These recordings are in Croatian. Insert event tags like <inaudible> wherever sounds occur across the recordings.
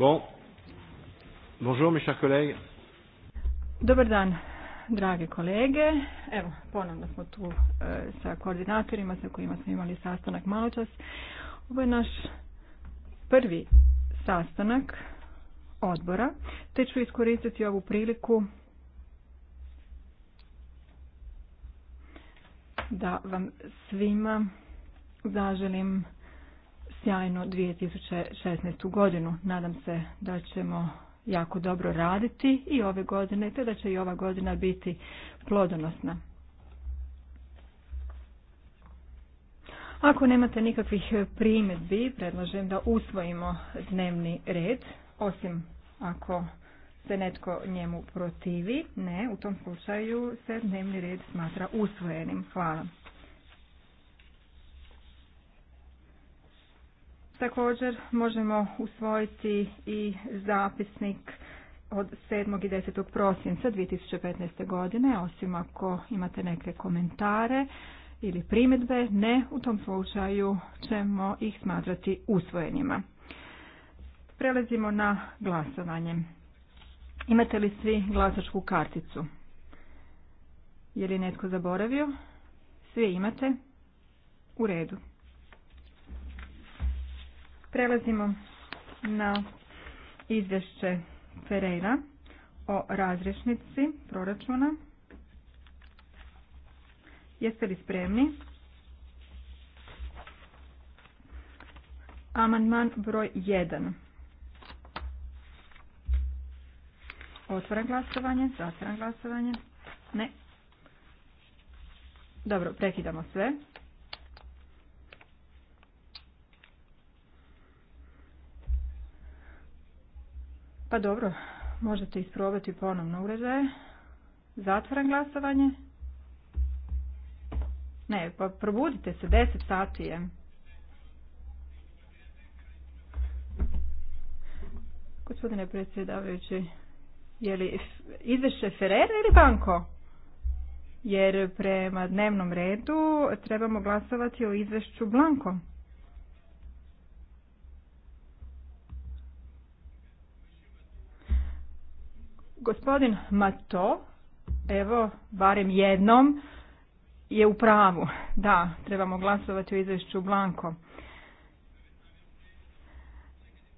Bon. Bonjour, mes chers collègues. Dobar dan, drage kolege. Evo, ponovno smo tu e, sa koordinatorima sa kojima smo imali sastanak maločas. Ovo je naš prvi sastanak odbora, te ću iskoristiti ovu priliku da vam svima zaželim sjajnu 2016. godinu. Nadam se da ćemo jako dobro raditi i ove godine, te da će i ova godina biti plodonosna. Ako nemate nikakvih primjedbi, predlažem da usvojimo dnevni red, osim ako se netko njemu protivi. Ne, u tom slučaju se dnevni red smatra usvojenim. Hvala. Također možemo usvojiti i zapisnik od 7. i 10. prosinca 2015. godine, osim ako imate neke komentare ili primjedbe, ne, u tom slučaju ćemo ih smatrati usvojenima. Prelazimo na glasovanje. Imate li svi glasačku karticu? Je li netko zaboravio? Svi imate? U redu. Prelazimo na izvješće Ferreira o razrešnici proračuna. Jeste li spremni? Amandman broj 1. Otvoram glasovanje, zatvoram glasovanje. Ne. Dobro, prekidamo sve. Pa dobro, možete isprobati ponovno uređaje. Zatvaram glasovanje. Ne, pa probudite se, deset sati je. Gospodine predsjedavajući, je li izvešće Ferrera ili Banko? Jer prema dnevnom redu trebamo glasovati o izvješću Blanko. Gospodin Mato, evo, barem jednom, je u pravu. Da, trebamo glasovati o izvješću Blanko.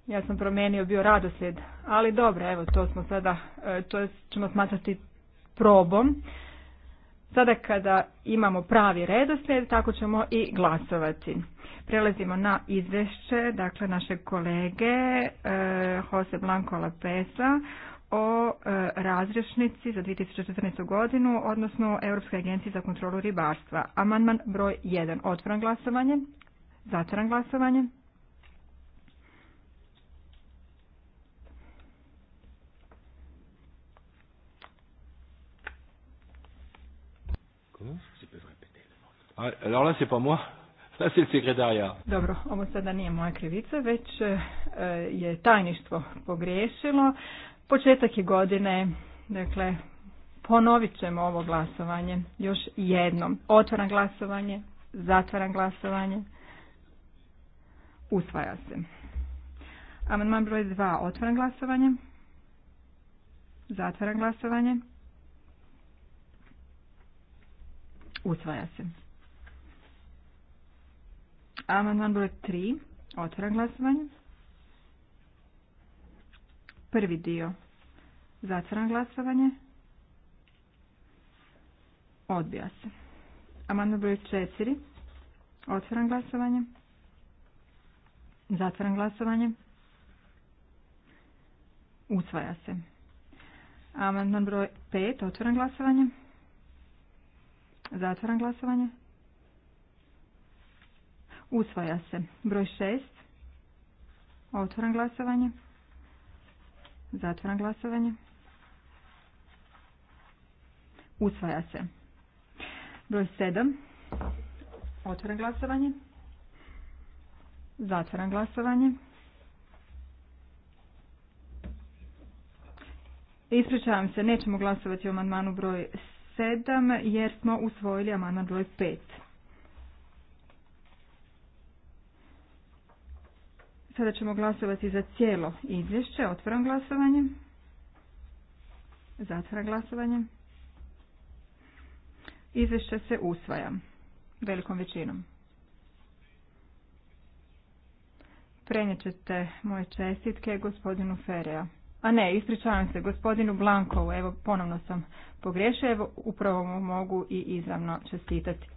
Ja sam promijenio bio radosljed. ali dobro, evo, to smo sada, e, to ćemo smatrati probom. Sada kada imamo pravi redoslijed, tako ćemo i glasovati. Prelazimo na izvješće, dakle, naše kolege e, Jose Blanco Lapesa o e, razrešnici za 2014. godinu, odnosno Europske agencije za kontrolu ribarstva. Amandman broj 1. Otvoran glasovanje. Zatvoran glasovanje. Ah, alors là, c'est pas moi. c'est le secrétariat. Dobro, ovo sada nije moja krivica, već e, je tajništvo pogriješilo. Početak je godine, dakle, ponovit ćemo ovo glasovanje još jednom. Otvaram glasovanje, zatvaram glasovanje, usvaja se. Amandman broj 2, otvaram glasovanje, zatvaram glasovanje, usvaja se. Amandman broj 3, otvaram glasovanje. Prvi dio, Zatvaram glasovanje. Odbija se. Amandman broj 4. Otvaram glasovanje. Zatvaram glasovanje. Usvaja se. Amandman broj 5. Otvaram glasovanje. Zatvaram glasovanje. Usvaja se. Broj šest, Otvaram glasovanje. Zatvaram glasovanje. Usvaja se. Broj sedam. Otvoren glasovanje. Zatvaram glasovanje. Ispričavam se, nećemo glasovati o amandmanu broj 7 jer smo usvojili amandman broj pet. Sada ćemo glasovati za cijelo izvješće. Otvaram glasovanje. Zatvaram glasovanje. Izvješće se usvaja velikom većinom. Prenijet ćete moje čestitke gospodinu Ferea. A ne, ispričavam se, gospodinu Blankovu, evo ponovno sam pogriješio, evo upravo mu mogu i izravno čestitati.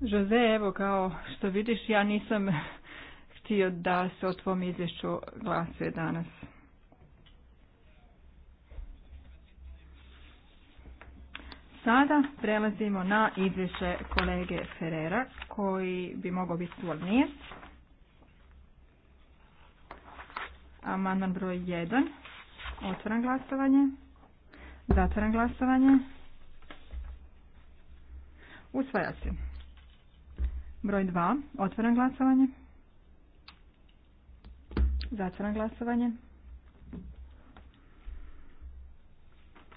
Jose, evo kao što vidiš, ja nisam <laughs> htio da se o tvom izvješću glasuje danas. Sada prelazimo na izvješće kolege Ferrera koji bi mogao biti nije. Amandman broj 1. Otvaram glasovanje. Zatvaram glasovanje. Usvaja se. Broj 2. otvoran glasovanje. Zatvaram glasovanje.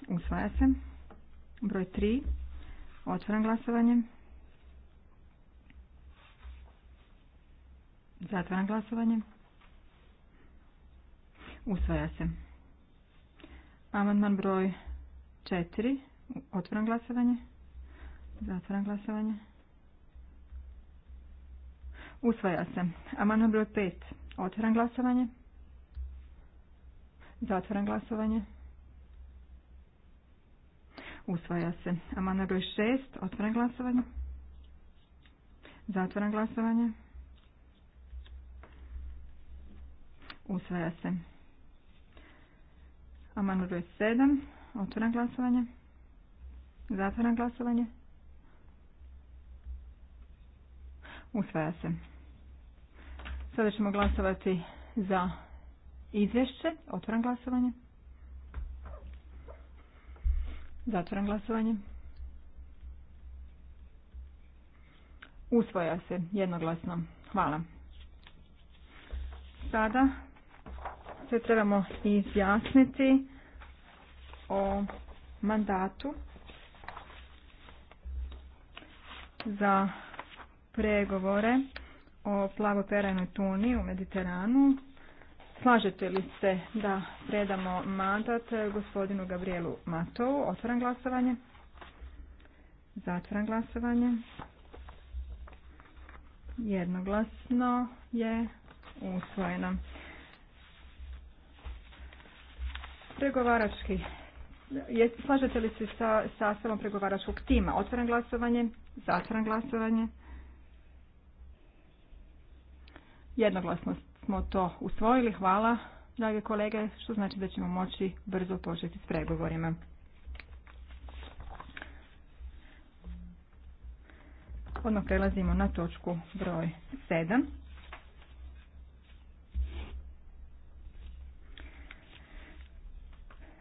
Usvaja se. Broj 3. Otvoram glasovanje. Zatvaram glasovanje. Usvaja se. Amandman broj 4. Otvoram glasovanje. Zatvaram glasovanje. Usvaja se. Amandman broj 5. Otvoram glasovanje. Zatvaram glasovanje. Usvaja se. Amandman broj šest. Otvoren glasovanje. Zatvoren glasovanje. Usvaja se. Amandman broj 7. Otvoren glasovanje. Zatvoren glasovanje. Usvaja se. Sada ćemo glasovati za izvješće. Otvoren glasovanje. Zatvaram glasovanje. Usvoja se jednoglasno. Hvala. Sada se trebamo izjasniti o mandatu za pregovore o plavoperajnoj tuni u Mediteranu Slažete li se da predamo mandat gospodinu Gabrielu Matovu? Otvaram glasovanje. Zatvaram glasovanje. Jednoglasno je usvojeno. Pregovarački. Slažete li se sa sastavom pregovaračkog tima? Otvaram glasovanje. Zatvaram glasovanje. Jednoglasnost smo to usvojili. Hvala, drage kolege, što znači da ćemo moći brzo početi s pregovorima. Odmah prelazimo na točku broj 7.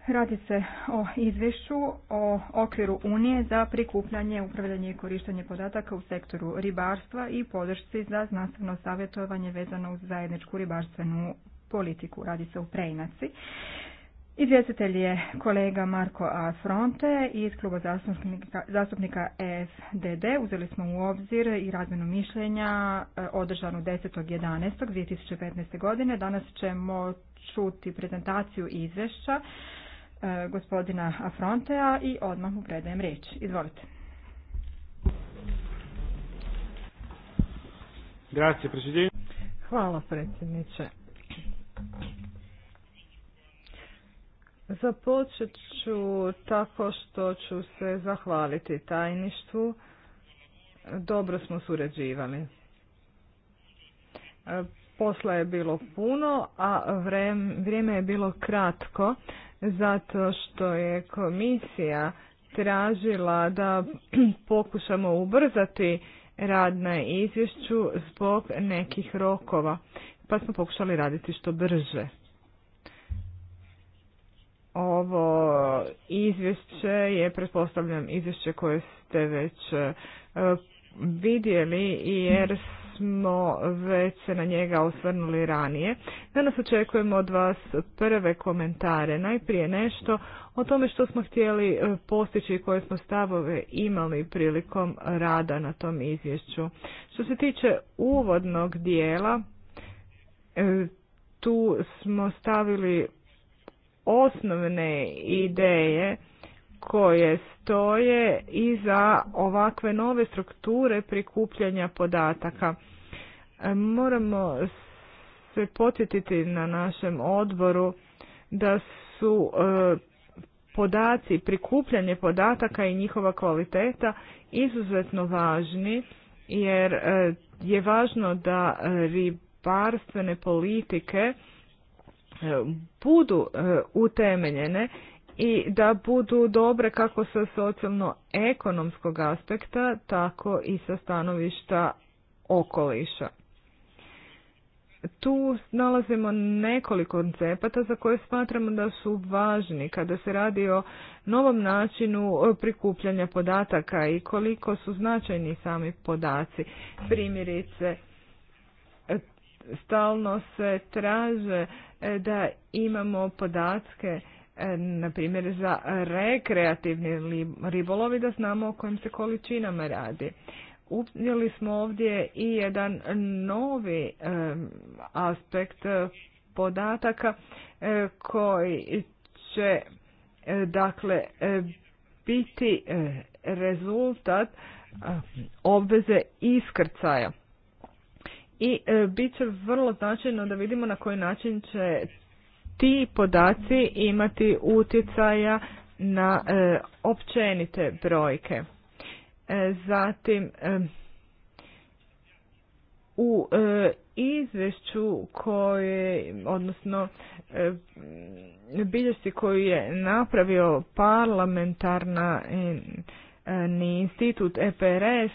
Radi se o izvješću o okviru Unije za prikupljanje, upravljanje i korištenje podataka u sektoru ribarstva i podršci za znanstveno savjetovanje vezano uz zajedničku ribarstvenu politiku. Radi se o preinaci. Izvjestitelj je kolega Marko A. Fronte iz kluba zastupnika, e FDD. Uzeli smo u obzir i razmenu mišljenja e, održanu 10.11.2015. godine. Danas ćemo čuti prezentaciju izvješća E, gospodina Afrontea i odmah mu predajem riječ. Izvolite. Grazie, Hvala predsjedniče. Započet ću tako što ću se zahvaliti tajništvu. Dobro smo surađivali. E, posla je bilo puno, a vrijeme je bilo kratko, zato što je komisija tražila da <clears throat> pokušamo ubrzati rad na izvješću zbog nekih rokova, pa smo pokušali raditi što brže. Ovo izvješće je, pretpostavljam, izvješće koje ste već eh, vidjeli jer smo već se na njega osvrnuli ranije. Danas očekujemo od vas prve komentare. Najprije nešto o tome što smo htjeli e, postići i koje smo stavove imali prilikom rada na tom izvješću. Što se tiče uvodnog dijela, e, tu smo stavili osnovne ideje koje stoje i za ovakve nove strukture prikupljanja podataka. E, moramo se podsjetiti na našem odboru da su e, podaci, prikupljanje podataka i njihova kvaliteta izuzetno važni jer e, je važno da ribarstvene politike budu utemeljene i da budu dobre kako sa socijalno-ekonomskog aspekta, tako i sa stanovišta okoliša tu nalazimo nekoliko koncepata za koje smatramo da su važni kada se radi o novom načinu prikupljanja podataka i koliko su značajni sami podaci. Primjerice, e, stalno se traže e, da imamo podatke e, na primjer za rekreativni ribolovi da znamo o kojim se količinama radi. Upnjeli smo ovdje i jedan novi aspekt podataka e, koji će e, dakle e, biti rezultat obveze iskrcaja. I bit će vrlo značajno da vidimo na koji način će ti podaci imati utjecaja na općenite brojke. E, zatim, e, u e, izvješću koje, odnosno bilješci koju je napravio parlamentarna ni institut EPRS,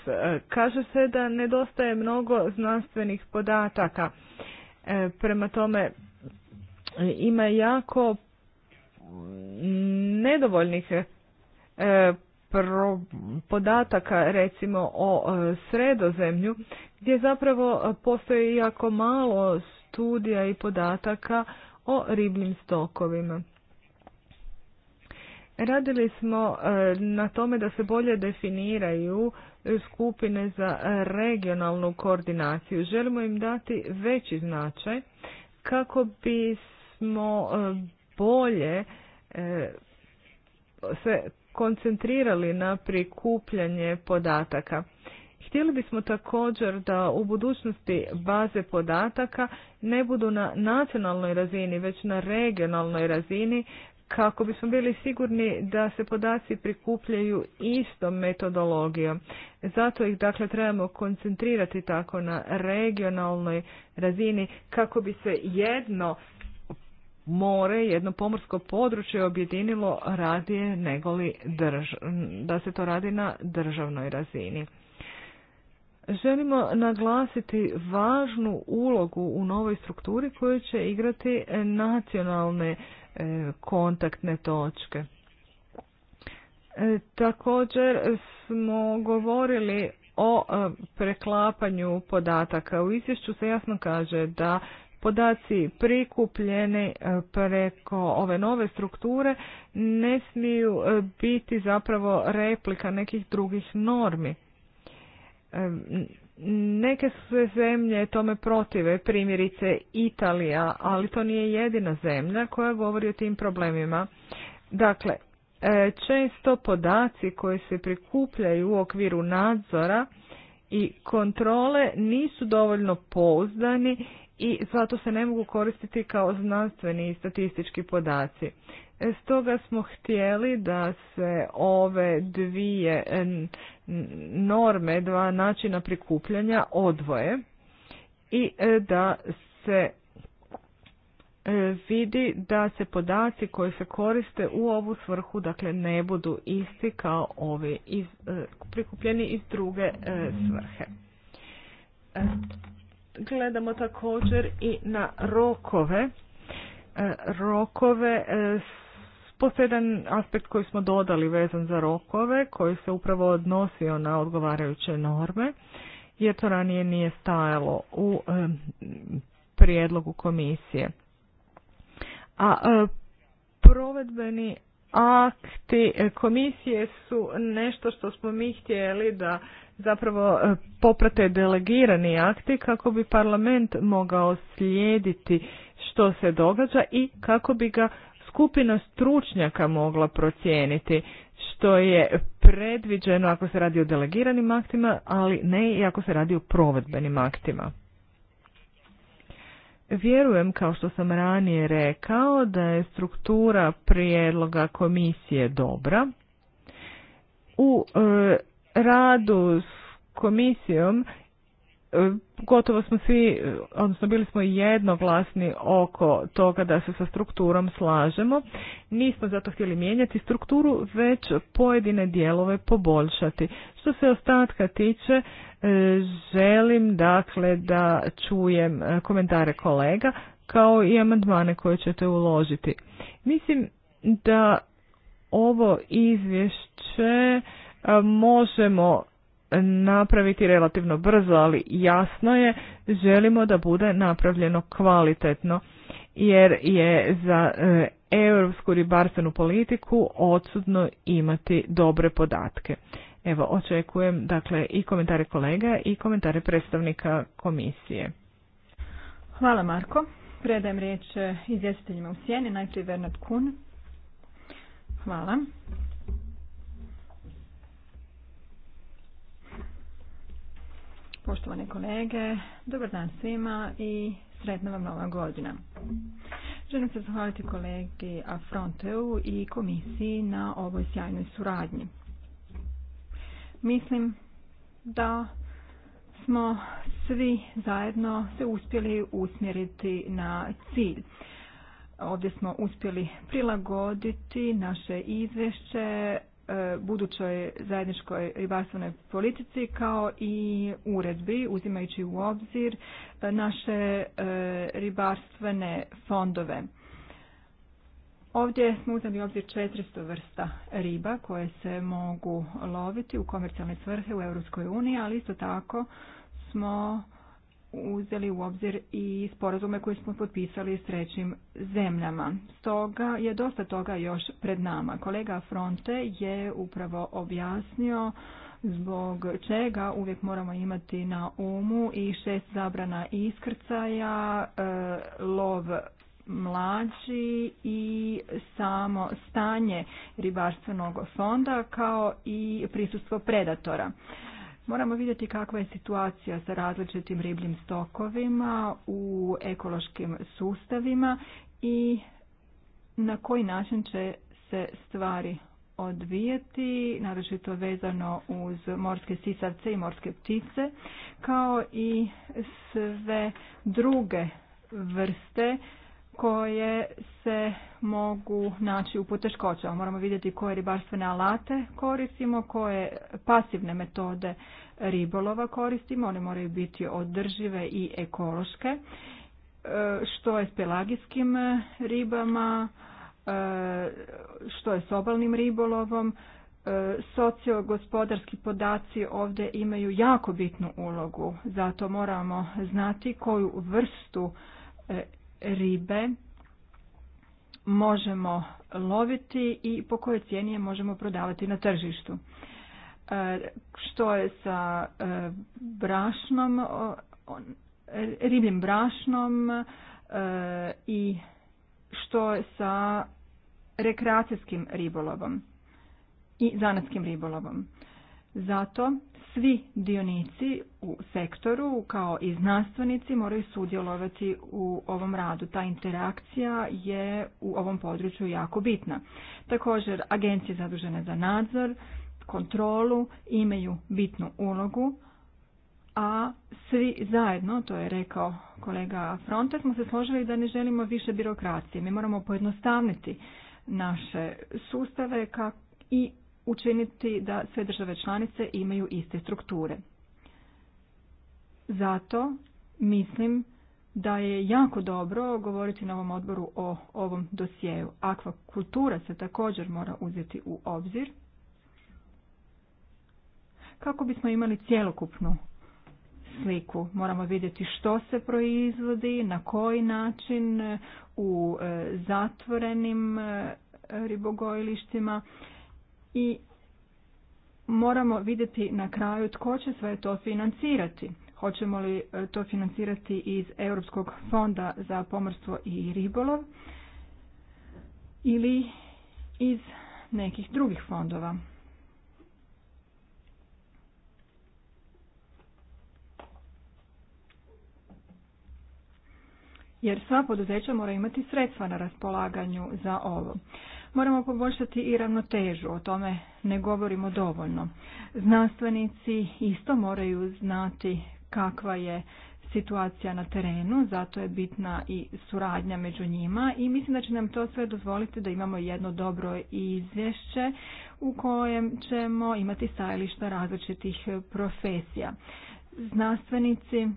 kaže se da nedostaje mnogo znanstvenih podataka. Prema tome, ima jako nedovoljnih podataka recimo o e, sredozemlju gdje zapravo e, postoji jako malo studija i podataka o ribljim stokovima. Radili smo e, na tome da se bolje definiraju skupine za regionalnu koordinaciju. Želimo im dati veći značaj kako bismo bolje se koncentrirali na prikupljanje podataka. Htjeli bismo također da u budućnosti baze podataka ne budu na nacionalnoj razini, već na regionalnoj razini, kako bismo bili sigurni da se podaci prikupljaju istom metodologijom. Zato ih dakle trebamo koncentrirati tako na regionalnoj razini kako bi se jedno more, jedno pomorsko područje objedinilo radije negoli da se to radi na državnoj razini. Želimo naglasiti važnu ulogu u novoj strukturi koju će igrati nacionalne e, kontaktne točke. E, također smo govorili o e, preklapanju podataka. U izvješću se jasno kaže da Podaci prikupljeni e, preko ove nove strukture ne smiju e, biti zapravo replika nekih drugih normi. E, neke su zemlje tome protive, primjerice Italija, ali to nije jedina zemlja koja govori o tim problemima. Dakle, često podaci koji se prikupljaju u okviru nadzora i kontrole nisu dovoljno pouzdani i zato se ne mogu koristiti kao znanstveni i statistički podaci. E, stoga smo htjeli da se ove dvije e, norme, dva načina prikupljanja odvoje i e, da se vidi da se podaci koji se koriste u ovu svrhu dakle ne budu isti kao ovi prikupljeni iz druge svrhe gledamo također i na rokove. E, rokove e, Postoji aspekt koji smo dodali vezan za rokove, koji se upravo odnosio na odgovarajuće norme, jer to ranije nije stajalo u e, prijedlogu komisije. A provedbeni akti komisije su nešto što smo mi htjeli da zapravo e, poprate delegirani akti kako bi parlament mogao slijediti što se događa i kako bi ga skupina stručnjaka mogla procijeniti što je predviđeno ako se radi o delegiranim aktima, ali ne i ako se radi o provedbenim aktima. Vjerujem, kao što sam ranije rekao, da je struktura prijedloga komisije dobra. U e, radu s komisijom e, gotovo smo svi, odnosno bili smo jednoglasni oko toga da se sa strukturom slažemo. Nismo zato htjeli mijenjati strukturu, već pojedine dijelove poboljšati. Što se ostatka tiče, e, želim dakle da čujem e, komentare kolega kao i amandmane koje ćete uložiti. Mislim da ovo izvješće možemo napraviti relativno brzo, ali jasno je, želimo da bude napravljeno kvalitetno, jer je za e, europsku ribarstvenu politiku odsudno imati dobre podatke. Evo, očekujem dakle i komentare kolega i komentare predstavnika komisije. Hvala Marko. Predajem riječ e, izvjestiteljima u sjeni, najprije Bernard Kun. Hvala. Poštovane kolege, dobar dan svima i sretna vam nova godina. Želim se zahvaliti kolegi Afronteu i komisiji na ovoj sjajnoj suradnji. Mislim da smo svi zajedno se uspjeli usmjeriti na cilj. Ovdje smo uspjeli prilagoditi naše izvješće E, budućoj zajedničkoj ribarstvenoj politici kao i uredbi uzimajući u obzir e, naše e, ribarstvene fondove. Ovdje smo uzeli obzir 400 vrsta riba koje se mogu loviti u komercijalne svrhe u EU, ali isto tako smo uzeli u obzir i sporazume koje smo potpisali s trećim zemljama. Stoga je dosta toga još pred nama. Kolega Fronte je upravo objasnio zbog čega uvijek moramo imati na umu i šest zabrana iskrcaja, e, lov mlađi i samo stanje ribarstvenog fonda kao i prisustvo predatora. Moramo vidjeti kakva je situacija sa različitim ribljim stokovima u ekološkim sustavima i na koji način će se stvari odvijeti, naročito vezano uz morske sisavce i morske ptice, kao i sve druge vrste koje se mogu naći u poteškoćama. Moramo vidjeti koje ribarstvene alate koristimo, koje pasivne metode ribolova koristimo, one moraju biti održive i ekološke. E, što je s pelagijskim ribama, e, što je s obalnim ribolovom, e, sociogospodarski podaci ovdje imaju jako bitnu ulogu, zato moramo znati koju vrstu ribe možemo loviti i po kojoj cijeni je možemo prodavati na tržištu. E, što je sa e, brašnom, ribljim brašnom e, i što je sa rekreacijskim ribolovom i zanatskim ribolovom. Zato svi dionici u sektoru kao i znanstvenici moraju sudjelovati u ovom radu. Ta interakcija je u ovom području jako bitna. Također agencije zadužene za nadzor, kontrolu imaju bitnu ulogu, a svi zajedno, to je rekao kolega Fronte, smo se složili da ne želimo više birokracije. Mi moramo pojednostavniti naše sustave i učiniti da sve države članice imaju iste strukture. Zato mislim da je jako dobro govoriti na ovom odboru o ovom Akva Akvakultura se također mora uzeti u obzir kako bismo imali cjelokupnu sliku. Moramo vidjeti što se proizvodi, na koji način, u e, zatvorenim e, ribogojilištima i moramo vidjeti na kraju tko će sve to financirati. Hoćemo li e, to financirati iz Europskog fonda za pomorstvo i ribolov ili iz nekih drugih fondova. Jer sva poduzeća mora imati sredstva na raspolaganju za ovo. Moramo poboljšati i ravnotežu, o tome ne govorimo dovoljno. Znanstvenici isto moraju znati kakva je situacija na terenu, zato je bitna i suradnja među njima i mislim da će nam to sve dozvoliti da imamo jedno dobro izvješće u kojem ćemo imati stajališta različitih profesija. Znanstvenici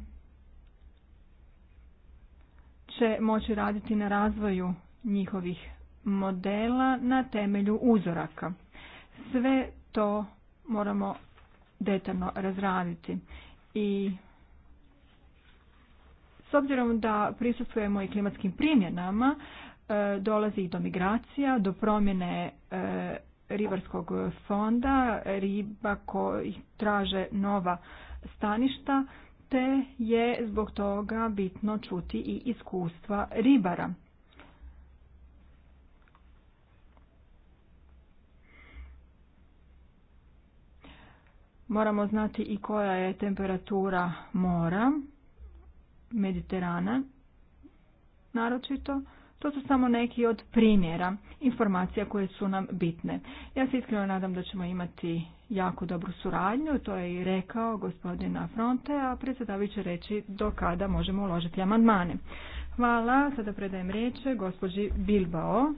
će moći raditi na razvoju njihovih modela na temelju uzoraka. Sve to moramo detaljno razraditi i s obzirom da prisutujemo i klimatskim primjenama, e, dolazi i do migracija, do promjene e, ribarskog fonda, riba koji traže nova staništa, te je zbog toga bitno čuti i iskustva ribara. Moramo znati i koja je temperatura mora, Mediterana naročito. To su samo neki od primjera informacija koje su nam bitne. Ja se iskreno nadam da ćemo imati jako dobru suradnju, to je i rekao gospodin Fronte, a predsjedavit će reći do kada možemo uložiti amandmane. Hvala, sada predajem riječ gospođi Bilbao.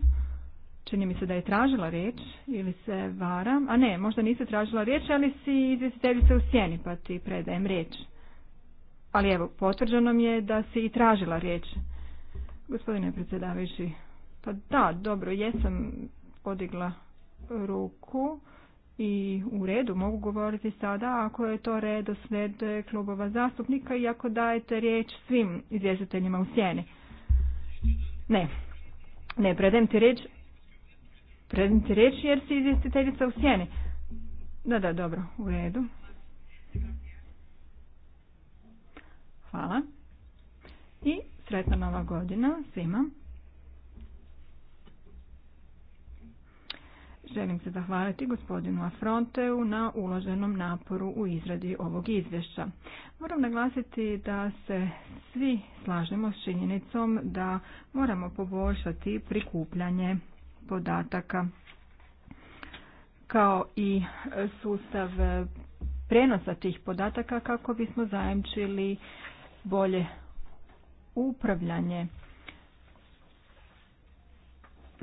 Čini mi se da je tražila riječ ili se varam. A ne, možda nisi tražila riječ, ali si izvjestiteljica u sjeni pa ti predajem riječ. Ali evo, potvrđeno mi je da si i tražila riječ. Gospodine predsjedavajući, pa da, dobro, jesam podigla ruku i u redu mogu govoriti sada ako je to redosled klubova zastupnika i ako dajete riječ svim izvjestiteljima u sjeni. Ne, ne predajem ti riječ ti riječi jer si izvjestiteljica u sjeni. Da, da, dobro, u redu. Hvala. I sretna nova godina svima. Želim se zahvaliti gospodinu Afronteu na uloženom naporu u izradi ovog izvješća. Moram naglasiti da se svi slažemo s činjenicom da moramo poboljšati prikupljanje podataka kao i sustav prenosa tih podataka kako bismo zajamčili bolje upravljanje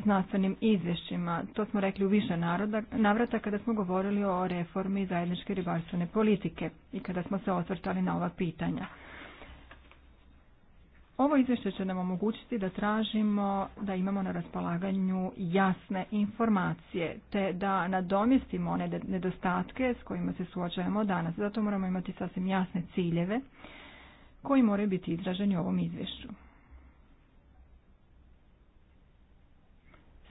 znanstvenim izvješćima. To smo rekli u više navrata kada smo govorili o reformi zajedničke ribarstvene politike i kada smo se osvrtali na ova pitanja. Ovo izvješće će nam omogućiti da tražimo da imamo na raspolaganju jasne informacije te da nadomjestimo one nedostatke s kojima se suočavamo danas. Zato moramo imati sasvim jasne ciljeve koji moraju biti izraženi u ovom izvješću.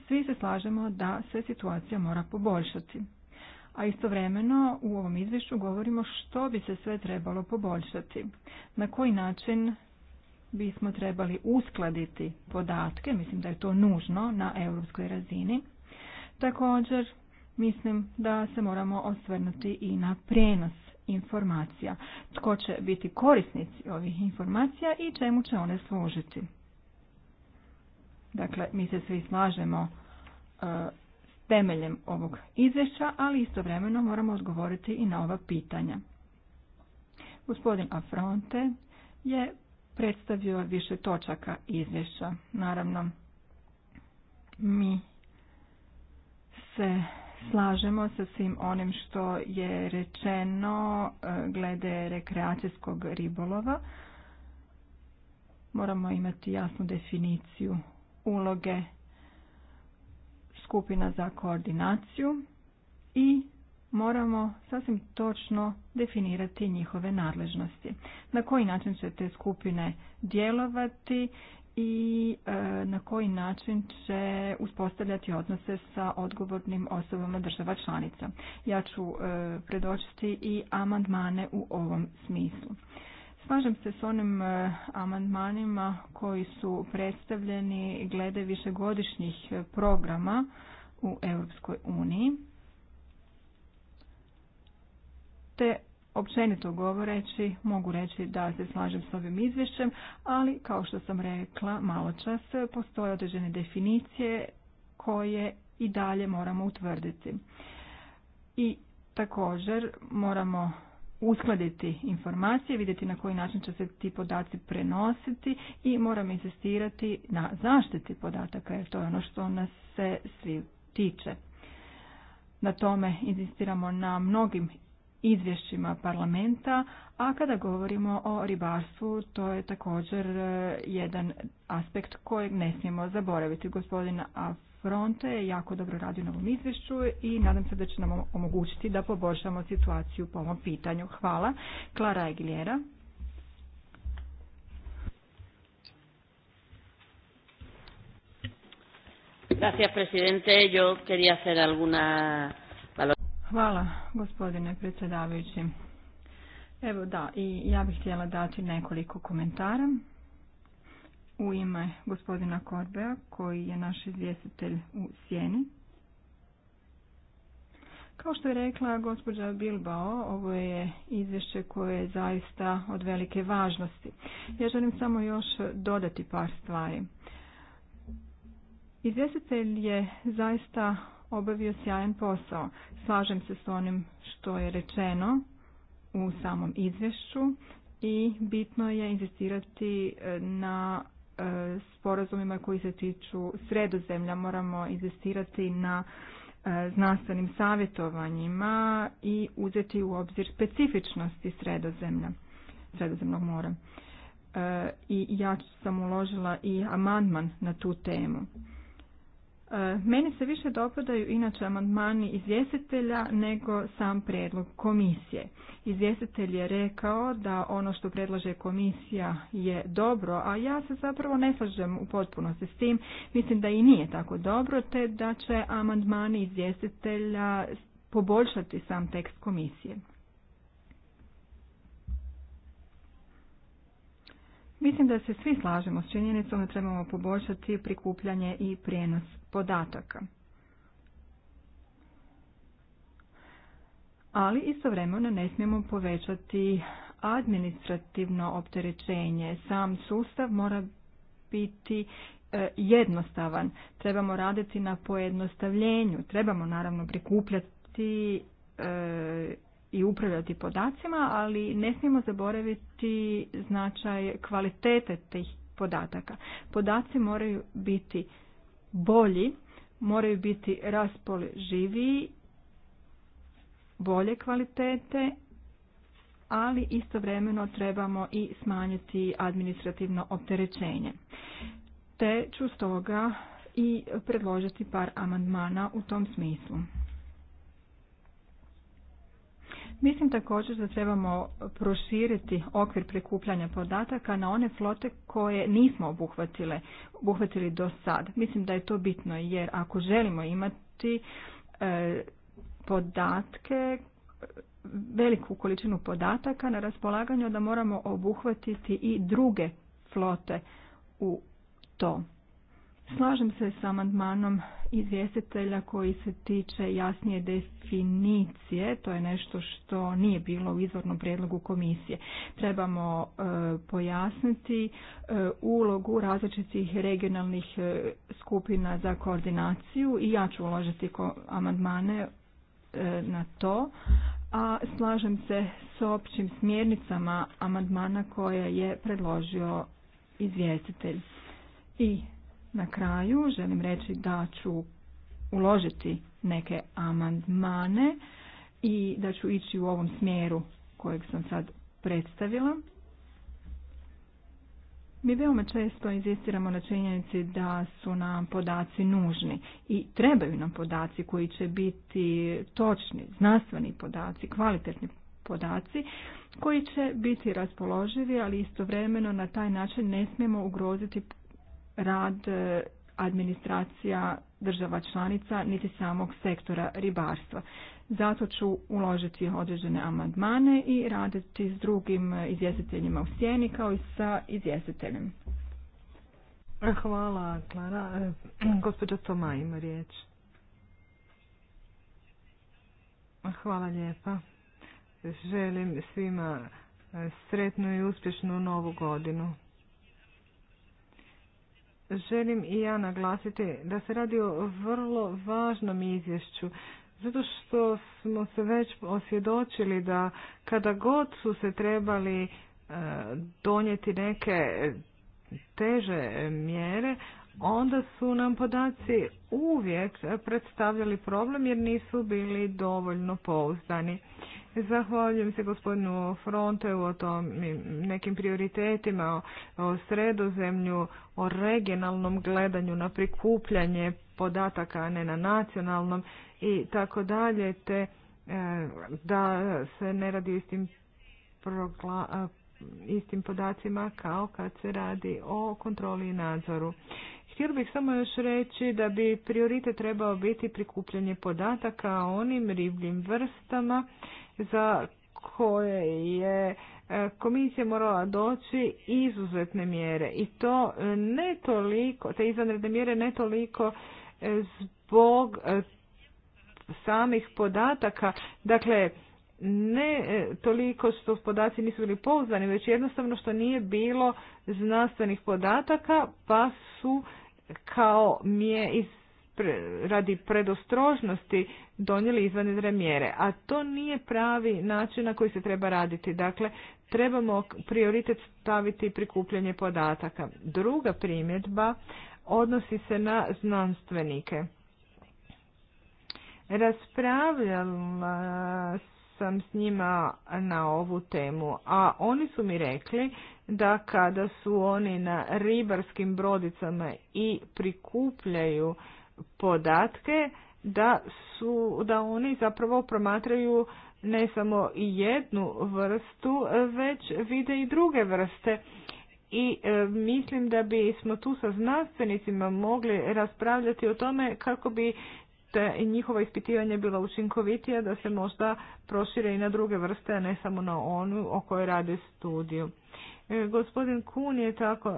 Svi se slažemo da se situacija mora poboljšati. A istovremeno u ovom izvješću govorimo što bi se sve trebalo poboljšati. Na koji način bismo trebali uskladiti podatke, mislim da je to nužno na europskoj razini. Također mislim da se moramo osvrnuti i na prenos informacija, tko će biti korisnici ovih informacija i čemu će one služiti. Dakle, mi se svi slažemo e, s temeljem ovog izvješća, ali istovremeno moramo odgovoriti i na ova pitanja. Gospodin Afronte je predstavio više točaka izvješća. Naravno, mi se slažemo sa svim onim što je rečeno e, glede rekreacijskog ribolova. Moramo imati jasnu definiciju uloge skupina za koordinaciju i moramo sasvim točno definirati njihove nadležnosti. Na koji način će te skupine djelovati i e, na koji način će uspostavljati odnose sa odgovornim osobama država članica. Ja ću e, predočiti i amandmane u ovom smislu. Slažem se s onim e, amandmanima koji su predstavljeni glede višegodišnjih programa u Europskoj uniji te općenito govoreći mogu reći da se slažem s ovim izvješćem, ali kao što sam rekla malo čas postoje određene definicije koje i dalje moramo utvrditi. I također moramo uskladiti informacije, vidjeti na koji način će se ti podaci prenositi i moramo insistirati na zaštiti podataka jer to je ono što nas se svi tiče. Na tome insistiramo na mnogim izvješćima parlamenta, a kada govorimo o ribarstvu, to je također e, jedan aspekt kojeg ne smijemo zaboraviti. Gospodin Afronte je jako dobro radio na ovom izvješću i nadam se da će nam omogućiti da poboljšamo situaciju po ovom pitanju. Hvala. Klara Aguilera. Gracias, presidente. Yo quería hacer alguna Hvala gospodine predsjedavajući. Evo da, i ja bih htjela dati nekoliko komentara u ime gospodina Korbea koji je naš izvjestitelj u Sjeni. Kao što je rekla gospođa Bilbao, ovo je izvješće koje je zaista od velike važnosti. Ja želim samo još dodati par stvari. Izvjestitelj je zaista obavio sjajan posao. Slažem se s onim što je rečeno u samom izvješću i bitno je insistirati e, na e, sporazumima koji se tiču sredozemlja. Moramo inzistirati na e, znanstvenim savjetovanjima i uzeti u obzir specifičnosti sredozemlja, sredozemnog mora. I ja sam uložila i amandman na tu temu. E, meni se više dopadaju inače amandmani izvjestitelja nego sam predlog komisije. Izvjestitelj je rekao da ono što predlaže komisija je dobro, a ja se zapravo ne slažem u potpunosti s tim. Mislim da i nije tako dobro, te da će amandmani izvjestitelja poboljšati sam tekst komisije. Mislim da se svi slažemo s činjenicom da trebamo poboljšati prikupljanje i prijenos podataka. Ali istovremeno ne smijemo povećati administrativno opterećenje. Sam sustav mora biti e, jednostavan. Trebamo raditi na pojednostavljenju. Trebamo naravno prikupljati e, i upravljati podacima, ali ne smijemo zaboraviti značaj kvalitete tih podataka. Podaci moraju biti bolji, moraju biti raspol živiji, bolje kvalitete, ali istovremeno trebamo i smanjiti administrativno opterećenje. Te ću stoga i predložiti par amandmana u tom smislu. Mislim također da trebamo proširiti okvir prikupljanja podataka na one flote koje nismo obuhvatili do sad. Mislim da je to bitno jer ako želimo imati e, podatke veliku količinu podataka na raspolaganju da moramo obuhvatiti i druge flote u to. Slažem se s amandmanom izvjestitelja koji se tiče jasnije definicije, to je nešto što nije bilo u izvornom prijedlogu komisije. Trebamo e, pojasniti e, ulogu različitih regionalnih e, skupina za koordinaciju i ja ću uložiti amandmane na to, a slažem se s općim smjernicama amandmana koje je predložio izvjestitelj. I na kraju želim reći da ću uložiti neke amandmane i da ću ići u ovom smjeru kojeg sam sad predstavila. Mi veoma često insistiramo na činjenici da su nam podaci nužni i trebaju nam podaci koji će biti točni, znanstveni podaci, kvalitetni podaci koji će biti raspoloživi, ali istovremeno na taj način ne smijemo ugroziti rad e, administracija država članica niti samog sektora ribarstva. Zato ću uložiti određene amandmane i raditi s drugim izvjestiteljima u sjeni kao i sa izvjestiteljem. Hvala, Klara. E, gospođa Toma ima riječ. Hvala lijepa. Želim svima e, sretnu i uspješnu novu godinu želim i ja naglasiti da se radi o vrlo važnom izvješću. Zato što smo se već osvjedočili da kada god su se trebali e, donijeti neke teže mjere, onda su nam podaci uvijek predstavljali problem jer nisu bili dovoljno pouzdani. Zahvaljujem se gospodinu Fronteu o tom nekim prioritetima, o, sredozemlju, o regionalnom gledanju na prikupljanje podataka, a ne na nacionalnom i tako dalje, te e, da se ne radi istim, istim podacima kao kad se radi o kontroli i nadzoru. Htio bih samo još reći da bi prioritet trebao biti prikupljanje podataka o onim ribljim vrstama za koje je e, komisija morala doći izuzetne mjere i to e, ne toliko, te izvanredne mjere ne toliko e, zbog samih podataka, dakle ne toliko što podaci nisu bili pouzdani, već jednostavno što nije bilo znanstvenih podataka, pa su kao mje, iz radi predostrožnosti donijeli izvanredne mjere, a to nije pravi način na koji se treba raditi. Dakle, trebamo prioritet staviti prikupljanje podataka. Druga primjedba odnosi se na znanstvenike. Raspravljala sam s njima na ovu temu, a oni su mi rekli da kada su oni na ribarskim brodicama i prikupljaju podatke da su da oni zapravo promatraju ne samo jednu vrstu, već vide i druge vrste. I e, mislim da bismo tu sa znanstvenicima mogli raspravljati o tome kako bi te njihova ispitivanja bila učinkovitija, da se možda prošire i na druge vrste, a ne samo na onu o kojoj rade studiju. E, gospodin Kun je tako e,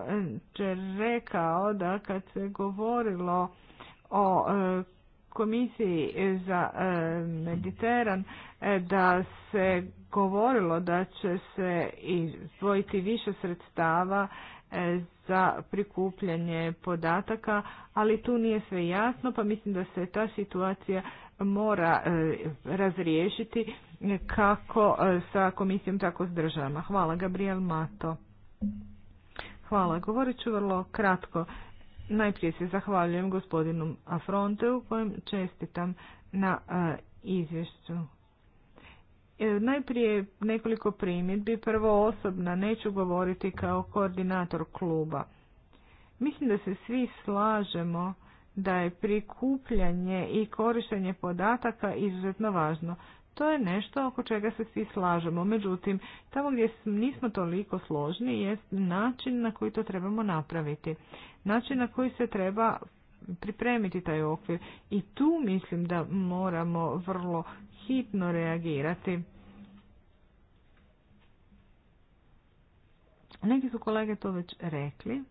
rekao da kad se govorilo o e, komisiji za e, Mediteran e, da se govorilo da će se izdvojiti više sredstava za prikupljanje podataka, ali tu nije sve jasno, pa mislim da se ta situacija mora razriješiti kako sa komisijom, tako s državama. Hvala, Gabriel Mato. Hvala, govorit ću vrlo kratko. Najprije se zahvaljujem gospodinu Afronteu kojem čestitam na izvješću. E, najprije nekoliko primjedbi. Prvo osobna, neću govoriti kao koordinator kluba. Mislim da se svi slažemo da je prikupljanje i korištenje podataka izuzetno važno. To je nešto oko čega se svi slažemo. Međutim, tamo gdje nismo toliko složni je način na koji to trebamo napraviti. Način na koji se treba pripremiti taj okvir. I tu mislim da moramo vrlo hitno reagirati. Neki su kolege to već rekli.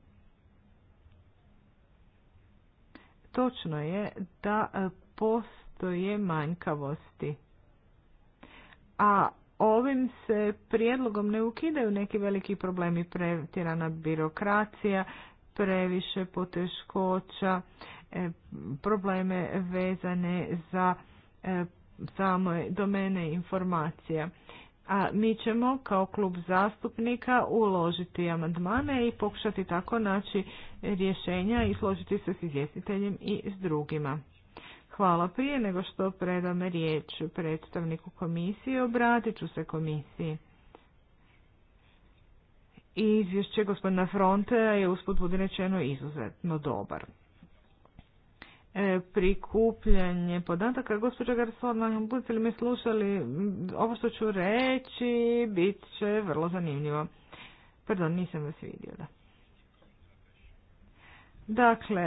Točno je da e, postoje manjkavosti a ovim se prijedlogom ne ukidaju neki veliki problemi, pretjerana birokracija, previše poteškoća, e, probleme vezane za e, same domene informacija. A mi ćemo kao klub zastupnika uložiti amandmane i pokušati tako naći rješenja i složiti se s izvjestiteljem i s drugima. Hvala prije nego što predam riječ predstavniku komisije, obratit ću se komisiji. izvješće gospodina Fronte je usput budi rečeno izuzetno dobar. E, prikupljanje podataka, gospođa Garsona, budete li me slušali, ovo što ću reći bit će vrlo zanimljivo. Pardon, nisam vas vidio, da. Dakle,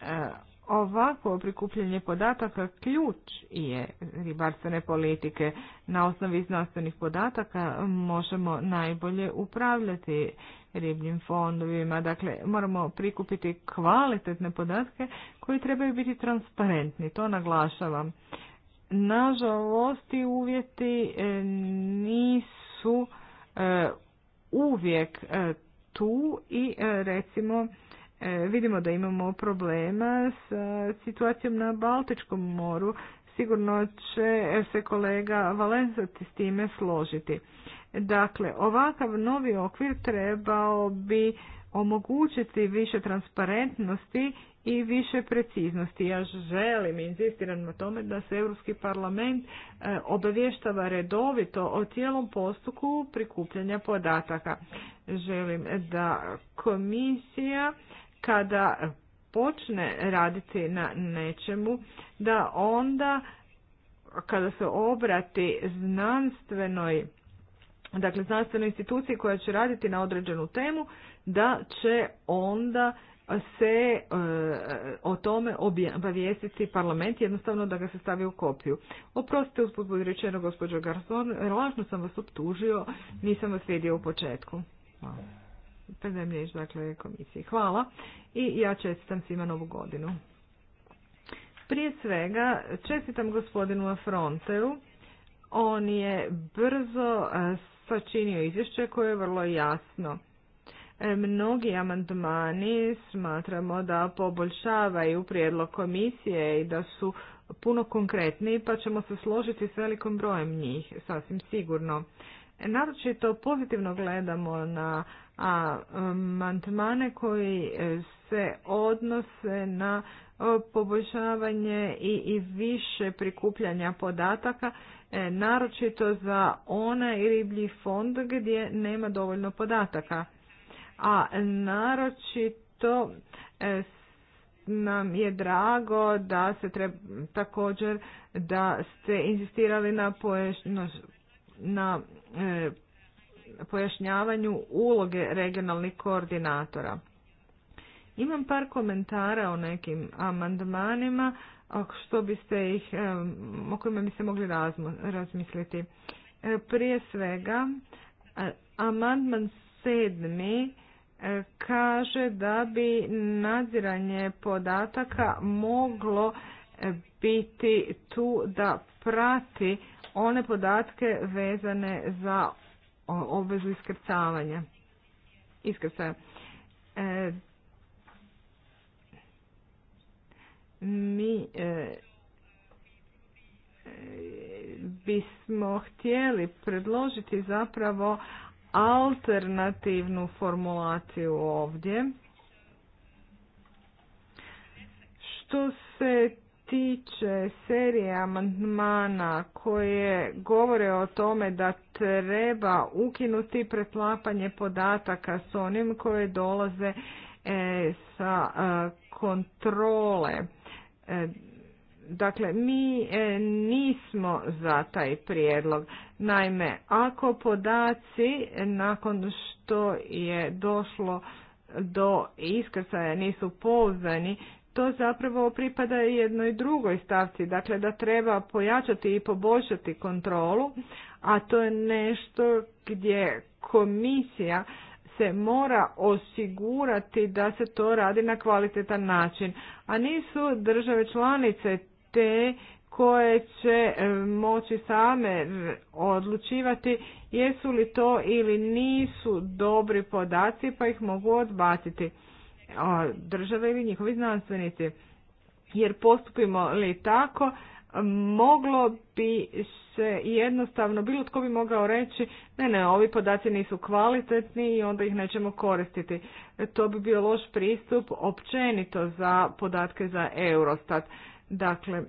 e, ovako prikupljanje podataka ključ je ribarstvene politike. Na osnovi znanstvenih podataka možemo najbolje upravljati ribljim fondovima. Dakle, moramo prikupiti kvalitetne podatke koji trebaju biti transparentni. To naglašavam. Nažalost, ti uvjeti e, nisu e, uvijek e, tu i recimo E, vidimo da imamo problema sa situacijom na Baltičkom moru. Sigurno će se kolega Valenzati s time složiti. Dakle, ovakav novi okvir trebao bi omogućiti više transparentnosti i više preciznosti. Ja želim, insistiram na tome da se Europski parlament e, obavještava redovito o cijelom postupku prikupljanja podataka. Želim da komisija kada počne raditi na nečemu, da onda kada se obrati znanstvenoj dakle znanstvenoj instituciji koja će raditi na određenu temu, da će onda se e, o tome obavijestiti parlament, jednostavno da ga se stavi u kopiju. Oprostite, usput budi rečeno, gospođo Garson, lažno sam vas optužio, nisam vas vidio u početku. Hvala predajem dakle komisiji. Hvala i ja čestitam svima novu godinu. Prije svega čestitam gospodinu Afronteu. On je brzo e, sačinio izvješće koje je vrlo jasno. E, mnogi amandmani smatramo da poboljšavaju prijedlog komisije i da su puno konkretniji, pa ćemo se složiti s velikom brojem njih, sasvim sigurno. E, naročito pozitivno gledamo na a mantmane koji e, se odnose na e, poboljšavanje i, više prikupljanja podataka, e, naročito za onaj riblji fond gdje nema dovoljno podataka. A naročito nam je drago da se treba također da ste insistirali na, na pojašnjavanju uloge regionalnih koordinatora. Imam par komentara o nekim amandmanima, što biste ih, o kojima bi se mogli razmisliti. E, prije svega, e, amandman sedmi e, kaže da bi nadziranje podataka moglo biti tu da prati one podatke vezane za obvezu iskrcavanja. Iskrcaja. E, mi e, bismo htjeli predložiti zapravo alternativnu formulaciju ovdje. Što se tiče serije amandmana koje govore o tome da treba ukinuti pretlapanje podataka s onim koje dolaze e, sa e, kontrole. E, dakle, mi nismo za taj prijedlog. Naime, ako podaci nakon što je došlo do iskrcaja nisu pouzdani, to zapravo pripada jednoj drugoj stavci, dakle da treba pojačati i poboljšati kontrolu, a to je nešto gdje komisija se mora osigurati da se to radi na kvalitetan način, a nisu države članice te koje će e, moći same odlučivati jesu li to ili nisu dobri podaci pa ih mogu odbaciti države ili njihovi znanstvenici. Jer postupimo li tako, moglo bi se jednostavno, bilo tko bi mogao reći, ne, ne, ovi podaci nisu kvalitetni i onda ih nećemo koristiti. To bi bio loš pristup općenito za podatke za Eurostat. Dakle,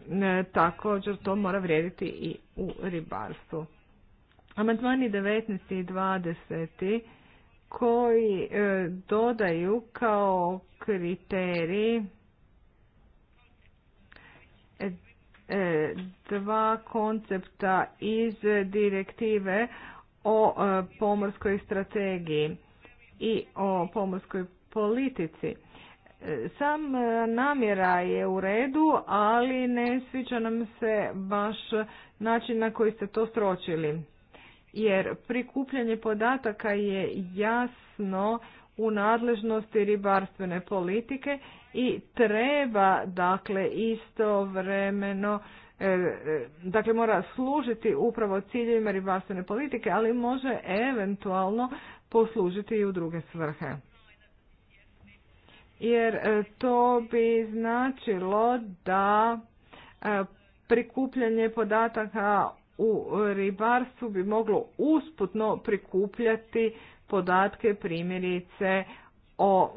također to mora vrijediti i u ribarstvu. Amandmani 19. i 20 koji e, dodaju kao kriterij e, dva koncepta iz direktive o e, pomorskoj strategiji i o pomorskoj politici. Sam namjera je u redu, ali ne sviđa nam se baš način na koji ste to stročili jer prikupljanje podataka je jasno u nadležnosti ribarstvene politike i treba dakle istovremeno e, e, dakle mora služiti upravo ciljevima ribarstvene politike, ali može eventualno poslužiti i u druge svrhe. Jer e, to bi značilo da prikupljanje podataka u ribarstvu bi moglo usputno prikupljati podatke primjerice o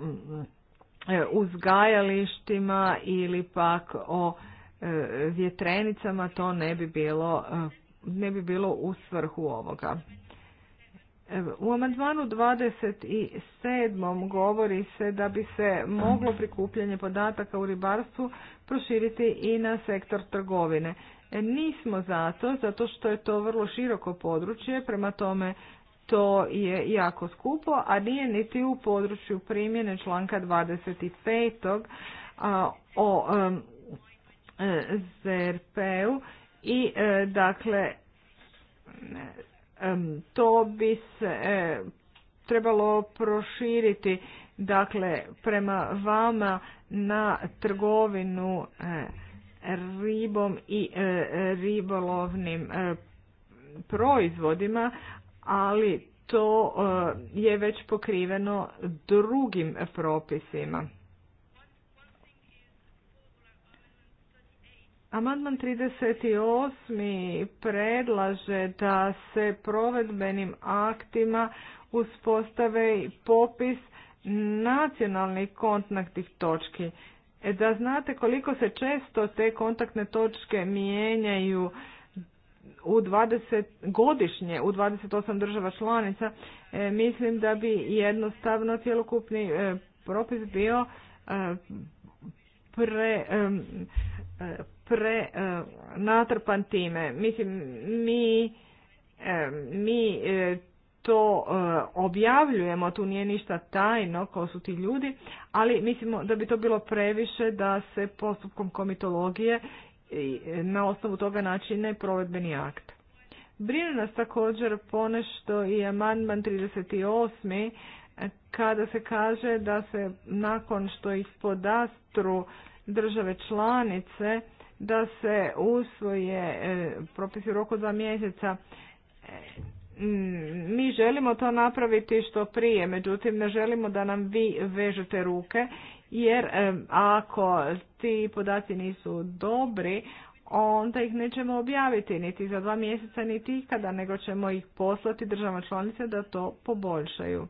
e, uzgajalištima ili pak o e, vjetrenicama, to ne bi bilo, e, ne bi bilo u svrhu ovoga. U amandmanu 27. govori se da bi se moglo prikupljanje podataka u ribarstvu proširiti i na sektor trgovine. E, nismo zato, zato što je to vrlo široko područje, prema tome to je jako skupo, a nije niti u području primjene članka 25. o e, ZRP-u i e, dakle to bi se trebalo proširiti dakle prema vama na trgovinu ribom i e, ribolovnim e, proizvodima, ali to e, je već pokriveno drugim propisima. Amandman 38. predlaže da se provedbenim aktima uspostave popis nacionalnih kontaktnih točki. E, da znate koliko se često te kontaktne točke mijenjaju u 20 godišnje u 28 država članica e, mislim da bi jednostavno cjelokupni e, propis bio pre pre natrpan time mislim mi mi to e, objavljujemo, tu nije ništa tajno ko su ti ljudi, ali mislimo da bi to bilo previše da se postupkom komitologije na osnovu toga načine provedbeni akt. Brine nas također ponešto i amandman 38. kada se kaže da se nakon što ispodastru države članice da se usvoje e, propisi u roku dva mjeseca Mm, mi želimo to napraviti što prije, međutim ne želimo da nam vi vežete ruke, jer ako ti podaci nisu dobri, onda ih nećemo objaviti niti za dva mjeseca, niti ikada, nego ćemo ih poslati državama članice da to poboljšaju.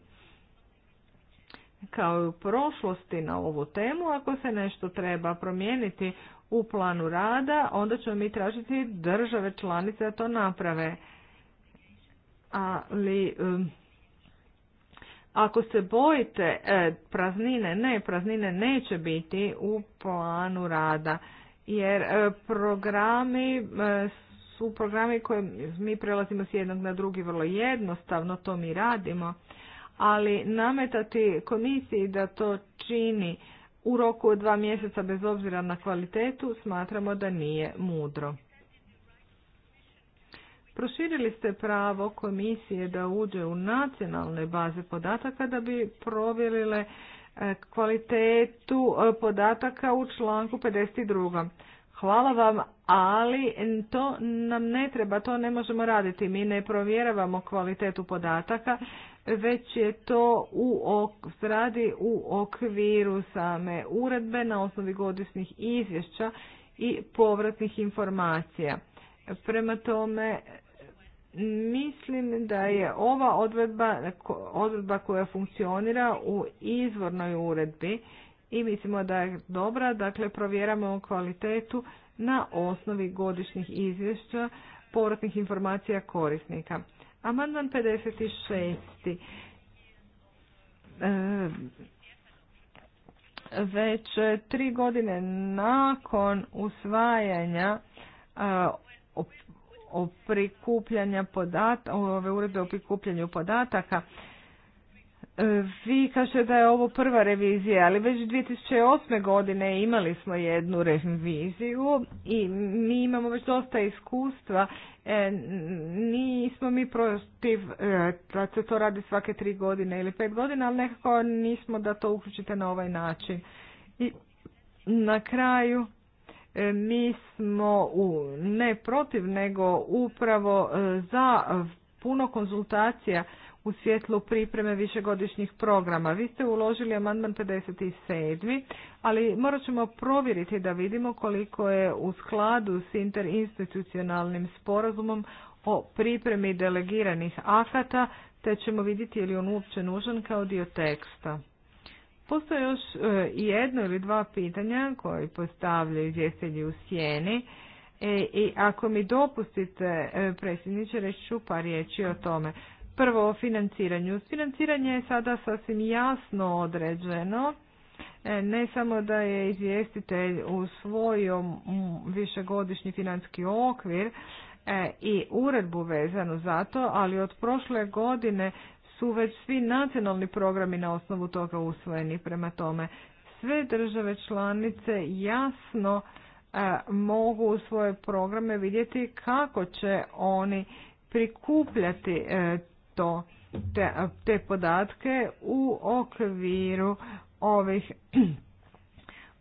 Kao i u prošlosti na ovu temu, ako se nešto treba promijeniti u planu rada, onda ćemo mi tražiti države članice da to naprave ali ako se bojite e, praznine, ne, praznine neće biti u planu rada, jer e, programi e, su programi koje mi prelazimo s jednog na drugi vrlo jednostavno, to mi radimo, ali nametati komisiji da to čini u roku od dva mjeseca bez obzira na kvalitetu smatramo da nije mudro. Proširili ste pravo komisije da uđe u nacionalne baze podataka da bi provjerile e, kvalitetu e, podataka u članku 52. Hvala vam, ali to nam ne treba, to ne možemo raditi. Mi ne provjeravamo kvalitetu podataka, već je to u radi u okviru same uredbe na osnovi godišnjih izvješća i povratnih informacija. Prema tome, Mislim da je ova odredba, odredba koja funkcionira u izvornoj uredbi i mislimo da je dobra, dakle provjeramo kvalitetu na osnovi godišnjih izvješća povratnih informacija korisnika. Amandman 56. E, već tri godine nakon usvajanja e, o prikupljanja podataka, ove uredbe o prikupljanju podataka, e, vi kažete da je ovo prva revizija, ali već 2008. godine imali smo jednu reviziju i mi imamo već dosta iskustva. E, nismo mi protiv e, da se to radi svake tri godine ili pet godina, ali nekako nismo da to uključite na ovaj način. I na kraju E, mi smo u, ne protiv, nego upravo e, za puno konzultacija u svjetlu pripreme višegodišnjih programa. Vi ste uložili amandman 57. ali morat ćemo provjeriti da vidimo koliko je u skladu s interinstitucionalnim sporazumom o pripremi delegiranih akata, te ćemo vidjeti je li on uopće nužan kao dio teksta. Postoje još e, jedno ili dva pitanja koje postavljaju izvjestelji u sjeni e, i ako mi dopustite, e, predsjedniče, reći ću par riječi o tome. Prvo o financiranju. Financiranje je sada sasvim jasno određeno. Ne samo da je izvjestitelj usvojio višegodišnji financijski okvir i uredbu vezanu za to, ali od prošle godine su već svi nacionalni programi na osnovu toga usvojeni. Prema tome, sve države članice jasno e, mogu u svoje programe vidjeti kako će oni prikupljati e, to, te, te podatke u okviru ovih <clears throat>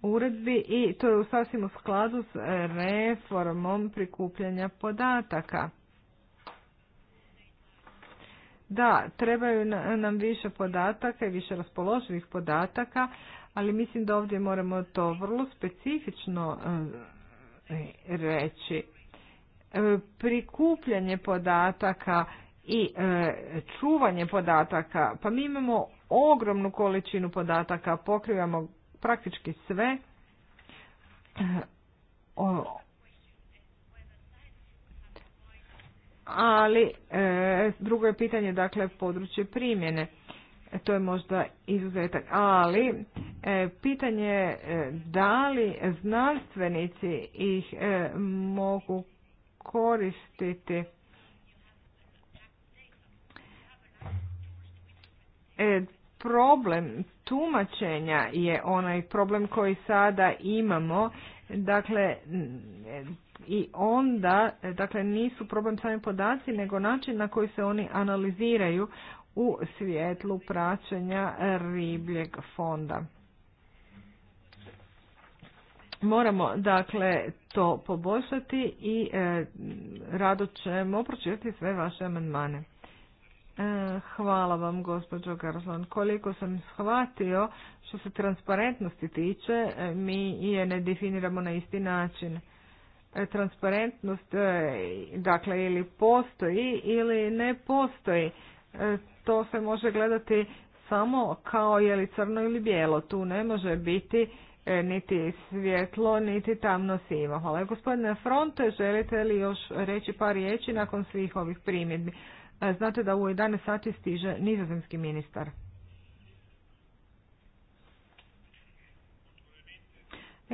uredbi i to je u sasvim u skladu s reformom prikupljanja podataka. Da, trebaju nam više podataka i više raspoloživih podataka, ali mislim da ovdje moramo to vrlo specifično e, reći. E, prikupljanje podataka i e, čuvanje podataka, pa mi imamo ogromnu količinu podataka, pokrivamo praktički sve ali e, drugo je pitanje, dakle, područje primjene. E, to je možda izuzetak, ali e, pitanje je da li znanstvenici ih mogu koristiti. Problem tumačenja je onaj problem koji sada imamo. Dakle, i onda e, dakle nisu problem sami podaci nego način na koji se oni analiziraju u svjetlu praćenja ribljeg fonda. Moramo dakle to poboljšati i e, rado ćemo pročitati sve vaše amandmane. E, hvala vam gospođo Garzon. Koliko sam shvatio što se transparentnosti tiče, e, mi je ne definiramo na isti način transparentnost e, dakle ili postoji ili ne postoji. E, to se može gledati samo kao je li crno ili bijelo. Tu ne može biti e, niti svjetlo, niti tamno sivo. Hvala. Gospodine Fronte, želite li još reći par riječi nakon svih ovih primjedbi? Znate da u 11 sati stiže nizozemski ministar.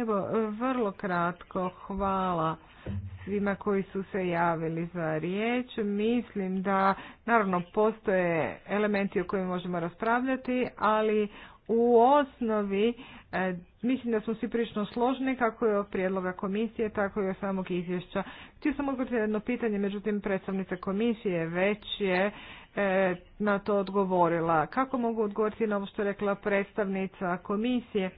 Evo, vrlo kratko, hvala svima koji su se javili za riječ. Mislim da, naravno, postoje elementi o kojima možemo raspravljati, ali u osnovi e, mislim da smo svi prično složni kako je o prijedloga komisije, tako i od samog izvješća. Htio sam odgovoriti jedno pitanje, međutim predstavnica komisije već je E, na to odgovorila. Kako mogu odgovoriti na ovo što je rekla predstavnica komisije?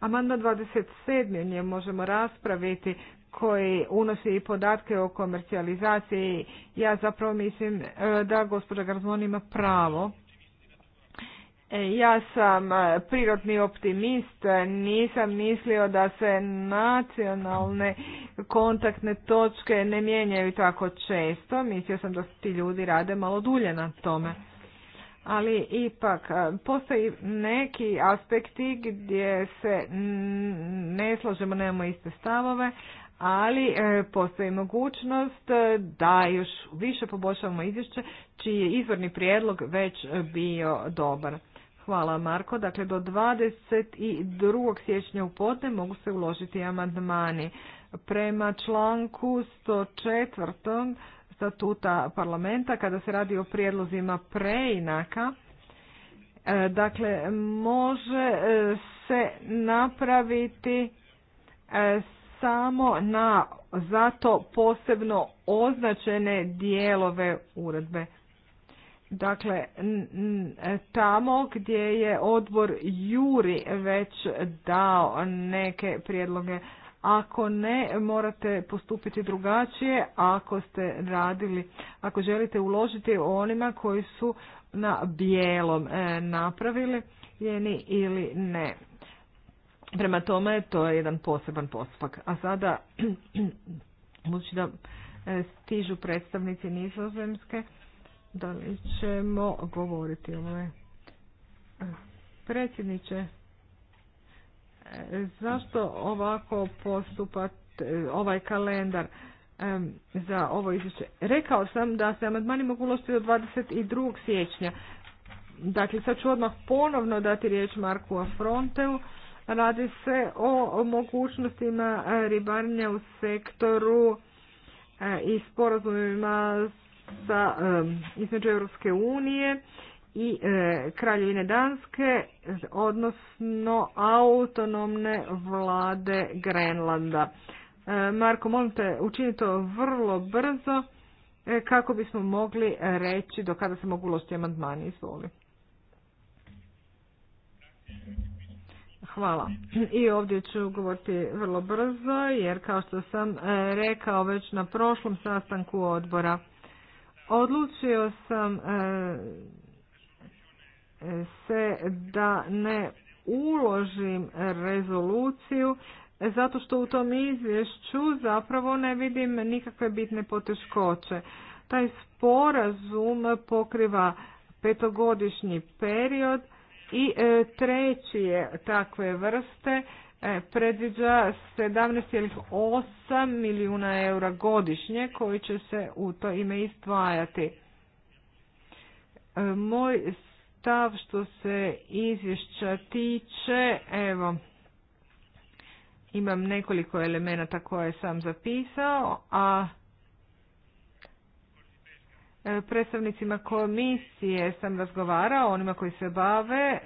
Amandman 27. nje možemo raspraviti koji unosi i podatke o komercijalizaciji. Ja zapravo mislim e, da gospođa Garzmon ima pravo E, ja sam e, prirodni optimist, e, nisam mislio da se nacionalne kontaktne točke ne mijenjaju tako često, mislio sam da ti ljudi rade malo dulje na tome. Ali ipak, postoji neki aspekti gdje se ne slažemo, nemamo iste stavove, ali postoji mogućnost da još više poboljšavamo izvješće čiji je izvorni prijedlog već bio dobar. Hvala Marko. Dakle, do 22. siječnja u podne mogu se uložiti amandmani. Prema članku 104. statuta parlamenta, kada se radi o prijedlozima preinaka, e, dakle, može e, se napraviti e, samo na zato posebno označene dijelove uredbe. Dakle, tamo gdje je odbor Juri već dao neke prijedloge, ako ne, morate postupiti drugačije ako ste radili, ako želite uložiti onima koji su na bijelom e, napravili, jeni ili ne. Prema tome, to je jedan poseban postupak. A sada, <clears throat> budući da e, stižu predstavnici nizozemske, da li ćemo govoriti o ovome? Predsjedniče, e, zašto ovako postupat e, ovaj kalendar e, za ovo izvješće? Rekao sam da se amandmani mogu uložiti do 22. siječnja. Dakle, sad ću odmah ponovno dati riječ Marku Afronteu. Radi se o mogućnostima ribarenja u sektoru i sporazumima sa, između Europske unije i e, Kraljevine Danske, odnosno autonomne vlade Grenlanda. E, Marko, molim te, to vrlo brzo e, kako bismo mogli reći do kada se mogu uložiti amandmani. Izvoli. Hvala. I ovdje ću govoriti vrlo brzo jer kao što sam rekao već na prošlom sastanku odbora Odlučio sam e, se da ne uložim rezoluciju zato što u tom izvješću zapravo ne vidim nikakve bitne poteškoće. Taj sporazum pokriva petogodišnji period i e, treći je takve vrste E, predviđa 17,8 milijuna eura godišnje koji će se u to ime istvajati. E, moj stav što se izvješća tiče, evo, imam nekoliko elemenata koje sam zapisao, a e, predstavnicima komisije sam razgovarao, onima koji se bave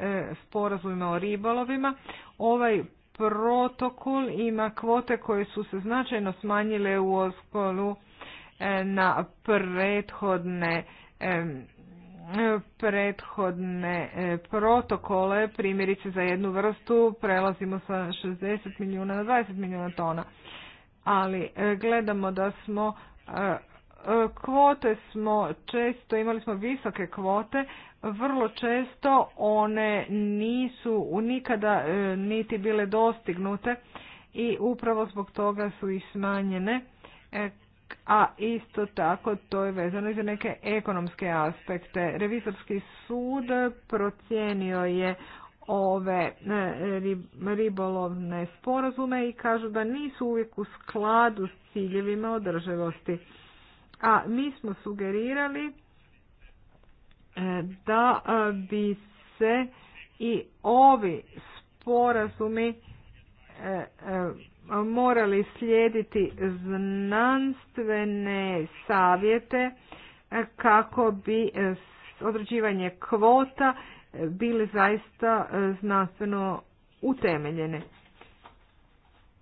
sporazumima o ribolovima. Ovaj protokol ima kvote koje su se značajno smanjile u oskolu e, na prethodne e, prethodne e, protokole, primjerice za jednu vrstu prelazimo sa 60 milijuna na 20 milijuna tona. Ali gledamo da smo kvote smo često, imali smo visoke kvote, vrlo često one nisu nikada e, niti bile dostignute i upravo zbog toga su i smanjene, e, a isto tako to je vezano i za neke ekonomske aspekte. Revizorski sud procijenio je ove e, ribolovne sporazume i kažu da nisu uvijek u skladu s ciljevima održivosti. A mi smo sugerirali e, da e, bi se i ovi sporazumi e, morali slijediti znanstvene savjete kako bi određivanje kvota bili zaista znanstveno utemeljene.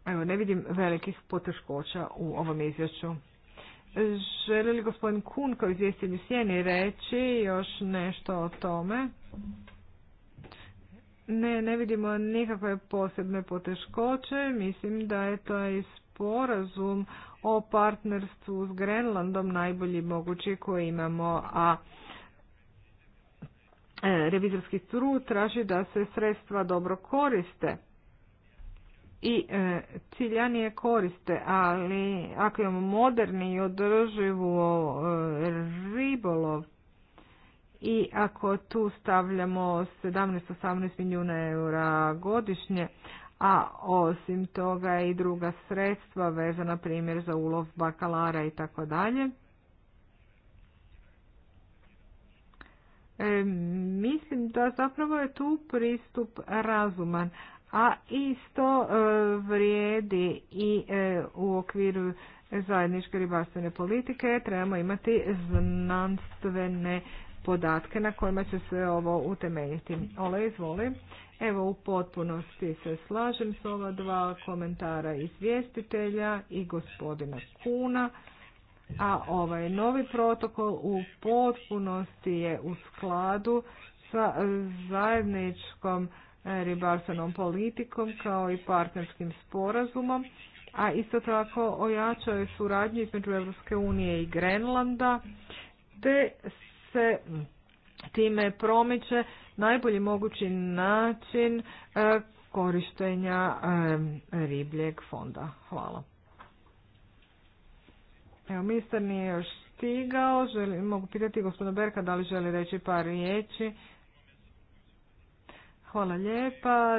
Evo, ne vidim velikih poteškoća u ovom izvješću. Želi li gospodin Kun kao izvjestitelj sjeni reći još nešto o tome? Ne, ne vidimo nikakve posebne poteškoće. Mislim da je taj sporazum o partnerstvu s Grenlandom najbolji mogući koji imamo, a e, revizorski trud traži da se sredstva dobro koriste i e, ciljanije koriste, ali ako imamo moderni i održivu e, ribolov i ako tu stavljamo 17-18 milijuna eura godišnje, a osim toga i druga sredstva vezana primjer za ulov bakalara i tako dalje. E, mislim da zapravo je tu pristup razuman, a isto e, vrijedi i e, u okviru zajedničke ribarstvene politike trebamo imati znanstvene podatke na kojima će se ovo utemeljiti. Ole, izvoli. Evo, u potpunosti se slažem s ova dva komentara izvjestitelja i gospodina Kuna, a ovaj novi protokol u potpunosti je u skladu sa zajedničkom ribarstvenom politikom kao i partnerskim sporazumom, a isto tako ojačao je suradnju između Europske unije i Grenlanda, te se time promiče najbolji mogući način e, korištenja e, ribljeg fonda. Hvala. Evo, ministar nije još stigao. mogu pitati gospodina Berka da li želi reći par riječi. Hvala lijepa.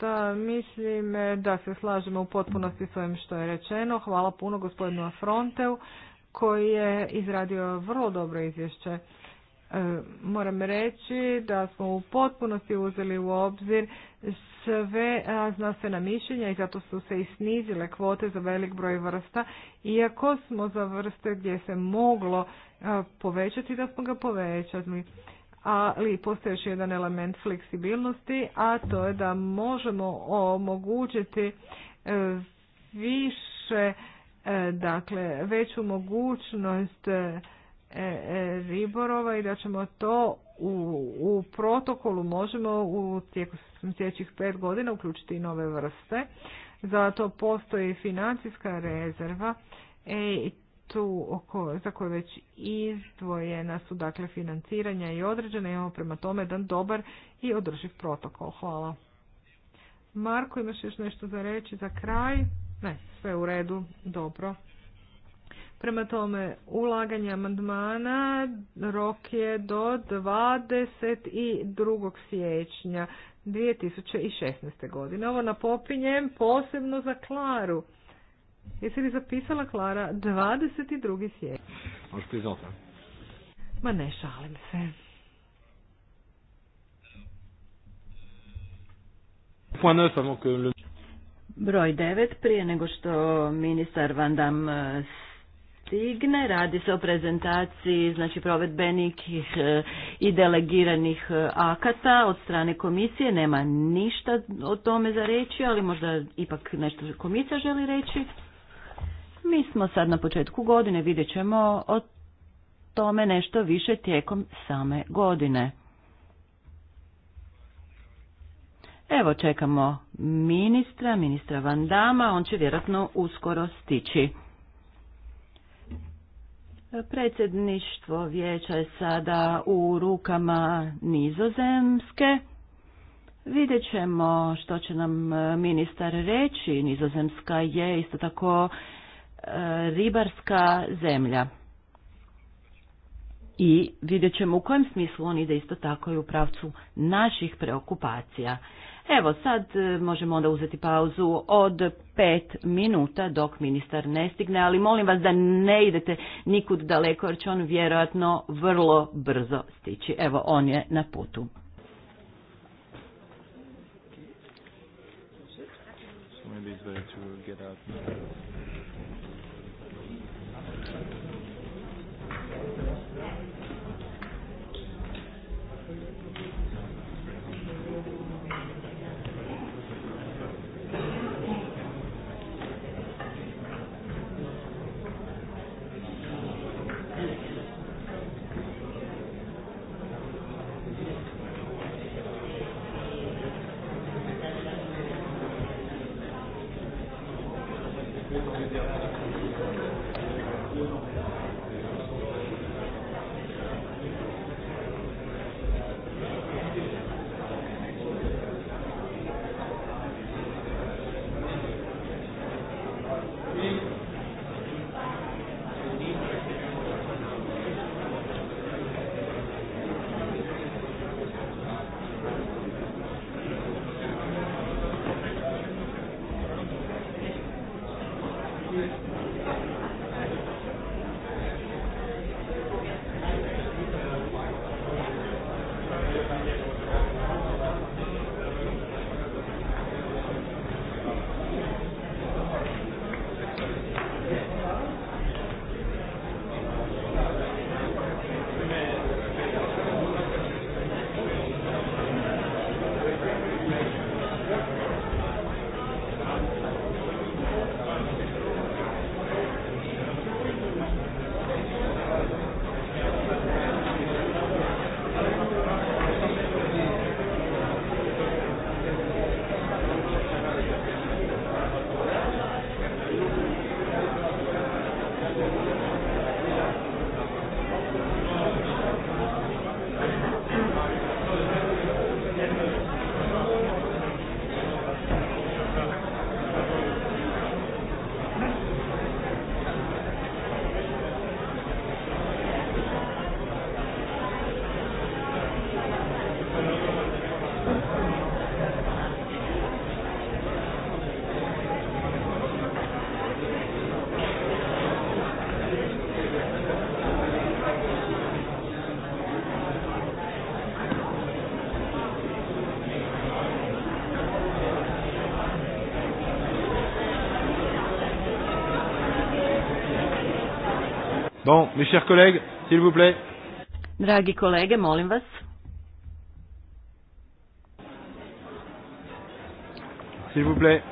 Da, mislim e, da se slažemo u potpunosti s ovim što je rečeno. Hvala puno gospodinu Afronteu koji je izradio vrlo dobro izvješće. E, moram reći da smo u potpunosti uzeli u obzir sve znanstvena mišljenja i zato su se i snizile kvote za velik broj vrsta, iako smo za vrste gdje se moglo e, povećati, da smo ga povećali ali postoji još jedan element fleksibilnosti, a to je da možemo omogućiti e, više, e, dakle, veću mogućnost e, riborova i da ćemo to u, protokolu možemo u tijeku sljedećih pet godina uključiti i nove vrste. Zato postoji financijska rezerva i oko, za koje već izdvojena su dakle financiranja i određena imamo prema tome jedan dobar i održiv protokol. Hvala. Marko, imaš još nešto za reći za kraj? Ne, sve u redu, dobro. Prema tome, ulaganje amandmana rok je do 22. siječnja 2016. godine. Ovo napopinjem posebno za Klaru. Jesi li zapisala, Klara, 22. siječnja? Možeš Ma ne, šalim se. Broj 9, prije nego što ministar Van Dam e, stigne, radi se o prezentaciji znači provedbenih e, i delegiranih e, akata od strane komisije, nema ništa o tome za reći, ali možda ipak nešto komisija želi reći. Mi smo sad na početku godine, vidjet ćemo o tome nešto više tijekom same godine. Evo čekamo ministra, ministra Van Dama, on će vjerojatno uskoro stići. Predsjedništvo vijeća je sada u rukama nizozemske. Vidjet ćemo što će nam ministar reći. Nizozemska je isto tako ribarska zemlja. I vidjet ćemo u kojem smislu on ide isto tako i u pravcu naših preokupacija. Evo sad e, možemo onda uzeti pauzu od pet minuta dok ministar ne stigne, ali molim vas da ne idete nikud daleko jer će on vjerojatno vrlo brzo stići. Evo on je na putu. Bon, mes chers collègues, s'il vous plaît. Dragi kolege, molim vas. S'il vous plaît.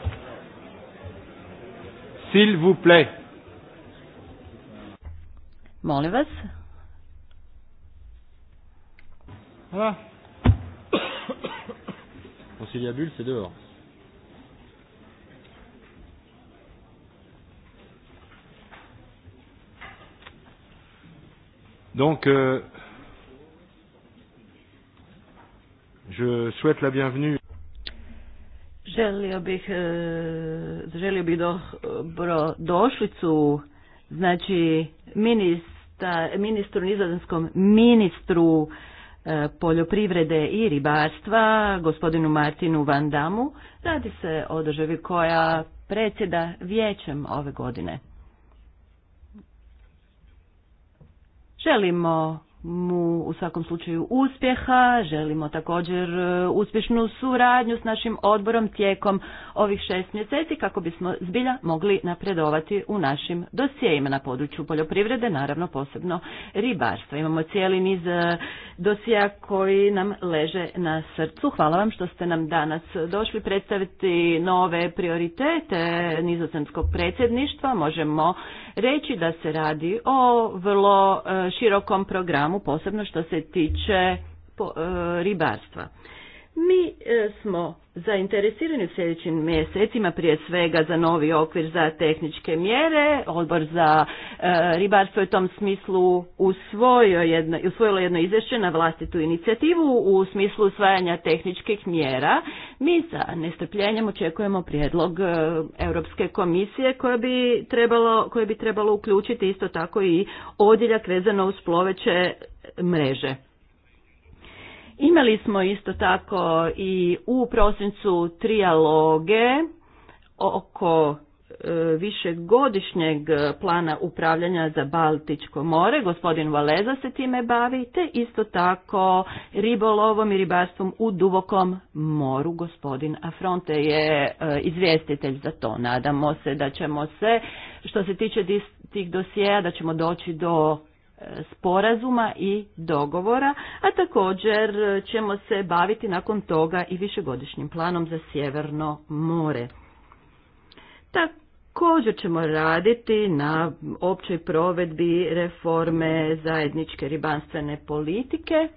S'il vous plaît. Molim vas. Voilà. Ah. Conciliabule, <coughs> c'est dehors. Donc, euh, je la bienvenue. Želio bih, e, želio bih dobro došlicu, znači ministra, ministru, nizozemskom ministru e, poljoprivrede i ribarstva, gospodinu Martinu Van Damu. Radi se o državi koja predsjeda vijećem ove godine. Želimo mu u svakom slučaju uspjeha. Želimo također e, uspješnu suradnju s našim odborom tijekom ovih šest mjeseci kako bismo zbilja mogli napredovati u našim dosijejima na području poljoprivrede, naravno posebno ribarstva. Imamo cijeli niz e, dosija koji nam leže na srcu. Hvala vam što ste nam danas došli predstaviti nove prioritete nizozemskog predsjedništva. Možemo reći da se radi o vrlo e, širokom programu posebno što se tiče e, ribarstva. Mi e, smo zainteresirani u sljedećim mjesecima prije svega za novi okvir za tehničke mjere. Odbor za e, ribarstvo je u tom smislu usvojio jedno, usvojilo jedno izvješće na vlastitu inicijativu u smislu usvajanja tehničkih mjera. Mi sa nestrpljenjem očekujemo prijedlog e, Europske komisije koje bi trebalo, koje bi trebalo uključiti isto tako i odjeljak vezano uz ploveće mreže. Imali smo isto tako i u prosincu trijaloge oko e, višegodišnjeg plana upravljanja za Baltičko more. Gospodin Valeza se time bavi, te isto tako ribolovom i ribarstvom u dubokom moru. Gospodin Afronte je e, izvjestitelj za to. Nadamo se da ćemo se, što se tiče tih dosjeja, da ćemo doći do sporazuma i dogovora, a također ćemo se baviti nakon toga i višegodišnjim planom za Sjeverno more. Također ćemo raditi na općoj provedbi reforme zajedničke ribanstvene politike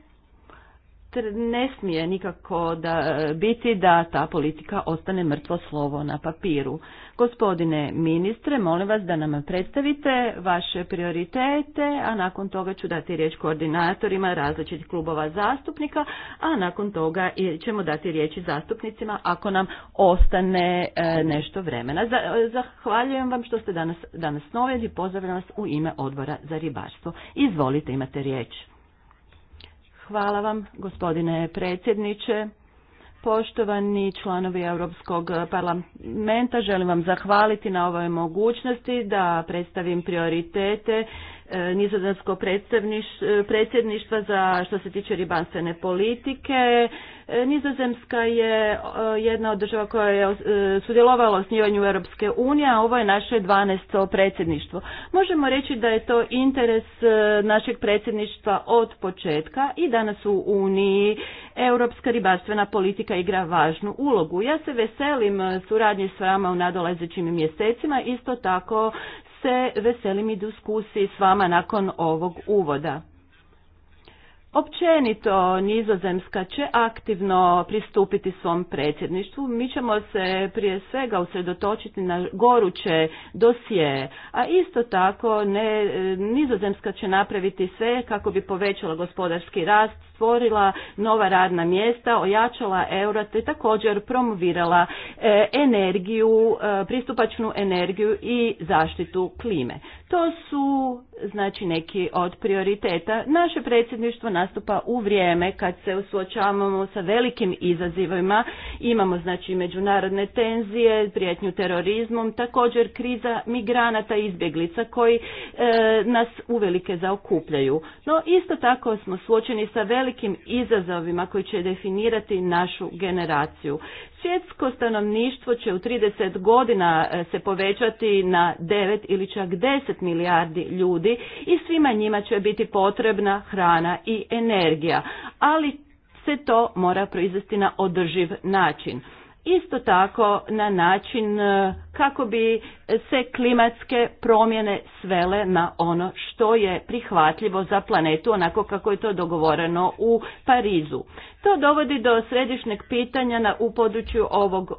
ne smije nikako da biti da ta politika ostane mrtvo slovo na papiru. Gospodine ministre, molim vas da nam predstavite vaše prioritete, a nakon toga ću dati riječ koordinatorima različitih klubova zastupnika, a nakon toga ćemo dati riječi zastupnicima ako nam ostane e, nešto vremena. Zahvaljujem vam što ste danas, danas pozdravljam vas u ime odbora za ribarstvo. Izvolite, imate riječ. Hvala vam, gospodine predsjedniče. Poštovani članovi Europskog parlamenta, želim vam zahvaliti na ovoj mogućnosti da predstavim prioritete E, nizozemsko e, predsjedništva za što se tiče ribanstvene politike. E, Nizozemska je jedna od država koja je sudjelovala u osnivanju Europske unije, a ovo je naše 12. predsjedništvo. Možemo reći da je to interes našeg predsjedništva od početka i danas u Uniji europska ribarstvena politika igra važnu ulogu. Ja se veselim suradnji s vama u nadolazećim mjesecima, isto tako se veselim i diskusiji s vama nakon ovog uvoda. Općenito Nizozemska će aktivno pristupiti svom predsjedništvu. Mi ćemo se prije svega usredotočiti na goruće dosije, a isto tako ne, Nizozemska će napraviti sve kako bi povećala gospodarski rast, stvorila nova radna mjesta, ojačala euro te također promovirala e, energiju, e, pristupačnu energiju i zaštitu klime. To su znači neki od prioriteta. Naše predsjedništvo nastupa u vrijeme kad se suočavamo sa velikim izazivima. Imamo znači međunarodne tenzije, prijetnju terorizmom, također kriza migranata i izbjeglica koji e, nas uvelike zaokupljaju. No isto tako smo suočeni sa velikim velikim izazovima koji će definirati našu generaciju. Svjetsko stanovništvo će u 30 godina e, se povećati na 9 ili čak 10 milijardi ljudi i svima njima će biti potrebna hrana i energija, ali se to mora proizvesti na održiv način isto tako na način e, kako bi se klimatske promjene svele na ono što je prihvatljivo za planetu onako kako je to dogovoreno u Parizu. To dovodi do središnjeg pitanja na, u području ovog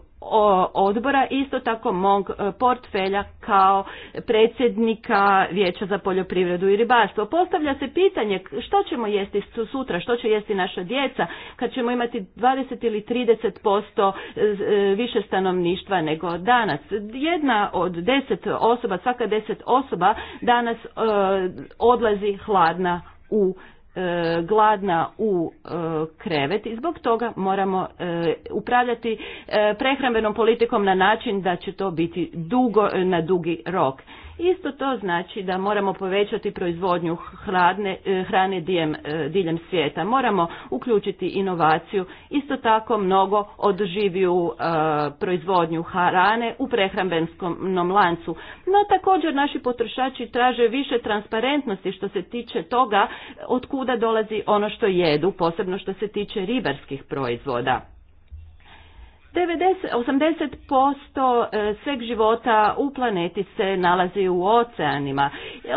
odbora, isto tako mog e, portfelja kao predsjednika Vijeća za poljoprivredu i ribarstvo. Postavlja se pitanje što ćemo jesti sutra, što će jesti naša djeca kad ćemo imati 20 ili 30% e, e, više stanovništva nego danas. Jedna od deset osoba, svaka deset osoba danas odlazi hladna u E, gladna u e, krevet i zbog toga moramo e, upravljati prehrambenom politikom na način da će to biti dugo na dugi rok. Isto to znači da moramo povećati proizvodnju hladne, e, hrane diljem, e, diljem svijeta. Moramo uključiti inovaciju, isto tako mnogo održiviju e, proizvodnju hrane u prehrambenskom lancu. No također naši potrošači traže više transparentnosti što se tiče toga od kuda dolazi ono što jedu, posebno što se tiče ribarskih proizvoda. 90, 80% e, sveg života u planeti se nalazi u oceanima. E,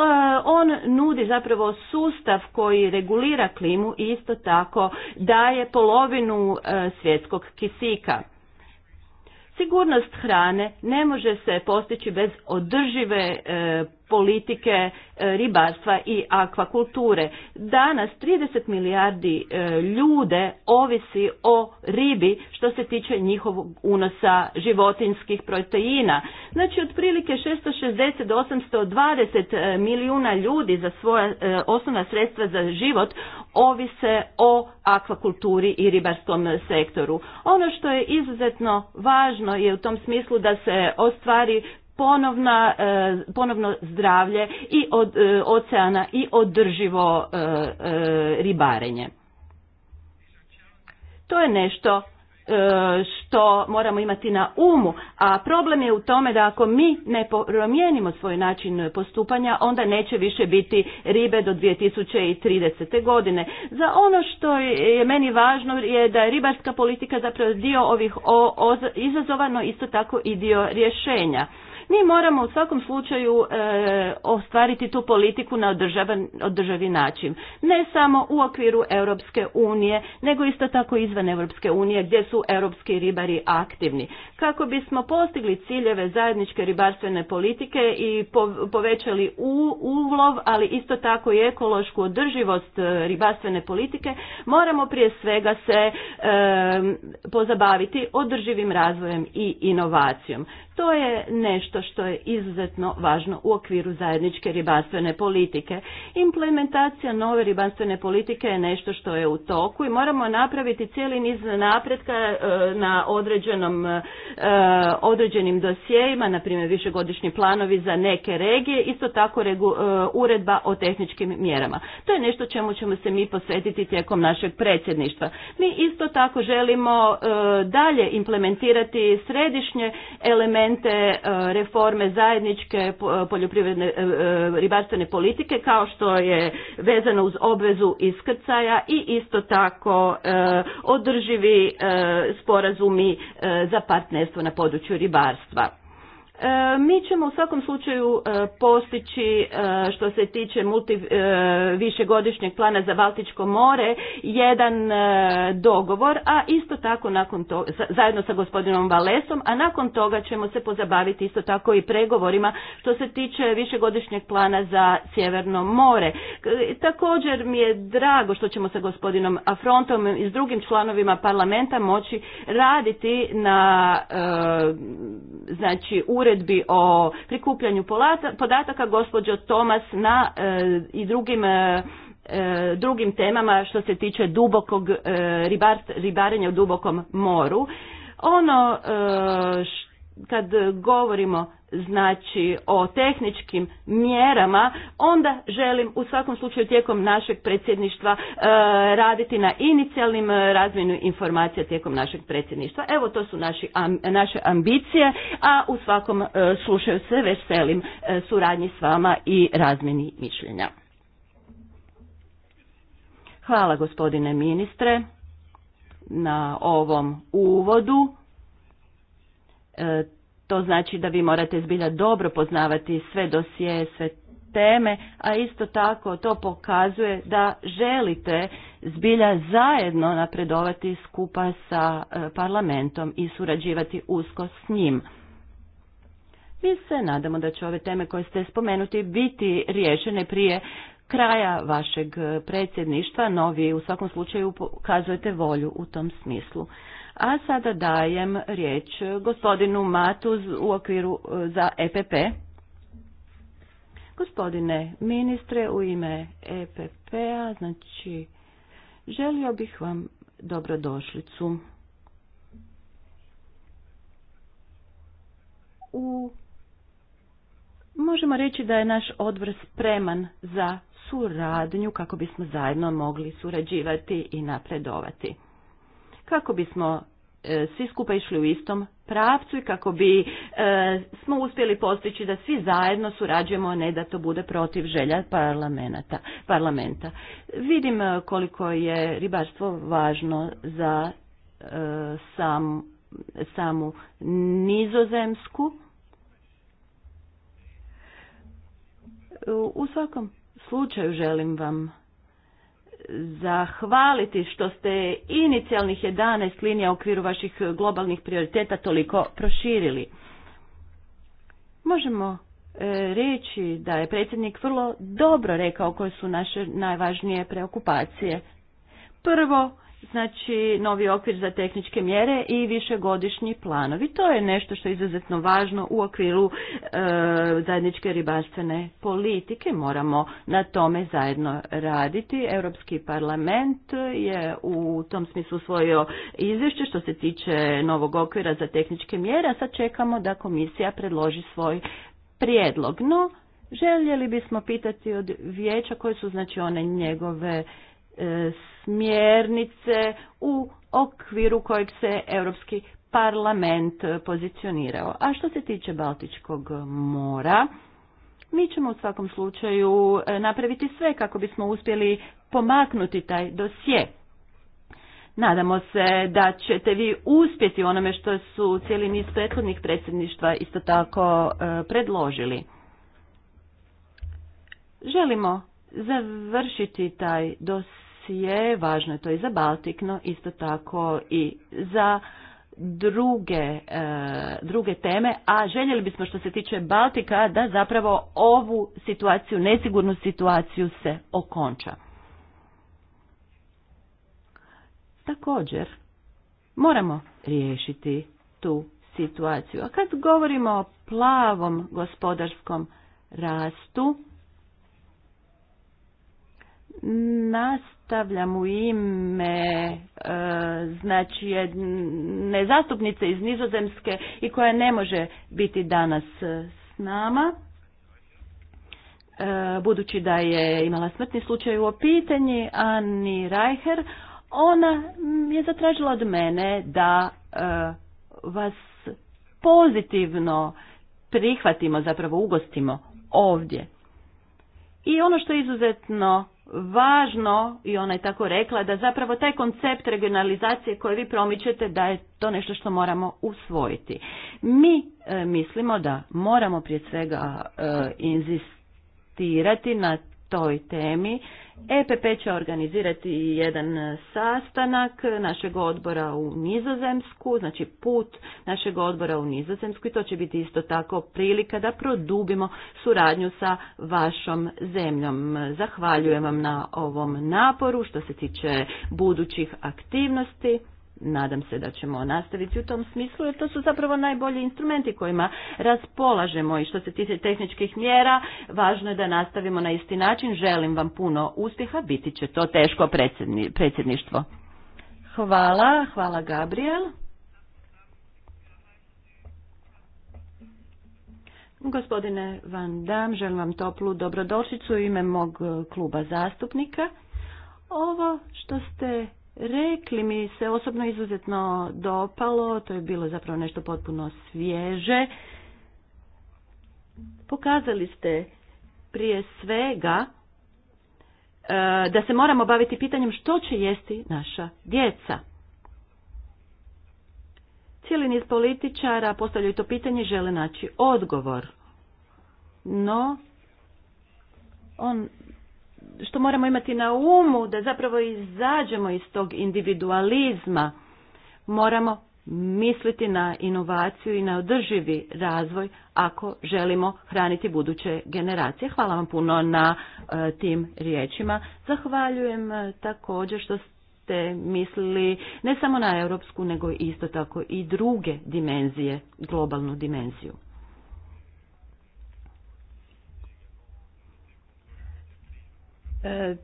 on nudi zapravo sustav koji regulira klimu i isto tako daje polovinu e, svjetskog kisika. Sigurnost hrane ne može se postići bez održive politike e, ribarstva i akvakulture. Danas 30 milijardi e, ljude ovisi o ribi što se tiče njihovog unosa životinskih proteina. Znači otprilike 660 do 820 e, milijuna ljudi za svoja osnovna sredstva za život ovise o akvakulturi i ribarskom sektoru. Ono što je izuzetno važno je u tom smislu da se ostvari ponovna, e, ponovno zdravlje i od e, oceana i održivo e, ribarenje. To je nešto što moramo imati na umu, a problem je u tome da ako mi ne promijenimo svoj način postupanja, onda neće više biti ribe do 2030. godine. Za ono što je meni važno je da je ribarska politika zapravo dio ovih izazovano isto tako i dio rješenja. Mi moramo u svakom slučaju e, ostvariti tu politiku na održivi održavi način. Ne samo u okviru Europske unije, nego isto tako izvan Europske unije gdje su europski ribari aktivni. Kako bismo postigli ciljeve zajedničke ribarstvene politike i povećali u, ulov, ali isto tako i ekološku održivost e, ribarstvene politike, moramo prije svega se e, pozabaviti održivim razvojem i inovacijom. To je nešto što je izuzetno važno u okviru zajedničke ribarstvene politike. Implementacija nove ribarstvene politike je nešto što je u toku i moramo napraviti cijeli niz napretka e, na određenom, e, određenim dosijejima, na primjer višegodišnji planovi za neke regije, isto tako e, uredba o tehničkim mjerama. To je nešto čemu ćemo se mi posvetiti tijekom našeg predsjedništva. Mi isto tako želimo dalje implementirati središnje elemente forme zajedničke eh, poljoprivredne eh, eh, ribarstvene politike kao što je vezano uz obvezu iskrcaja i isto tako održivi sporazumi za partnerstvo na području ribarstva. E, mi ćemo u svakom slučaju e, postići e, što se tiče multi, višegodišnjeg plana za Baltičko more jedan dogovor, a isto tako nakon toga zajedno sa gospodinom Valesom, a nakon toga ćemo se pozabaviti isto tako i pregovorima što se tiče višegodišnjeg plana za Sjeverno more. Također mi je drago što ćemo sa gospodinom Afrontom i s drugim članovima parlamenta moći raditi na znači, uredbi o prikupljanju podataka gospođo Tomas na e, i drugim e, e, drugim temama što se tiče dubokog ribarenja u dubokom moru. Ono kad govorimo znači o tehničkim mjerama, onda želim u svakom slučaju tijekom našeg predsjedništva e, raditi na inicijalnim e, razmjenu informacija tijekom našeg predsjedništva. Evo to su naši, naše ambicije, a u svakom e, slučaju se veselim e, suradnji s vama i razmjeni mišljenja. Hvala gospodine ministre na ovom uvodu to znači da vi morate zbilja dobro poznavati sve dosije, sve teme, a isto tako to pokazuje da želite zbilja zajedno napredovati skupa sa e, parlamentom i surađivati usko s njim. Mi se nadamo da će ove teme koje ste spomenuti biti riješene prije kraja vašeg e, predsjedništva, no vi u svakom slučaju pokazujete volju u tom smislu. A sada dajem riječ gospodinu Matuz u okviru e, za EPP. Gospodine ministre, u ime EPP-a, znači, želio bih vam dobrodošlicu. U Možemo reći da je naš odbor spreman za suradnju kako bismo zajedno mogli surađivati i napredovati kako bismo e, svi skupa išli u istom pravcu i kako bi e, smo uspjeli postići da svi zajedno surađujemo, ne da to bude protiv želja parlamenta. parlamenta. Vidim e, koliko je ribarstvo važno za sam, samu nizozemsku. U svakom slučaju želim vam zahvaliti što ste inicijalnih 11 linija u okviru vaših globalnih prioriteta toliko proširili. Možemo e, reći da je predsjednik vrlo dobro rekao koje su naše najvažnije preokupacije. Prvo znači novi okvir za tehničke mjere i višegodišnji planovi. To je nešto što je izuzetno važno u okviru e, zajedničke ribarstvene politike. Moramo na tome zajedno raditi. Europski parlament je u tom smislu usvojio izvješće što se tiče novog okvira za tehničke mjere, a sad čekamo da komisija predloži svoj prijedlog. No, željeli bismo pitati od vijeća koje su znači one njegove E, smjernice u okviru kojeg se Europski parlament pozicionirao. A što se tiče Baltičkog mora, mi ćemo u svakom slučaju e, napraviti sve kako bismo uspjeli pomaknuti taj dosje. Nadamo se da ćete vi uspjeti onome što su cijeli niz prethodnih predsjedništva isto tako e, predložili. Želimo završiti taj dosje je važno je to i za Baltik, isto tako i za druge, e, druge teme, a željeli bismo što se tiče Baltika da zapravo ovu situaciju, nesigurnu situaciju se okonča. Također, moramo riješiti tu situaciju. A kad govorimo o plavom gospodarskom rastu, nas Stavljam u ime e, znači jedne zastupnice iz Nizozemske i koja ne može biti danas e, s nama e, budući da je imala smrtni slučaj u opitanji Ani Reicher, ona je zatražila od mene da vas pozitivno prihvatimo, zapravo ugostimo ovdje i ono što je izuzetno važno, i ona je tako rekla, da zapravo taj koncept regionalizacije koje vi promičete da je to nešto što moramo usvojiti. Mi e, mislimo da moramo prije svega e, inzistirati na toj temi. EPP će organizirati jedan sastanak našeg odbora u Nizozemsku, znači put našeg odbora u Nizozemsku i to će biti isto tako prilika da produbimo suradnju sa vašom zemljom. Zahvaljujem vam na ovom naporu što se tiče budućih aktivnosti nadam se da ćemo nastaviti u tom smislu jer to su zapravo najbolji instrumenti kojima raspolažemo i što se tiče tehničkih mjera važno je da nastavimo na isti način želim vam puno uspjeha biti će to teško predsjedništvo hvala hvala Gabriel Gospodine Van Dam, želim vam toplu dobrodošlicu u ime mog kluba zastupnika. Ovo što ste rekli mi se osobno izuzetno dopalo, to je bilo zapravo nešto potpuno svježe. Pokazali ste prije svega e, da se moramo baviti pitanjem što će jesti naša djeca. Cijeli niz političara postavljaju to pitanje i žele naći odgovor. No, on što moramo imati na umu da zapravo izađemo iz tog individualizma. Moramo misliti na inovaciju i na održivi razvoj ako želimo hraniti buduće generacije. Hvala vam puno na e, tim riječima. Zahvaljujem e, također što ste mislili ne samo na europsku nego isto tako i druge dimenzije, globalnu dimenziju. E,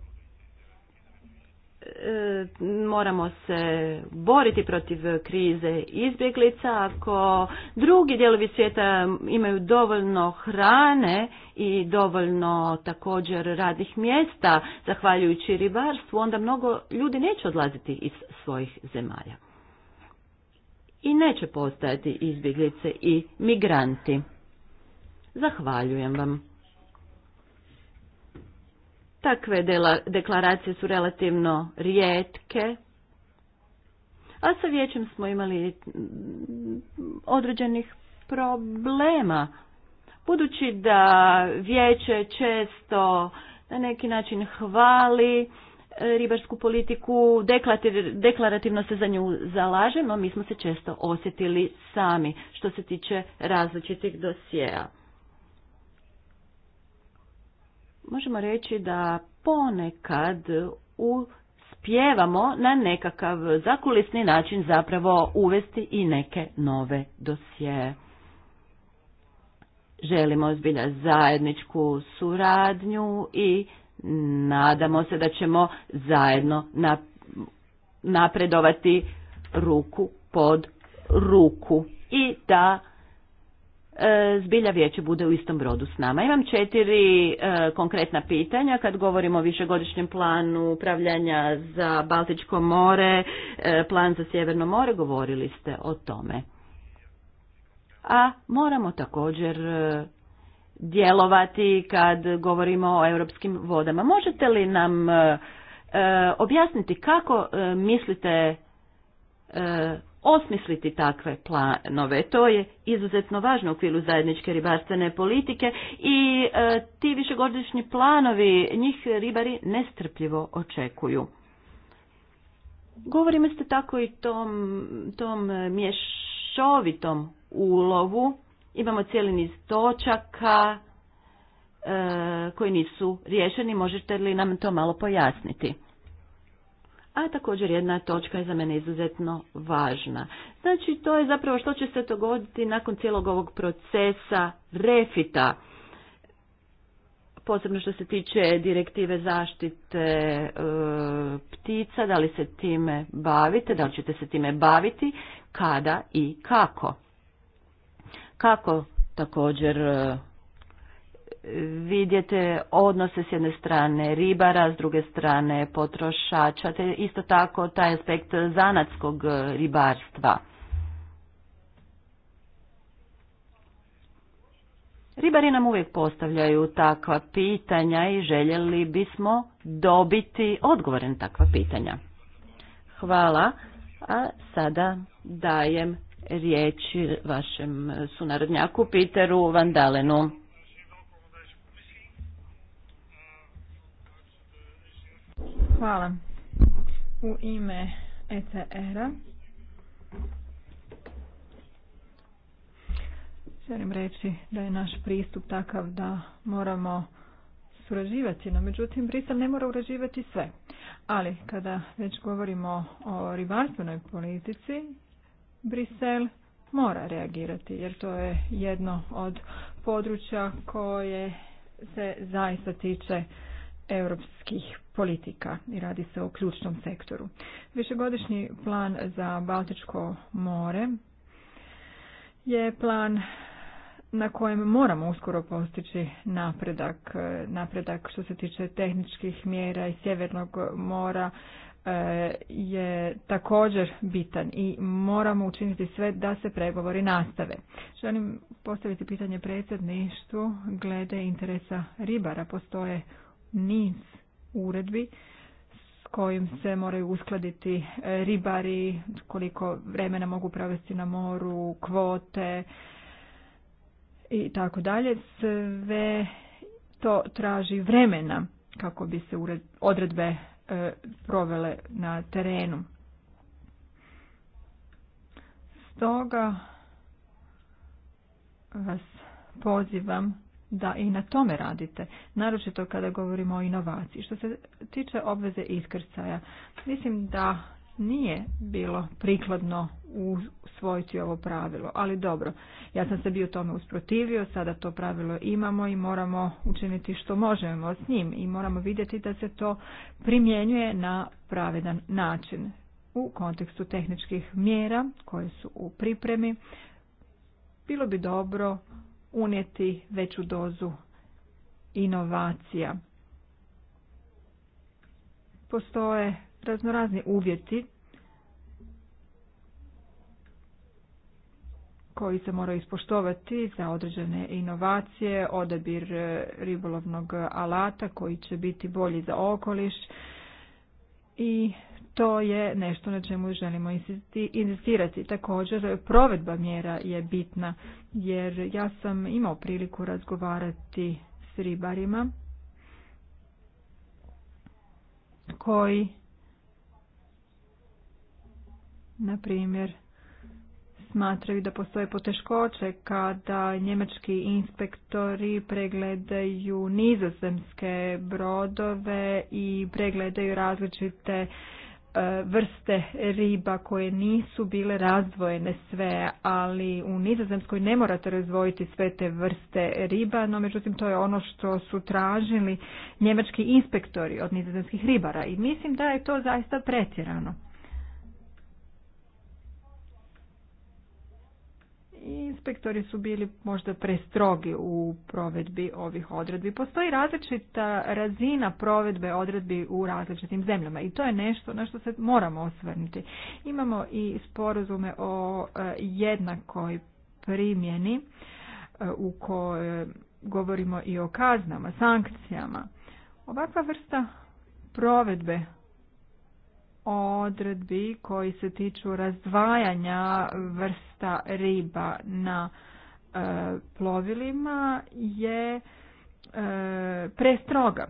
e, moramo se boriti protiv krize izbjeglica. Ako drugi dijelovi svijeta imaju dovoljno hrane i dovoljno također radnih mjesta, zahvaljujući ribarstvu, onda mnogo ljudi neće odlaziti iz svojih zemalja. I neće postajati izbjeglice i migranti. Zahvaljujem vam. Takve deklaracije su relativno rijetke, a sa vijećem smo imali određenih problema, budući da vijeće često na neki način hvali e, ribarsku politiku, deklarativno se za nju zalažemo, mi smo se često osjetili sami što se tiče različitih dosjeja možemo reći da ponekad u na nekakav zakulisni način zapravo uvesti i neke nove dosije. Želimo zbilja zajedničku suradnju i nadamo se da ćemo zajedno napredovati ruku pod ruku i da E, zbilja vijeće bude u istom brodu s nama. Imam četiri e, konkretna pitanja kad govorimo o višegodišnjem planu upravljanja za Baltičko more, e, plan za Sjeverno more, govorili ste o tome. A moramo također djelovati kad govorimo o europskim vodama. Možete li nam objasniti kako mislite osmisliti takve planove. To je izuzetno važno u okviru zajedničke ribarstvene politike i e, ti višegodišnji planovi njih ribari nestrpljivo očekuju. Govorimo ste tako i tom, tom mješovitom ulovu. Imamo cijeli niz točaka e, koji nisu riješeni. Možete li nam to malo pojasniti? a također jedna točka je za mene izuzetno važna. Znači, to je zapravo što će se dogoditi nakon cijelog ovog procesa refita, posebno što se tiče direktive zaštite e, ptica, da li se time bavite, da li ćete se time baviti, kada i kako. Kako također e, vidjeti odnose s jedne strane ribara, s druge strane potrošača, te isto tako taj aspekt zanatskog ribarstva. Ribari nam uvijek postavljaju takva pitanja i željeli bismo dobiti odgovoren na takva pitanja. Hvala, a sada dajem riječ vašem sunarodnjaku Peteru Vandalenu. Hvala. U ime ECR-a želim reći da je naš pristup takav da moramo surađivati, no međutim Brisel ne mora urađivati sve. Ali kada već govorimo o ribarstvenoj politici, Brisel mora reagirati jer to je jedno od područja koje se zaista tiče europskih politika i radi se o ključnom sektoru. Višegodišnji plan za Baltičko more je plan na kojem moramo uskoro postići napredak, napredak što se tiče tehničkih mjera i sjevernog mora e, je također bitan i moramo učiniti sve da se pregovori nastave. Želim postaviti pitanje predsjedništvu glede interesa ribara. Postoje niz uredbi s kojim se moraju uskladiti e, ribari, koliko vremena mogu provesti na moru, kvote i tako dalje. Sve to traži vremena kako bi se odredbe e, provele na terenu. Stoga vas pozivam da i na tome radite, naročito kada govorimo o inovaciji. Što se tiče obveze iskrcaja, mislim da nije bilo prikladno usvojiti ovo pravilo, ali dobro, ja sam se bio tome usprotivio, sada to pravilo imamo i moramo učiniti što možemo s njim i moramo vidjeti da se to primjenjuje na pravedan način u kontekstu tehničkih mjera koje su u pripremi. Bilo bi dobro unijeti veću dozu inovacija. Postoje raznorazni uvjeti koji se moraju ispoštovati za određene inovacije, odabir e, ribolovnog alata koji će biti bolji za okoliš i to je nešto na čemu želimo insistirati. Također, provedba mjera je bitna, jer ja sam imao priliku razgovarati s ribarima koji, na primjer, smatraju da postoje poteškoće kada njemački inspektori pregledaju nizozemske brodove i pregledaju različite E, vrste riba koje nisu bile razdvojene sve, ali u Nizozemskoj ne morate razdvojiti sve te vrste riba, no međutim to je ono što su tražili njemački inspektori od nizozemskih ribara i mislim da je to zaista pretjerano. inspektori su bili možda prestrogi u provedbi ovih odredbi. Postoji različita razina provedbe odredbi u različitim zemljama i to je nešto na što se moramo osvrnuti. Imamo i sporazume o e, jednakoj primjeni e, u kojoj govorimo i o kaznama, sankcijama. Ovakva vrsta provedbe odredbi koji se tiču razdvajanja vrsta vrsta riba na e, plovilima je e, prestroga.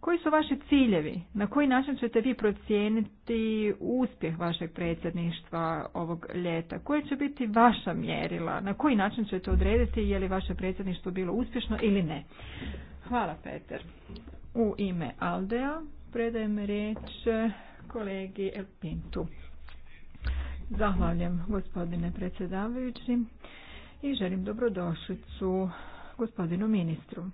Koji su vaši ciljevi? Na koji način ćete vi procijeniti uspjeh vašeg predsjedništva ovog ljeta? Koje će biti vaša mjerila? Na koji način ćete odrediti je li vaše predsjedništvo bilo uspješno ili ne? Hvala Peter. U ime Aldea predajem riječ kolegi Elpintu. Zahvaljujem gospodine predsjedavajući i želim dobrodošlicu gospodinu ministru.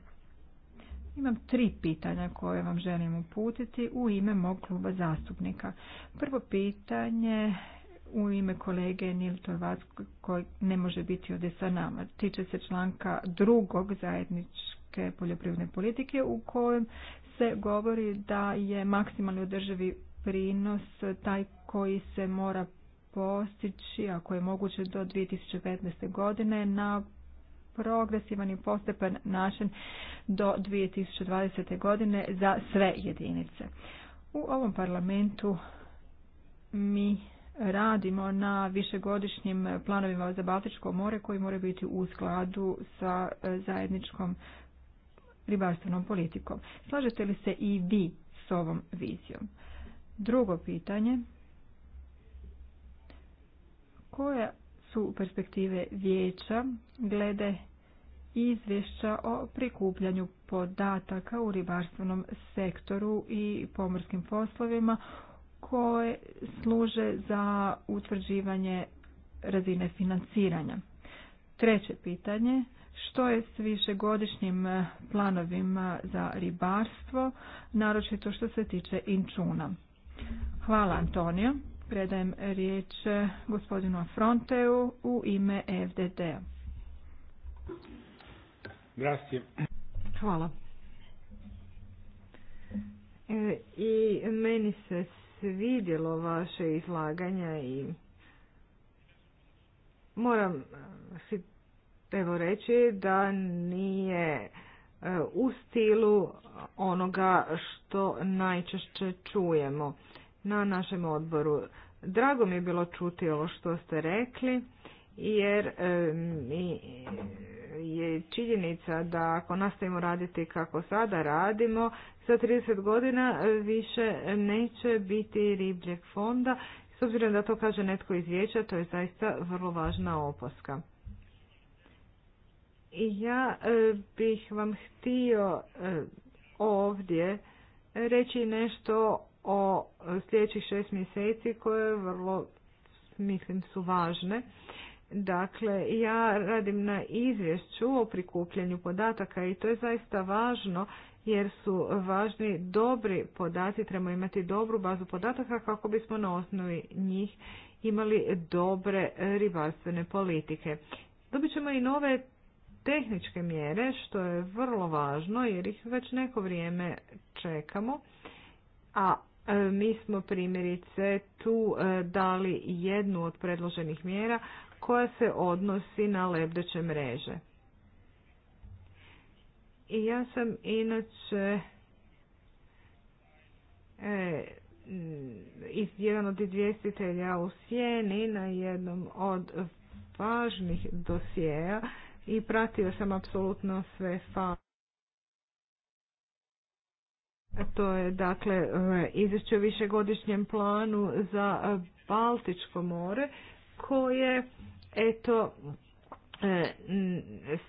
Imam tri pitanja koje vam želim uputiti u ime mog kluba zastupnika. Prvo pitanje u ime kolege Nil Torvac koji ne može biti ovdje sa nama. Tiče se članka drugog zajedničke poljoprivredne politike u kojem se govori da je maksimalni održivi prinos taj koji se mora postići, ako je moguće, do 2015. godine na progresivan i postepan način do 2020. godine za sve jedinice. U ovom parlamentu mi radimo na višegodišnjim planovima za Baltičko more koji mora biti u skladu sa e, zajedničkom ribarstvenom politikom. Slažete li se i vi s ovom vizijom? Drugo pitanje koje su perspektive vijeća glede izvješća o prikupljanju podataka u ribarstvenom sektoru i pomorskim poslovima koje služe za utvrđivanje razine financiranja. Treće pitanje, što je s višegodišnjim planovima za ribarstvo, naročito što se tiče inčuna? Hvala Antonio predajem riječ eh, gospodinu Afronteu u ime fdd Hvala. E, I meni se svidjelo vaše izlaganja i moram si evo reći da nije e, u stilu onoga što najčešće čujemo na našem odboru. Drago mi je bilo čuti ovo što ste rekli, jer e, je činjenica da ako nastavimo raditi kako sada radimo, za 30 godina e, više neće biti ribljeg fonda. S obzirom da to kaže netko iz vijeća, to je zaista vrlo važna opaska. Ja e, bih vam htio ovdje reći nešto o sljedećih šest mjeseci koje vrlo mislim su važne. Dakle, ja radim na izvješću o prikupljanju podataka i to je zaista važno jer su važni dobri podaci, trebamo imati dobru bazu podataka kako bismo na osnovi njih imali dobre ribarstvene politike. Dobit ćemo i nove tehničke mjere što je vrlo važno jer ih već neko vrijeme čekamo, a E, mi smo primjerice tu e, dali jednu od predloženih mjera koja se odnosi na lebdeće mreže. I ja sam inače e, jedan od izvjestitelja u Sjeni na jednom od važnih dosjeja i pratio sam apsolutno sve fa... To je dakle e, izvješće o višegodišnjem planu za e, Baltičko more koje eto e,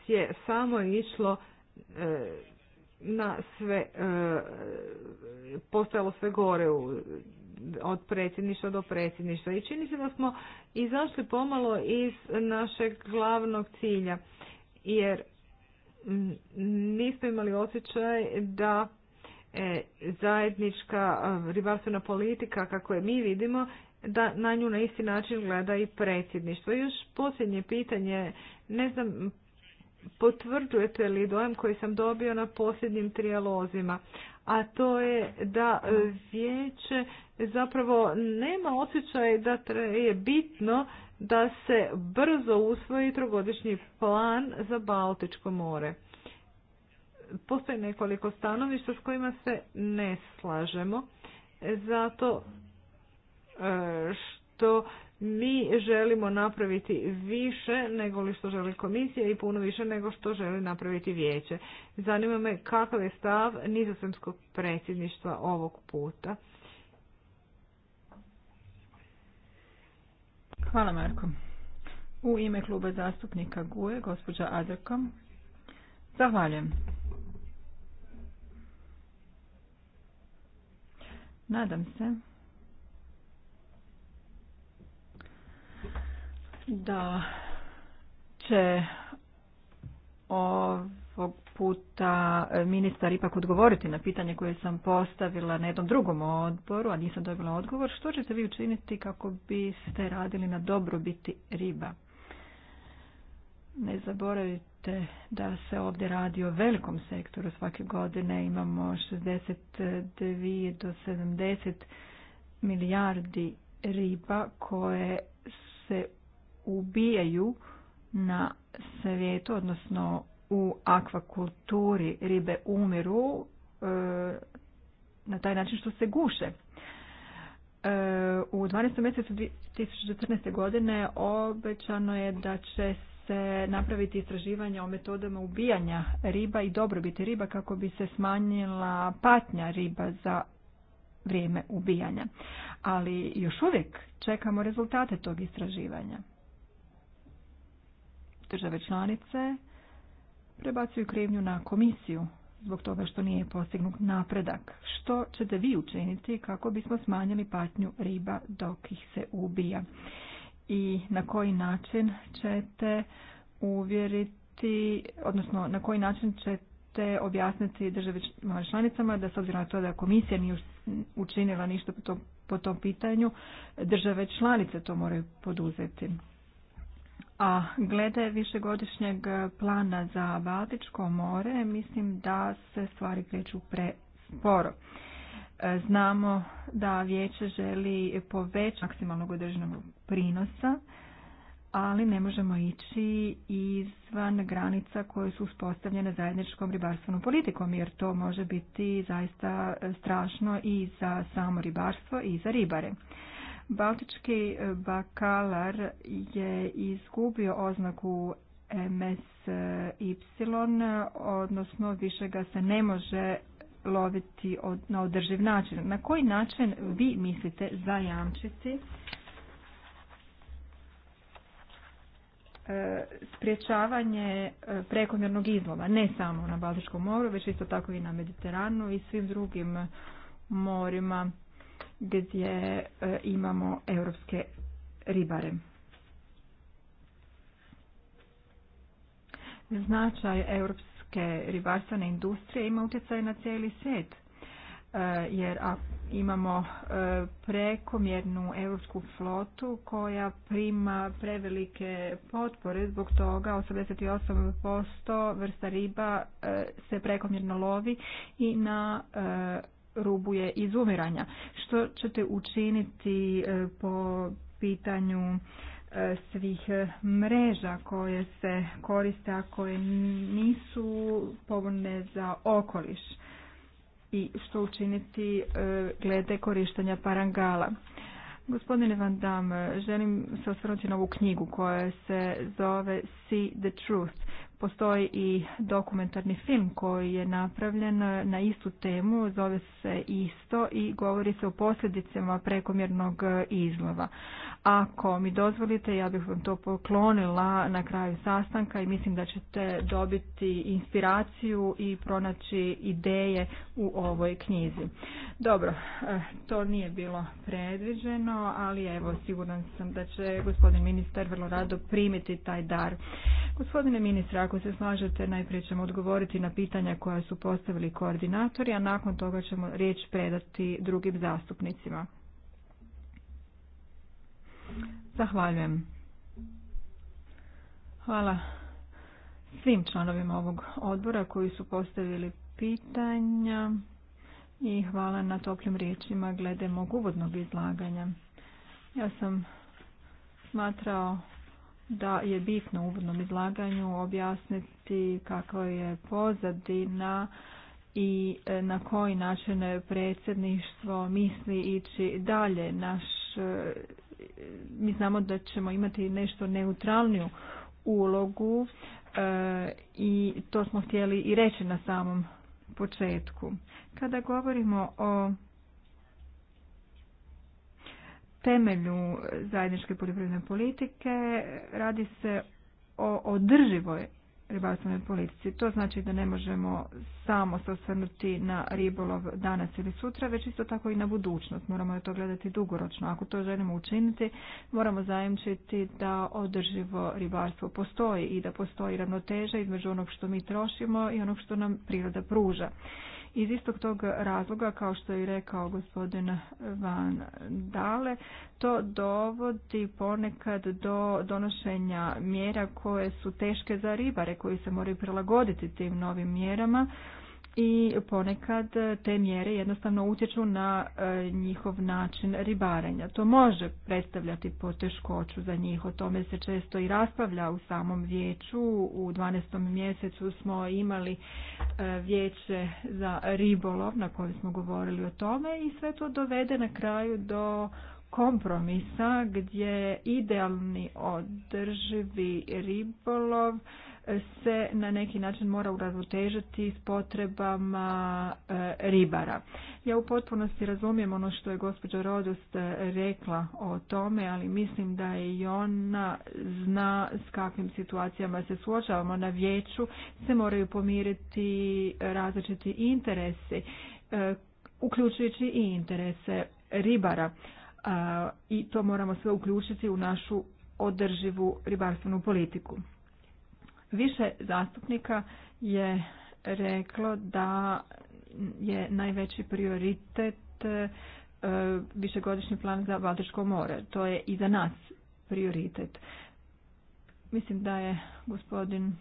je samo išlo na sve postojalo sve gore u od predsjedništva do predsjedništva i čini se da smo izašli pomalo iz našeg glavnog cilja jer nismo imali osjećaj da E, zajednička e, ribarstvena politika kako je mi vidimo da na nju na isti način gleda i predsjedništvo. Još posljednje pitanje, ne znam potvrđujete li dojem koji sam dobio na posljednjim trijalozima, a to je da vijeće zapravo nema osjećaj da je bitno da se brzo usvoji trogodišnji plan za Baltičko more postoji nekoliko stanovišta s kojima se ne slažemo zato e, što mi želimo napraviti više nego li što želi komisija i puno više nego što želi napraviti vijeće. Zanima me kakav je stav nizozemskog predsjedništva ovog puta. Hvala Marko. U ime kluba zastupnika GUE, gospođa Adrkom. Zahvaljujem. Nadam se da će ovog puta ministar ipak odgovoriti na pitanje koje sam postavila na jednom drugom odboru, a nisam dobila odgovor. Što ćete vi učiniti kako biste radili na dobrobiti riba? Ne zaboravite da se ovdje radi o velikom sektoru. Svake godine imamo 62 do 70 milijardi riba koje se ubijaju na svijetu, odnosno u akvakulturi ribe umiru e, na taj način što se guše. E, u 12. mjesecu 2014. godine obećano je da će se napraviti istraživanja o metodama ubijanja riba i dobrobiti riba kako bi se smanjila patnja riba za vrijeme ubijanja. Ali još uvijek čekamo rezultate tog istraživanja. Države članice prebacuju krivnju na komisiju zbog toga što nije postignut napredak. Što ćete vi učiniti kako bismo smanjili patnju riba dok ih se ubija? i na koji način ćete uvjeriti, odnosno na koji način ćete objasniti državi članicama da s obzirom na to da komisija nije učinila ništa po tom, po tom pitanju, države članice to moraju poduzeti. A glede višegodišnjeg plana za Baltičko more, mislim da se stvari kreću presporo. Znamo da vijeće želi povećati maksimalnog određenog prinosa, ali ne možemo ići izvan granica koje su uspostavljene zajedničkom ribarstvenom politikom, jer to može biti zaista strašno i za samo ribarstvo i za ribare. Baltički bakalar je izgubio oznaku MSY, odnosno više ga se ne može loviti na održiv način. Na koji način vi mislite zajamčiti e, spriječavanje e, prekomjernog izlova, ne samo na Baltičkom moru, već isto tako i na Mediteranu i svim drugim morima gdje e, imamo europske ribare. Značaj europske europske ribarstvene industrije ima utjecaj na cijeli svijet e, jer imamo e, prekomjernu europsku flotu koja prima prevelike potpore zbog toga 88% vrsta riba e, se prekomjerno lovi i na rubu je izumiranja. Što ćete učiniti po pitanju E, svih e, mreža koje se koriste, a koje nisu povoljne za okoliš i što učiniti e, glede korištenja parangala. Gospodine Van Dam, želim se osvrnuti na ovu knjigu koja se zove See the Truth. Postoji i dokumentarni film koji je napravljen na istu temu, zove se isto i govori se o posljedicama prekomjernog izlova. Ako mi dozvolite, ja bih vam to poklonila na kraju sastanka i mislim da ćete dobiti inspiraciju i pronaći ideje u ovoj knjizi. Dobro, eh, to nije bilo predviđeno, ali evo siguran sam da će gospodin ministar vrlo rado primiti taj dar. Gospodine ministre, ako se slažete, najprije ćemo odgovoriti na pitanja koja su postavili koordinatori, a nakon toga ćemo riječ predati drugim zastupnicima. Zahvaljujem. Hvala svim članovima ovog odbora koji su postavili pitanja i hvala na toplim riječima glede mog uvodnog izlaganja. Ja sam smatrao da je bitno u uvodnom izlaganju objasniti kakva je pozadina i e, na koji način predsjedništvo misli ići dalje. Naš e, mi znamo da ćemo imati nešto neutralniju ulogu e, i to smo htjeli i reći na samom početku. Kada govorimo o temelju zajedničke poljoprivredne politike, radi se o održivoj ribarstvenoj politici. To znači da ne možemo samo se osvrnuti na ribolov danas ili sutra, već isto tako i na budućnost. Moramo to gledati dugoročno. Ako to želimo učiniti, moramo zajemčiti da održivo ribarstvo postoji i da postoji ravnoteža između onog što mi trošimo i onog što nam priroda pruža. Iz istog tog razloga, kao što je i rekao gospodin Van Dale, to dovodi ponekad do donošenja mjera koje su teške za ribare, koji se moraju prilagoditi tim novim mjerama i ponekad te mjere jednostavno utječu na e, njihov način ribarenja. To može predstavljati poteškoću za njih, o tome se često i raspravlja u samom vijeću. U 12. mjesecu smo imali e, vijeće za ribolov na kojem smo govorili o tome i sve to dovede na kraju do kompromisa gdje idealni održivi ribolov se na neki način mora uravnotežiti s potrebama e, ribara. Ja u potpunosti razumijem ono što je gospođa Rodost e, rekla o tome, ali mislim da i ona zna s kakvim situacijama se suočavamo. Na vijeću se moraju pomiriti različiti interesi, e, uključujući i interese ribara. I to moramo sve uključiti u našu održivu ribarstvenu politiku. Više zastupnika je reklo da je najveći prioritet e, višegodišnji plan za Baltičko more. To je i za nas prioritet. Mislim da je gospodin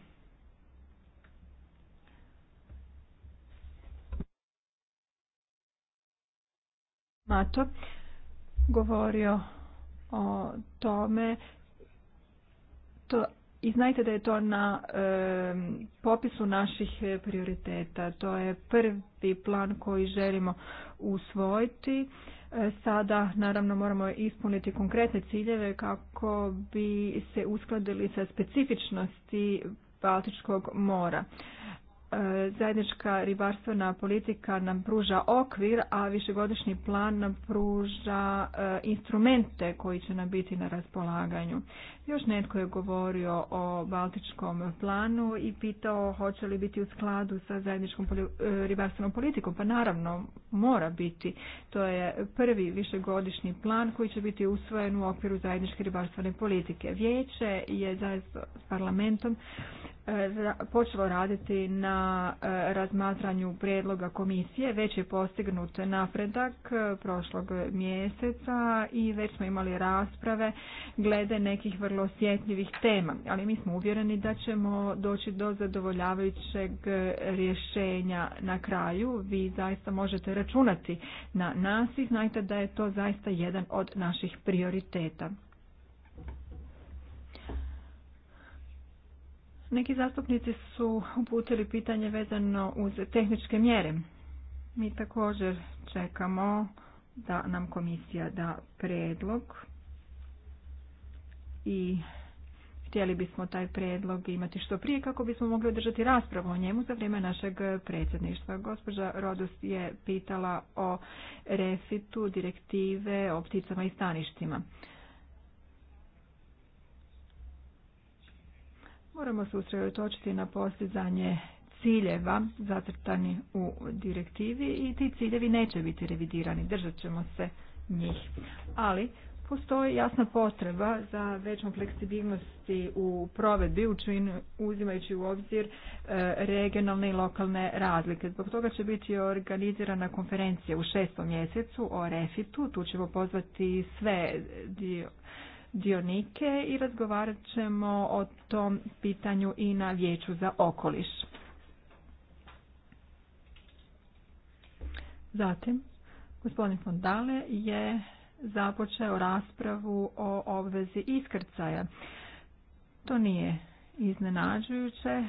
Mato govorio o tome to i znajte da je to na popisu naših e, prioriteta. To je prvi plan koji želimo usvojiti. E, sada naravno moramo ispuniti konkretne ciljeve kako bi se uskladili sa specifičnosti Baltičkog mora. E, zajednička ribarstvena politika nam pruža okvir, a višegodišnji plan nam pruža e, instrumente koji će nam biti na raspolaganju. Još netko je govorio o Baltičkom planu i pitao hoće li biti u skladu sa zajedničkom e, ribarstvenom politikom. Pa naravno, mora biti. To je prvi višegodišnji plan koji će biti usvojen u okviru zajedničke ribarstvene politike. Vijeće je zajedno s parlamentom E, počelo raditi na e, razmatranju prijedloga komisije, već je postignut napredak e, prošlog mjeseca i već smo imali rasprave glede nekih vrlo osjetljivih tema, ali mi smo uvjereni da ćemo doći do zadovoljavajućeg rješenja na kraju. Vi zaista možete računati na nas i znajte da je to zaista jedan od naših prioriteta. Neki zastupnici su uputili pitanje vezano uz tehničke mjere. Mi također čekamo da nam komisija da predlog i htjeli bismo taj predlog imati što prije kako bismo mogli održati raspravu o njemu za vrijeme našeg predsjedništva. Gospođa Rodos je pitala o refitu direktive o pticama i staništima. Moramo se usredotočiti na postizanje ciljeva zacrtani u direktivi i ti ciljevi neće biti revidirani, držat ćemo se njih. Ali postoji jasna potreba za većom fleksibilnosti u provedbi uzimajući u obzir e, regionalne i lokalne razlike. Zbog toga će biti organizirana konferencija u šestom mjesecu o refitu. Tu ćemo pozvati sve dio dionike i razgovarat ćemo o tom pitanju i na vijeću za okoliš. Zatim, gospodin Fondale je započeo raspravu o obvezi iskrcaja. To nije iznenađujuće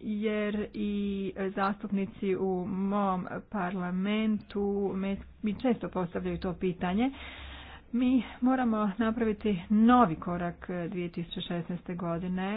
jer i zastupnici u mom parlamentu mi često postavljaju to pitanje mi moramo napraviti novi korak 2016. Eh, godine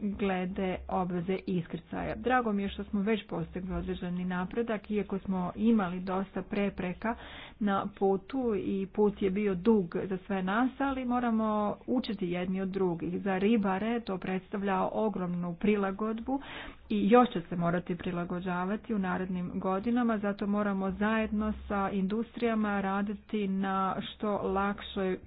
glede obveze iskrcaja. Drago mi je što smo već postigli određeni napredak, iako smo imali dosta prepreka na putu i put je bio dug za sve nas, ali moramo učiti jedni od drugih. Za ribare to predstavlja ogromnu prilagodbu i još će se morati prilagođavati u narednim godinama, zato moramo zajedno sa industrijama raditi na što lakšoj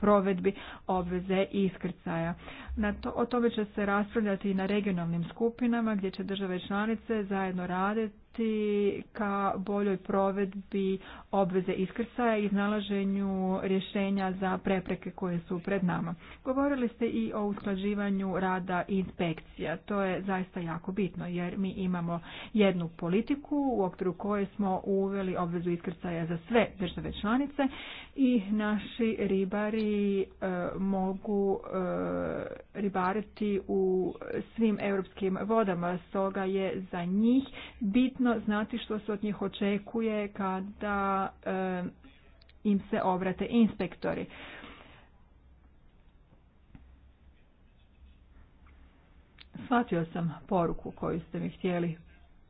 provedbi obveze i iskrcaja. Na to, o tome će se raspravljati i na regionalnim skupinama gdje će države članice zajedno raditi i ka boljoj provedbi obveze iskrcaja i znalaženju rješenja za prepreke koje su pred nama. Govorili ste i o usklađivanju rada inspekcija. To je zaista jako bitno jer mi imamo jednu politiku u okviru koje smo uveli obvezu iskrcaja za sve države članice i naši ribari e, mogu e, ribariti u svim europskim vodama. Stoga je za njih bitno znati što se od njih očekuje kada e, im se obrate inspektori. Shvatio sam poruku koju ste mi htjeli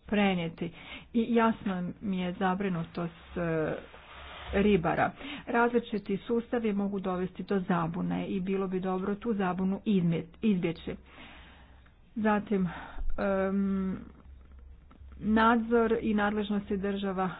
prenijeti i jasno mi je zabrinutost e, ribara. Različiti sustavi mogu dovesti do zabune i bilo bi dobro tu zabunu izbjeći. Zatim, nadzor i nadležnosti država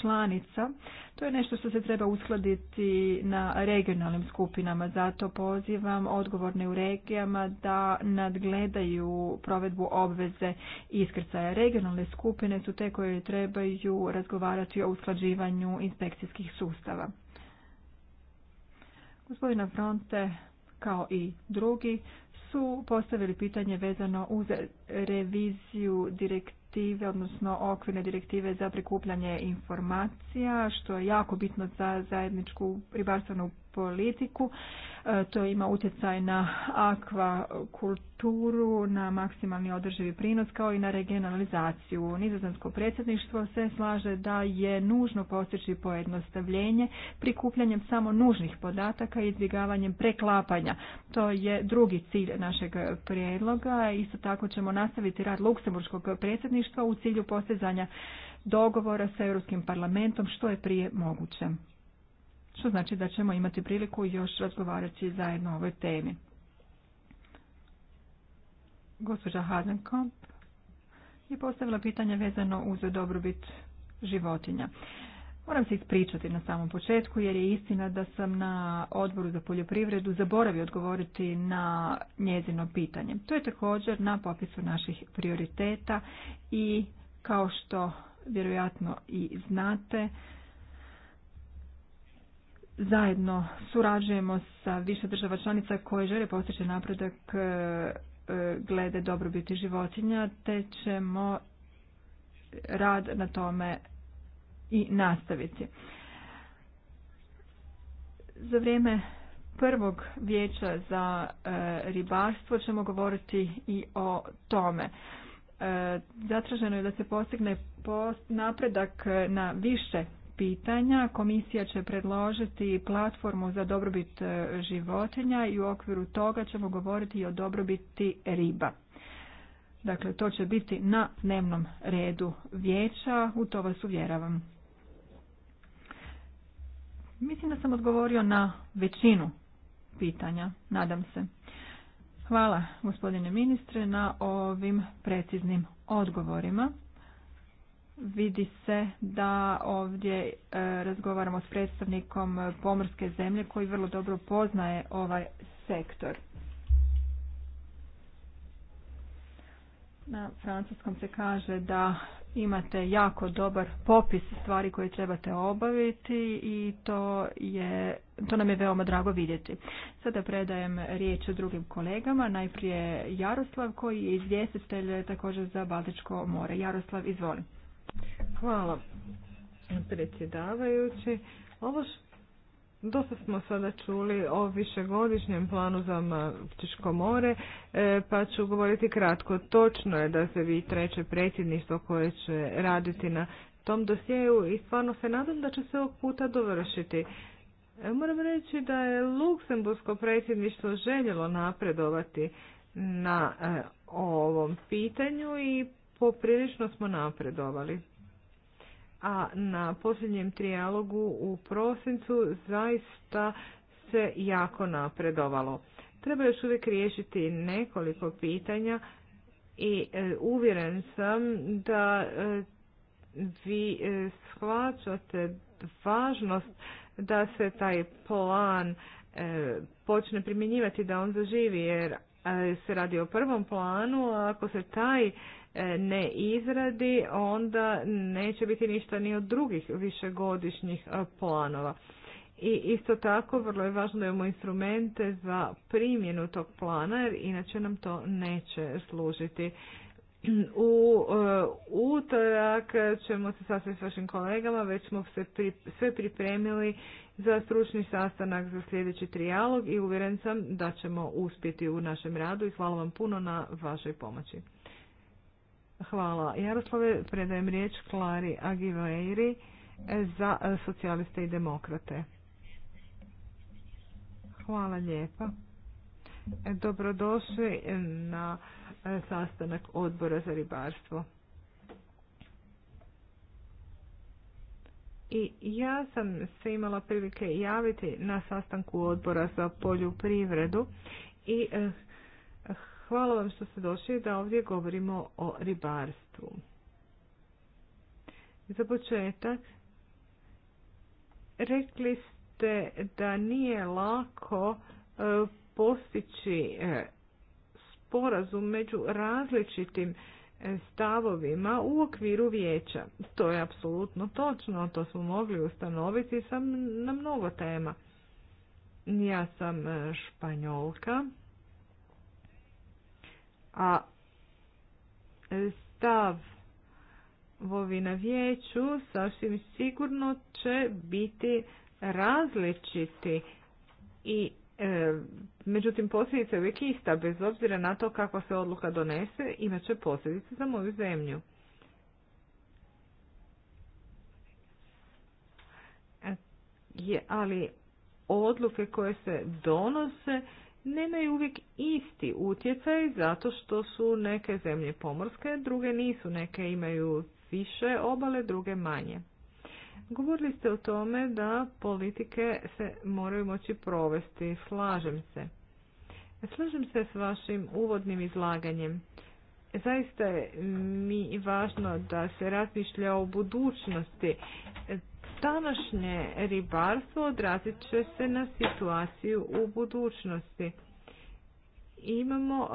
članica. To je nešto što se treba uskladiti na regionalnim skupinama, zato pozivam odgovorne u regijama da nadgledaju provedbu obveze iskrcaja. Regionalne skupine su te koje trebaju razgovarati o usklađivanju inspekcijskih sustava. Gospodina Fronte, kao i drugi, su postavili pitanje vezano uz reviziju direktiva direktive, odnosno okvirne direktive za prikupljanje informacija, što je jako bitno za zajedničku ribarstvenu politiku. E, to ima utjecaj na akvakulturu, na maksimalni održivi prinos kao i na regionalizaciju. Nizozemsko predsjedništvo se slaže da je nužno postići pojednostavljenje prikupljanjem samo nužnih podataka i izbjegavanjem preklapanja. To je drugi cilj našeg prijedloga. Isto tako ćemo nastaviti rad Luksemburškog predsjedništva u cilju postizanja dogovora sa Europskim parlamentom što je prije moguće što znači da ćemo imati priliku još razgovarati zajedno o ovoj temi. Gospođa Hazenkamp je postavila pitanje vezano uz dobrobit životinja. Moram se ispričati na samom početku jer je istina da sam na odboru za poljoprivredu zaboravio odgovoriti na njezino pitanje. To je također na popisu naših prioriteta i kao što vjerojatno i znate, zajedno surađujemo sa više država članica koje žele postići napredak e, e, glede dobrobiti životinja, te ćemo rad na tome i nastaviti. Za vrijeme prvog vijeća za e, ribarstvo ćemo govoriti i o tome. Zatraženo je da se postigne napredak na više pitanja. Komisija će predložiti platformu za dobrobit e, životinja i u okviru toga ćemo govoriti i o dobrobiti riba. Dakle, to će biti na dnevnom redu vijeća, u to vas uvjeravam. Mislim da sam odgovorio na većinu pitanja, nadam se. Hvala gospodine ministre na ovim preciznim odgovorima vidi se da ovdje e, razgovaramo s predstavnikom pomorske zemlje koji vrlo dobro poznaje ovaj sektor. Na francuskom se kaže da imate jako dobar popis stvari koje trebate obaviti i to, je, to nam je veoma drago vidjeti. Sada predajem riječ drugim kolegama. Najprije Jaroslav koji je izvjestitelj također za Baltičko more. Jaroslav, izvolite. Hvala predsjedavajući. Ovo š... Dosta smo sada čuli o višegodišnjem planu za Maltičko more, e, pa ću govoriti kratko. Točno je da se vi treće predsjedništvo koje će raditi na tom dosjeju i stvarno se nadam da će se ovog puta dovršiti. E, moram reći da je Luksembursko predsjedništvo željelo napredovati na e, ovom pitanju i poprilično smo napredovali. A na posljednjem trijalogu u prosincu zaista se jako napredovalo. Treba još uvijek riješiti nekoliko pitanja i e, uvjeren sam da e, vi e, shvaćate važnost da se taj plan počne primjenjivati, da on zaživi, jer se radi o prvom planu, a ako se taj E, ne izradi, onda neće biti ništa ni od drugih višegodišnjih e, planova. I isto tako vrlo je važno da imamo instrumente za primjenu tog plana jer inače nam to neće služiti. U e, utorak ćemo se sastati s vašim kolegama, već smo se sve pripremili za stručni sastanak za sljedeći trijalog i uvjeren sam da ćemo uspjeti u našem radu i hvala vam puno na vašoj pomoći. Hvala. Jaroslave, predajem riječ Klari Agiveiri za e, socijaliste i demokrate. Hvala lijepa. E, dobrodošli na e, sastanak odbora za ribarstvo. I ja sam se imala prilike javiti na sastanku odbora za poljoprivredu i Hvala vam što ste došli da ovdje govorimo o ribarstvu. Za početak, rekli ste da nije lako e, postići e, sporazum među različitim e, stavovima u okviru vijeća. To je apsolutno točno, to smo mogli ustanoviti sam na mnogo tema. Ja sam španjolka a stav vovi na vijeću sasvim sigurno će biti različiti i e, međutim posljedica je uvijek ista bez obzira na to kako se odluka donese imat će posljedice za moju zemlju. E, ali odluke koje se donose nemaju uvijek isti utjecaj zato što su neke zemlje pomorske, druge nisu, neke imaju više obale, druge manje. Govorili ste o tome da politike se moraju moći provesti, slažem se. Slažem se s vašim uvodnim izlaganjem. Zaista je mi važno da se razmišlja o budućnosti današnje ribarstvo odrazit će se na situaciju u budućnosti. Imamo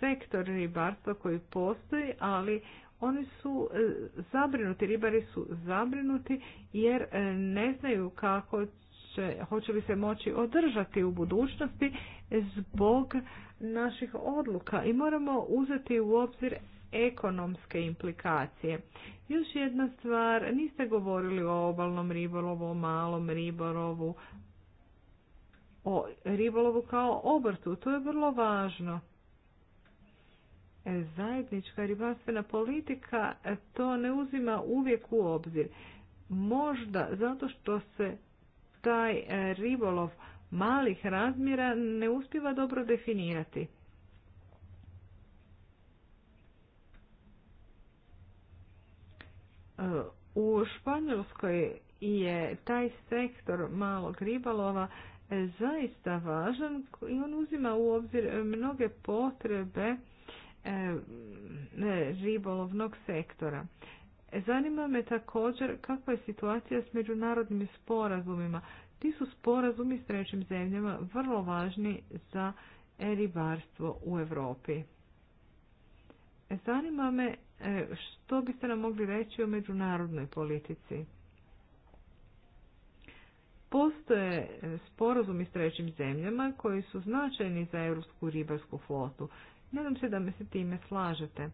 sektor ribarstva koji postoji, ali oni su e, zabrinuti, ribari su zabrinuti jer e, ne znaju kako će, hoće li se moći održati u budućnosti zbog naših odluka i moramo uzeti u obzir ekonomske implikacije. Još jedna stvar, niste govorili o obalnom ribolovu, o malom ribolovu, o ribolovu kao obrtu, to je vrlo važno. E, zajednička ribarstvena politika to ne uzima uvijek u obzir. Možda zato što se taj ribolov malih razmjera ne uspiva dobro definirati. U Španjolskoj je taj sektor malog ribalova e, zaista važan i on uzima u obzir mnoge potrebe e, e, ribolovnog sektora. Zanima me također kakva je situacija s međunarodnim sporazumima. Ti su sporazumi s trećim zemljama vrlo važni za ribarstvo u Europi. Zanima me E, što biste nam mogli reći o međunarodnoj politici? Postoje e, sporazumi s trećim zemljama koji su značajni za europsku ribarsku flotu. Nadam se da me se time slažete.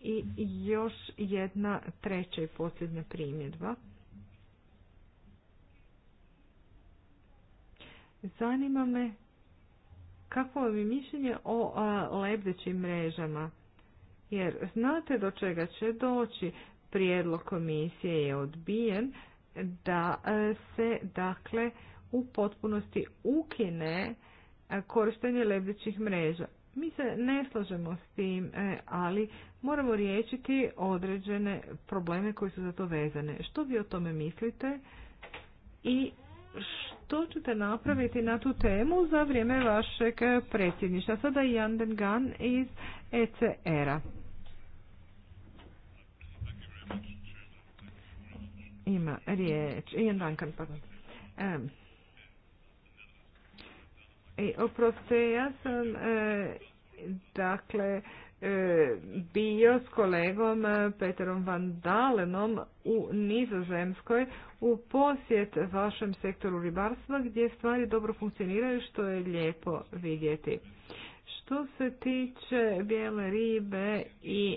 I još jedna treća i posljednja primjedba. Zanima me kako vam je mišljenje o lebdećim mrežama jer znate do čega će doći. Prijedlog komisije je odbijen da e, se dakle u potpunosti ukine e, korištenje lebdećih mreža. Mi se ne slažemo s tim, e, ali moramo riješiti određene probleme koji su za to vezane. Što vi o tome mislite i što ćete napraviti na tu temu za vrijeme vašeg predsjedništva? Sada Jan Dengan iz ECR-a. ima riječ. Ian e, ja sam e, dakle e, bio s kolegom Peterom Van Dalenom u Nizozemskoj u posjet vašem sektoru ribarstva gdje stvari dobro funkcioniraju što je lijepo vidjeti. Što se tiče bijele ribe i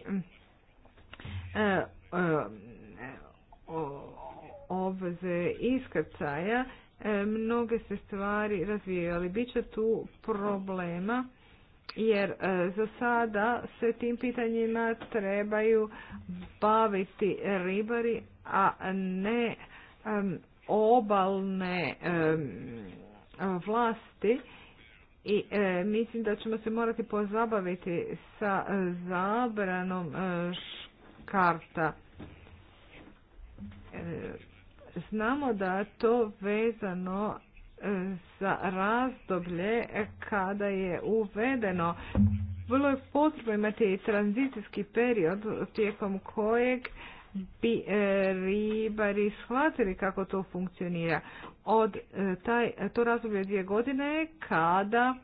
obveze iskrcaja, e, mnoge se stvari razvijaju, ali bit će tu problema jer e, za sada se tim pitanjima trebaju baviti ribari, a ne obalne vlasti i e, mislim da ćemo se morati pozabaviti sa zabranom karta E, znamo da to vezano e, za razdoblje kada je uvedeno vrlo je potrebno imati tranzicijski period tijekom kojeg bi e, ribari shvatili kako to funkcionira. Od taj, to razdoblje dvije godine kada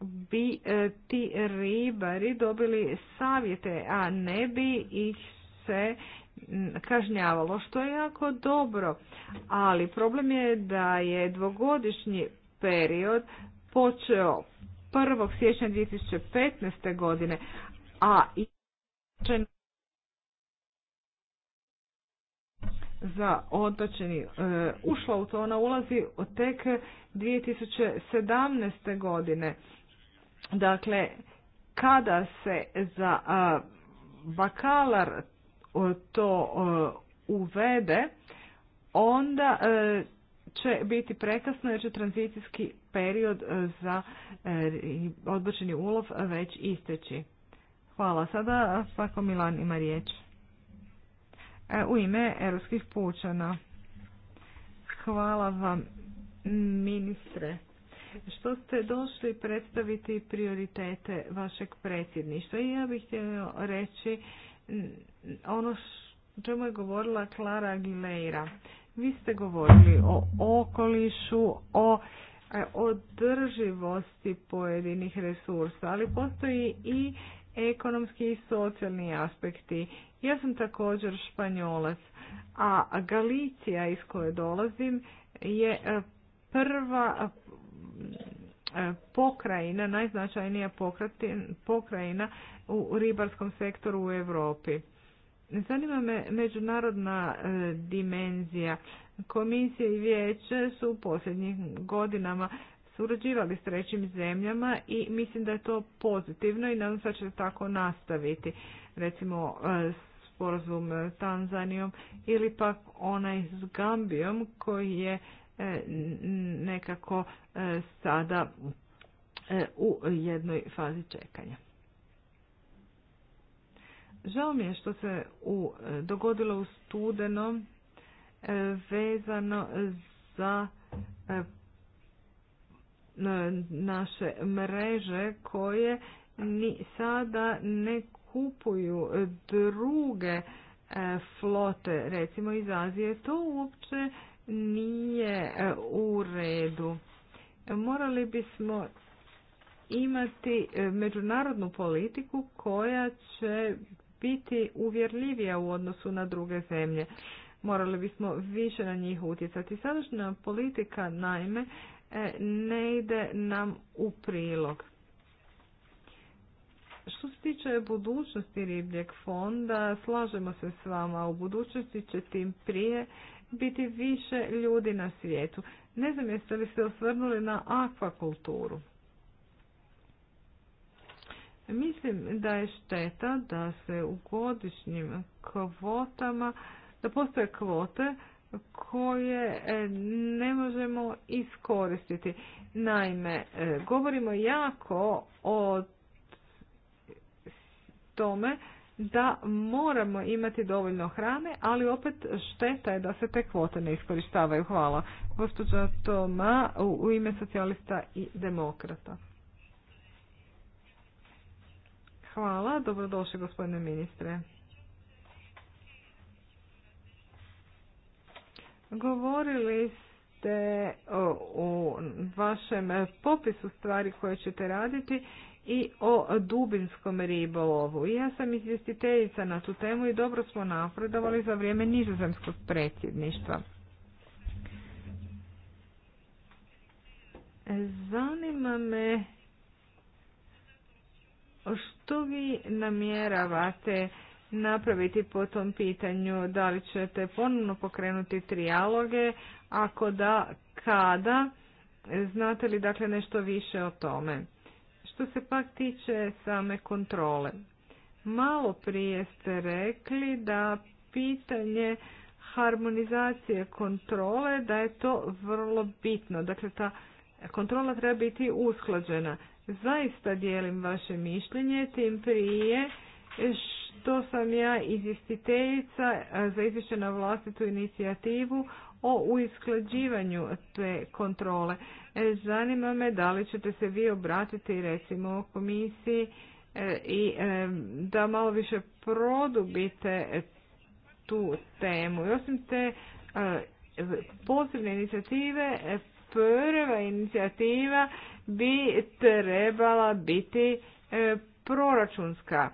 bi ti ribari dobili savjete, a ne bi ih se kažnjavalo, što je jako dobro. Ali problem je da je dvogodišnji period počeo 1. siječnja 2015. godine, a i za odbačeni e, ušla u to, ona ulazi od tek 2017. godine. Dakle, kada se za bakalar to uvede, onda e, će biti prekasno jer će tranzicijski period e, za e, odbočeni ulov već isteći. Hvala. Sada Svako Milan ima riječ. U ime Europskih pučana. Hvala vam ministre što ste došli predstaviti prioritete vašeg predsjedništva. I ja bih htjela reći ono o čemu je govorila Klara Aguilera. Vi ste govorili o okolišu, o e, održivosti pojedinih resursa, ali postoji i ekonomski i socijalni aspekti. Ja sam također španjolac, a Galicija iz koje dolazim je e, prva E, pokrajina, najznačajnija pokrajina u ribarskom sektoru u Europi. Zanima me međunarodna e, dimenzija. Komisije i vijeće su u posljednjim godinama surađivali s trećim zemljama i mislim da je to pozitivno i nadam se će tako nastaviti. Recimo e, sporazum Tanzanijom ili pak onaj s Gambijom koji je E, nekako e, sada e, u jednoj fazi čekanja. Žao mi je što se u, dogodilo u studenom vezano za naše mreže koje ni sada ne kupuju druge flote, recimo iz Azije. To uopće nije e, u redu. Morali bismo imati e, međunarodnu politiku koja će biti uvjerljivija u odnosu na druge zemlje. Morali bismo više na njih utjecati. Sadašnja politika, naime, e, ne ide nam u prilog. Što se tiče budućnosti ribljeg fonda, slažemo se s vama. U budućnosti će tim prije biti više ljudi na svijetu. Ne znam jeste li se osvrnuli na akvakulturu. Mislim da je šteta da se u godišnjim kvotama, da postoje kvote koje e, ne možemo iskoristiti. Naime, e, govorimo jako o tome da moramo imati dovoljno hrane, ali opet šteta je da se te kvote ne iskorištavaju. Hvala. Gospođa Toma u ime socijalista i demokrata. Hvala, dobrodošli gospodine ministre. Govorili ste u vašem popisu stvari koje ćete raditi i o dubinskom ribolovu. Ja sam izvjestiteljica na tu temu i dobro smo napredovali za vrijeme nizozemskog predsjedništva. Zanima me što vi namjeravate napraviti po tom pitanju, da li ćete ponovno pokrenuti trijaloge, ako da, kada, znate li dakle nešto više o tome? Što se pak tiče same kontrole, malo prije ste rekli da pitanje harmonizacije kontrole da je to vrlo bitno. Dakle, ta kontrola treba biti usklađena. Zaista dijelim vaše mišljenje, tim prije što sam ja izvjestiteljica za izvješće na vlastitu inicijativu o usklađivanju te kontrole. E, zanima me da li ćete se vi obratiti recimo komisiji e, i e, da malo više produbite tu temu. I osim te posebne inicijative, prva inicijativa bi trebala biti proračunska.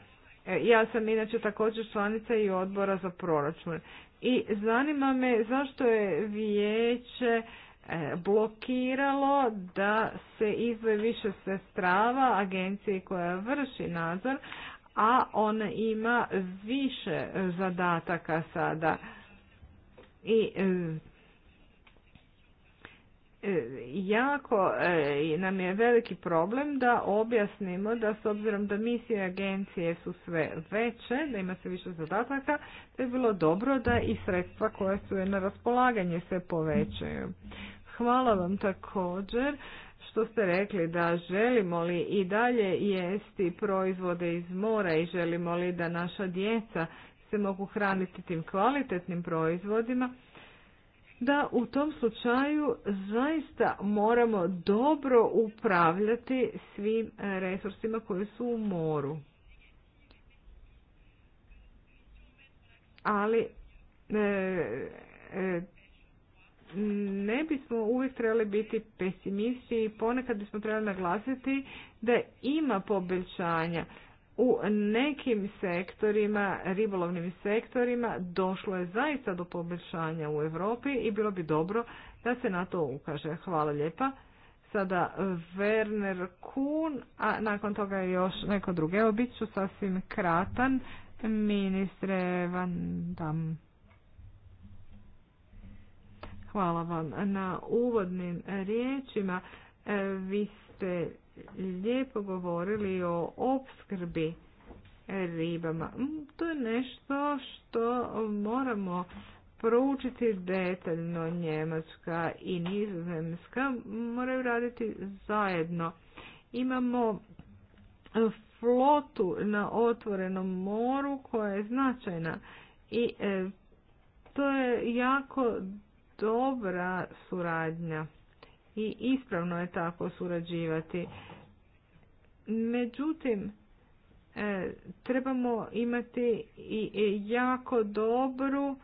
Ja sam inače također članica i odbora za proračun. I zanima me zašto je vijeće E, blokiralo da se izve više sestrava agenciji koja vrši nadzor, a ona ima više zadataka sada. I e, E, jako e, nam je veliki problem da objasnimo da s obzirom da misije agencije su sve veće, da ima se više zadataka, da je bilo dobro da i sredstva koja su na raspolaganje se povećaju. Hvala vam također što ste rekli da želimo li i dalje jesti proizvode iz mora i želimo li da naša djeca se mogu hraniti tim kvalitetnim proizvodima, da u tom slučaju zaista moramo dobro upravljati svim e, resursima koji su u moru. Ali e, e, ne bismo uvijek trebali biti pesimisti i ponekad bismo trebali naglasiti da ima poboljšanja u nekim sektorima, ribolovnim sektorima, došlo je zaista do poboljšanja u Europi i bilo bi dobro da se na to ukaže. Hvala lijepa. Sada Werner Kuhn, a nakon toga još neko druge. Evo, bit ću sasvim kratan, ministre Van Dam. Hvala vam na uvodnim riječima. Eh, vi ste lijepo govorili o opskrbi ribama. To je nešto što moramo proučiti detaljno Njemačka i Nizozemska moraju raditi zajedno. Imamo flotu na otvorenom moru koja je značajna i e, to je jako dobra suradnja i ispravno je tako surađivati. Međutim, e, trebamo imati i e, jako dobru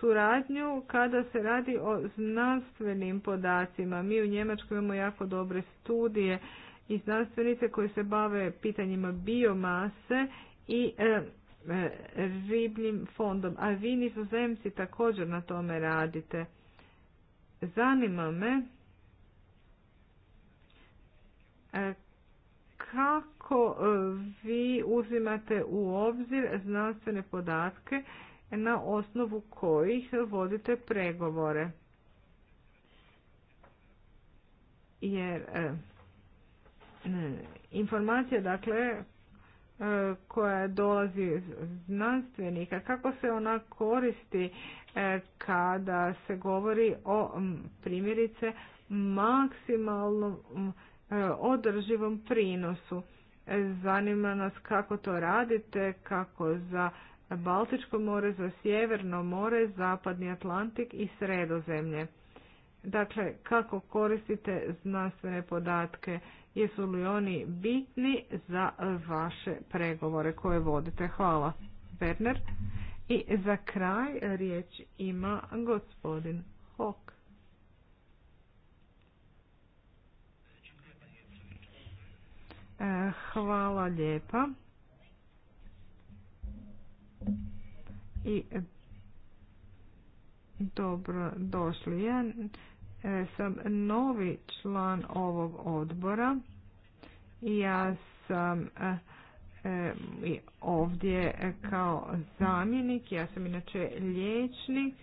suradnju kada se radi o znanstvenim podacima. Mi u Njemačkoj imamo jako dobre studije i znanstvenice koji se bave pitanjima biomase i e, e, ribljim fondom, a vi nizozemci također na tome radite. Zanima me E, kako e, vi uzimate u obzir znanstvene podatke na osnovu kojih vodite pregovore? Jer e, informacija dakle koja dolazi znanstvenika, kako se ona koristi kada se govori o primjerice maksimalnom E, održivom prinosu. E, zanima nas kako to radite, kako za Baltičko more, za Sjeverno more, Zapadni Atlantik i Sredozemlje. Dakle, kako koristite znanstvene podatke, jesu li oni bitni za vaše pregovore koje vodite? Hvala, Werner. I za kraj riječ ima gospodin Hock. E, hvala lijepa. I e, dobro došli. Ja e, sam novi član ovog odbora. Ja sam ovdje kao zamjenik, ja sam inače liječnik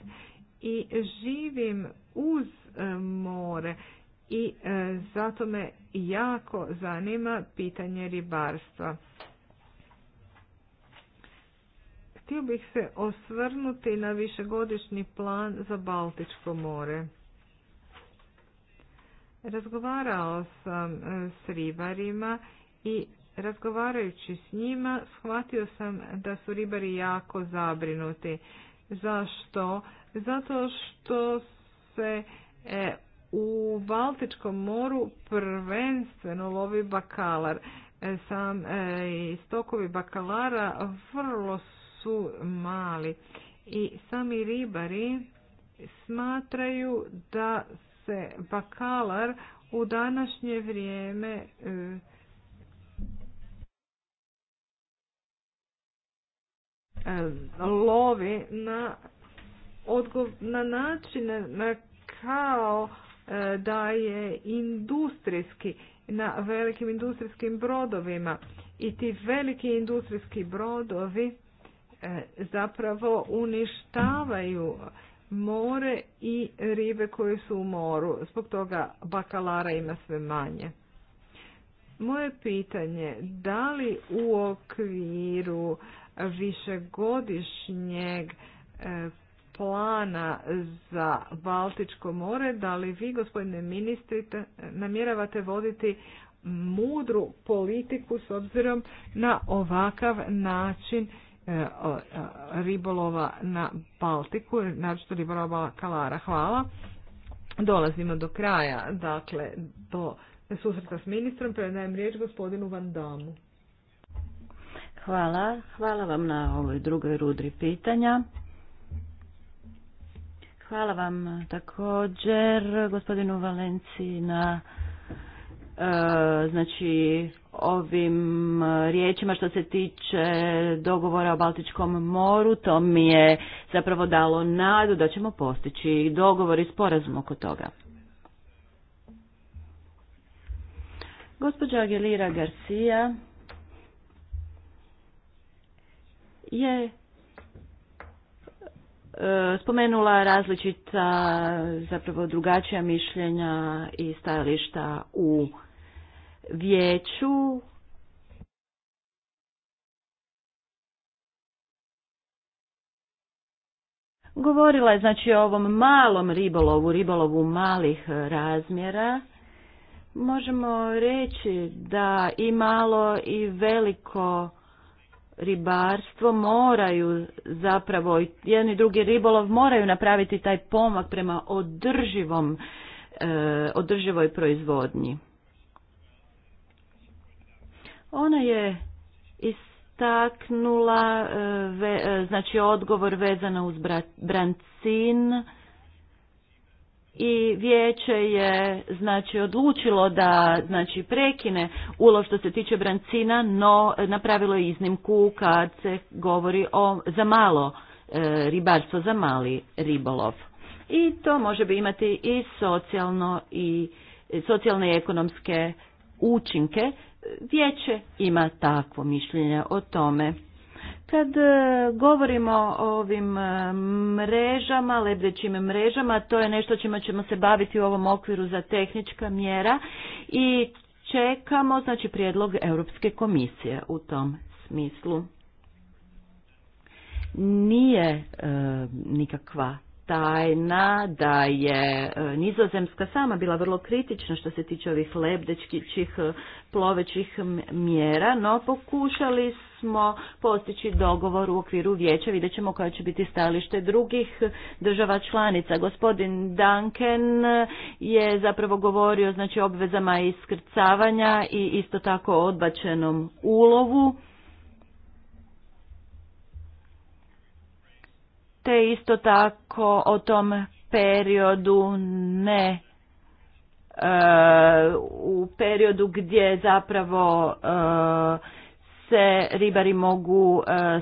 i živim uz more i e, zato me jako zanima pitanje ribarstva. Htio bih se osvrnuti na višegodišnji plan za Baltičko more. Razgovarao sam e, s ribarima i razgovarajući s njima shvatio sam da su ribari jako zabrinuti. Zašto? Zato što se e, u Baltičkom moru prvenstveno lovi bakalar. E, sam e, stokovi bakalara vrlo su mali i sami ribari smatraju da se bakalar u današnje vrijeme e, lovi na, na načine na kao E, da je industrijski, na velikim industrijskim brodovima i ti veliki industrijski brodovi e, zapravo uništavaju more i ribe koje su u moru. Zbog toga bakalara ima sve manje. Moje pitanje, da li u okviru višegodišnjeg e, plana za Baltičko more, da li vi, gospodine ministri, namjeravate voditi mudru politiku s obzirom na ovakav način e, e, ribolova na Baltiku, naročito ribolova Kalara. Hvala. Dolazimo do kraja, dakle, do susreta s ministrom, predajem riječ gospodinu Van Damu. Hvala, hvala vam na ovoj drugoj rudri pitanja. Hvala vam također gospodinu Valenci, na e, znači ovim riječima što se tiče dogovora o Baltičkom moru, to mi je zapravo dalo nadu da ćemo postići dogovor i sporazum oko toga. Gospođa agelira Garcia je E, spomenula različita, zapravo drugačija mišljenja i stajališta u vijeću. Govorila je znači o ovom malom ribolovu, ribolovu malih razmjera. Možemo reći da i malo i veliko ribarstvo moraju zapravo jedan i drugi ribolov moraju napraviti taj pomak prema održivom e, održivoj proizvodnji. Ona je istaknula e, ve, e, znači odgovor vezano uz brancin i vijeće je znači odlučilo da znači prekine ulov što se tiče brancina, no napravilo je iznimku kad se govori o za malo e, ribarstvo za mali ribolov. I to može bi imati i socijalno i e, socijalne i ekonomske učinke. Vijeće ima takvo mišljenje o tome. Kad e, govorimo o ovim e, mrežama, lebdećim mrežama, to je nešto čime ćemo se baviti u ovom okviru za tehnička mjera i čekamo znači prijedlog Europske komisije u tom smislu. Nije e, nikakva tajna da je Nizozemska sama bila vrlo kritična što se tiče ovih lebdećih plovećih mjera, no pokušali smo postići dogovor u okviru vijeća. Vidjet ćemo koja će biti stajalište drugih država članica. Gospodin Duncan je zapravo govorio znači, o obvezama iskrcavanja i isto tako o odbačenom ulovu. Te isto tako o tom periodu ne e, u periodu gdje zapravo e, se ribari mogu e,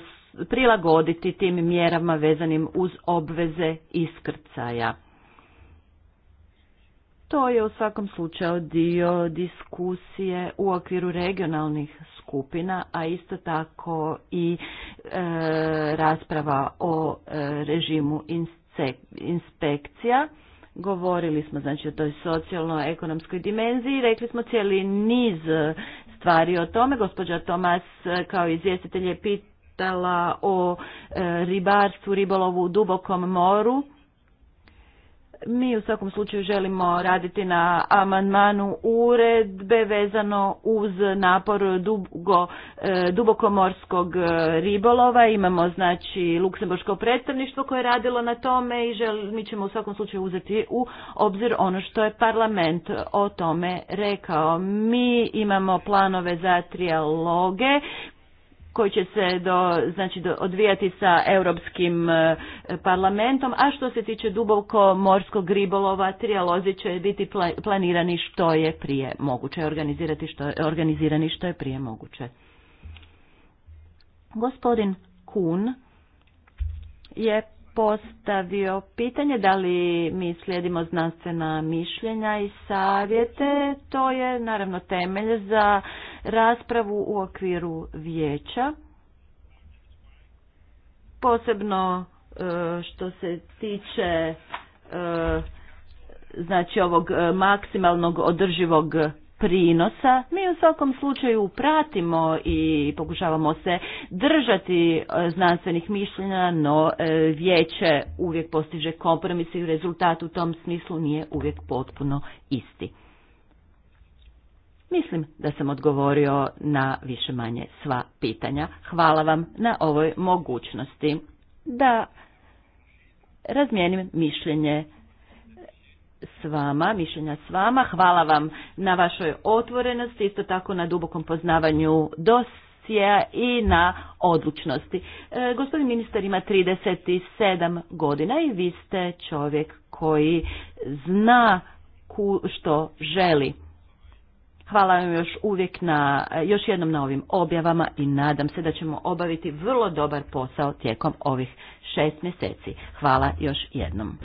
prilagoditi tim mjerama vezanim uz obveze iskrcaja. To je u svakom slučaju dio diskusije u okviru regionalnih skupina, a isto tako i e, rasprava o e, režimu inspekcija. Govorili smo znači o toj socijalno-ekonomskoj dimenziji, rekli smo cijeli niz stvari o tome. Gospođa Tomas e, kao izvjestitelj je pitala o e, ribarstvu, ribolovu u dubokom moru. Mi u svakom slučaju želimo raditi na amandmanu uredbe vezano uz napor dugo, e, dubokomorskog e, ribolova. Imamo znači luksemburško predstavništvo koje je radilo na tome i žel, mi ćemo u svakom slučaju uzeti u obzir ono što je parlament o tome rekao. Mi imamo planove za trijaloge koji će se do, znači, do, odvijati sa Europskim e, parlamentom, a što se tiče duboko morskog ribolova, trijalozi će biti planirani što je prije moguće, organizirati što, organizirani što je prije moguće. Gospodin Kun je postavio pitanje da li mi slijedimo znanstvena mišljenja i savjete. To je naravno temelj za raspravu u okviru vijeća, posebno e, što se tiče e, znači ovog e, maksimalnog održivog prinosa. Mi u svakom slučaju pratimo i pokušavamo se držati znanstvenih mišljenja, no vijeće uvijek postiže kompromis i rezultat u tom smislu nije uvijek potpuno isti. Mislim da sam odgovorio na više manje sva pitanja. Hvala vam na ovoj mogućnosti da razmijenim mišljenje s vama, mišljenja s vama. Hvala vam na vašoj otvorenosti, isto tako na dubokom poznavanju dosija i na odlučnosti. E, gospodin ministar ima 37 godina i vi ste čovjek koji zna ku, što želi. Hvala vam još uvijek na, još jednom na ovim objavama i nadam se da ćemo obaviti vrlo dobar posao tijekom ovih šest mjeseci. Hvala još jednom.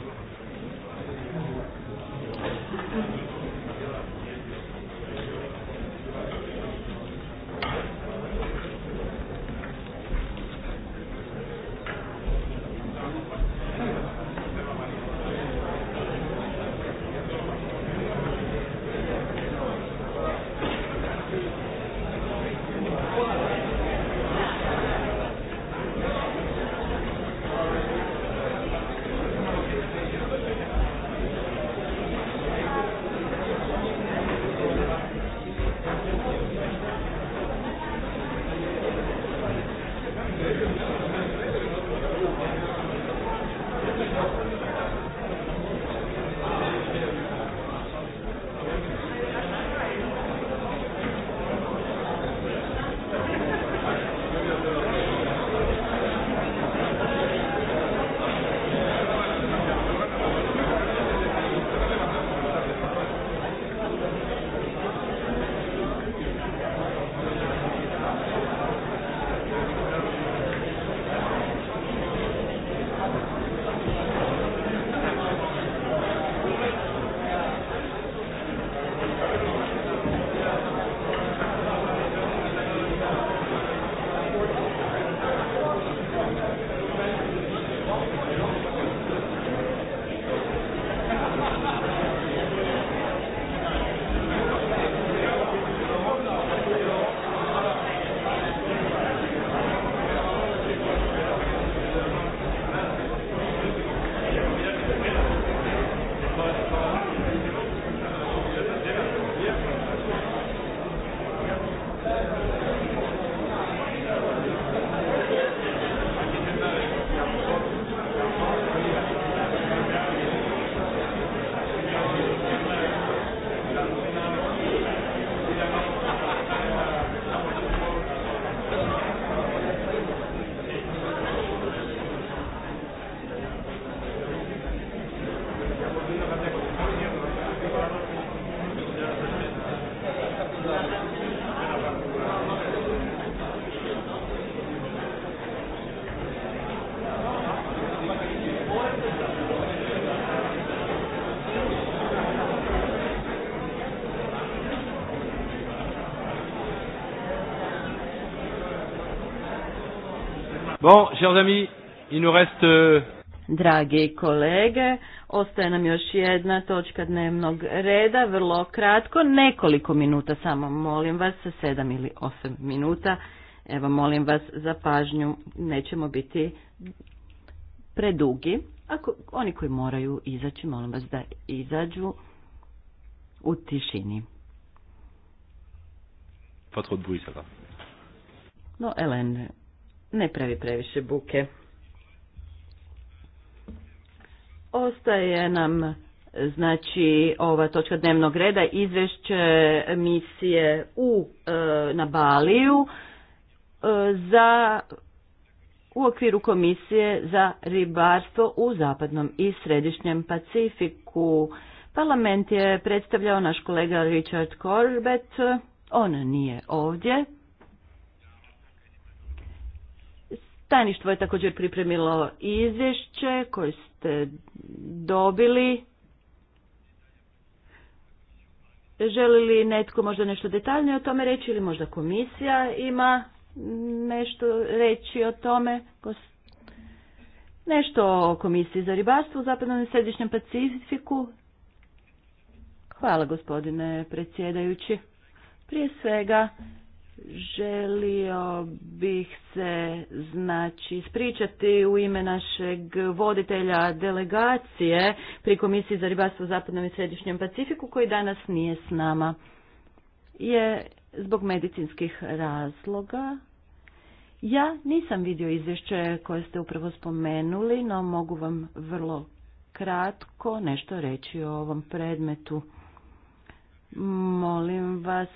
Bon, chers amis, il nous reste... Euh, Dragi kolege, ostaje nam još jedna točka dnevnog reda, vrlo kratko, nekoliko minuta samo, molim vas, sedam ili osam minuta. Evo, molim vas za pažnju, nećemo biti predugi. Ako oni koji moraju izaći, molim vas da izađu u tišini. Pa de bruit, No, Elen ne pravi previše buke. Ostaje nam znači ova točka dnevnog reda izvješće misije u e, na Baliju e, za u okviru komisije za ribarstvo u zapadnom i središnjem Pacifiku. Parlament je predstavljao naš kolega Richard Corbett, on nije ovdje. Tajništvo je također pripremilo izvješće koje ste dobili. Želi li netko možda nešto detaljnije o tome reći ili možda komisija ima nešto reći o tome? Nešto o komisiji za ribarstvo u zapadnom i središnjem Pacifiku? Hvala gospodine predsjedajući. Prije svega Želio bih se znači ispričati u ime našeg voditelja delegacije pri Komisiji za ribarstvo u Zapadnom i Središnjem Pacifiku koji danas nije s nama. Je zbog medicinskih razloga. Ja nisam vidio izvješće koje ste upravo spomenuli, no mogu vam vrlo kratko nešto reći o ovom predmetu. Molim vas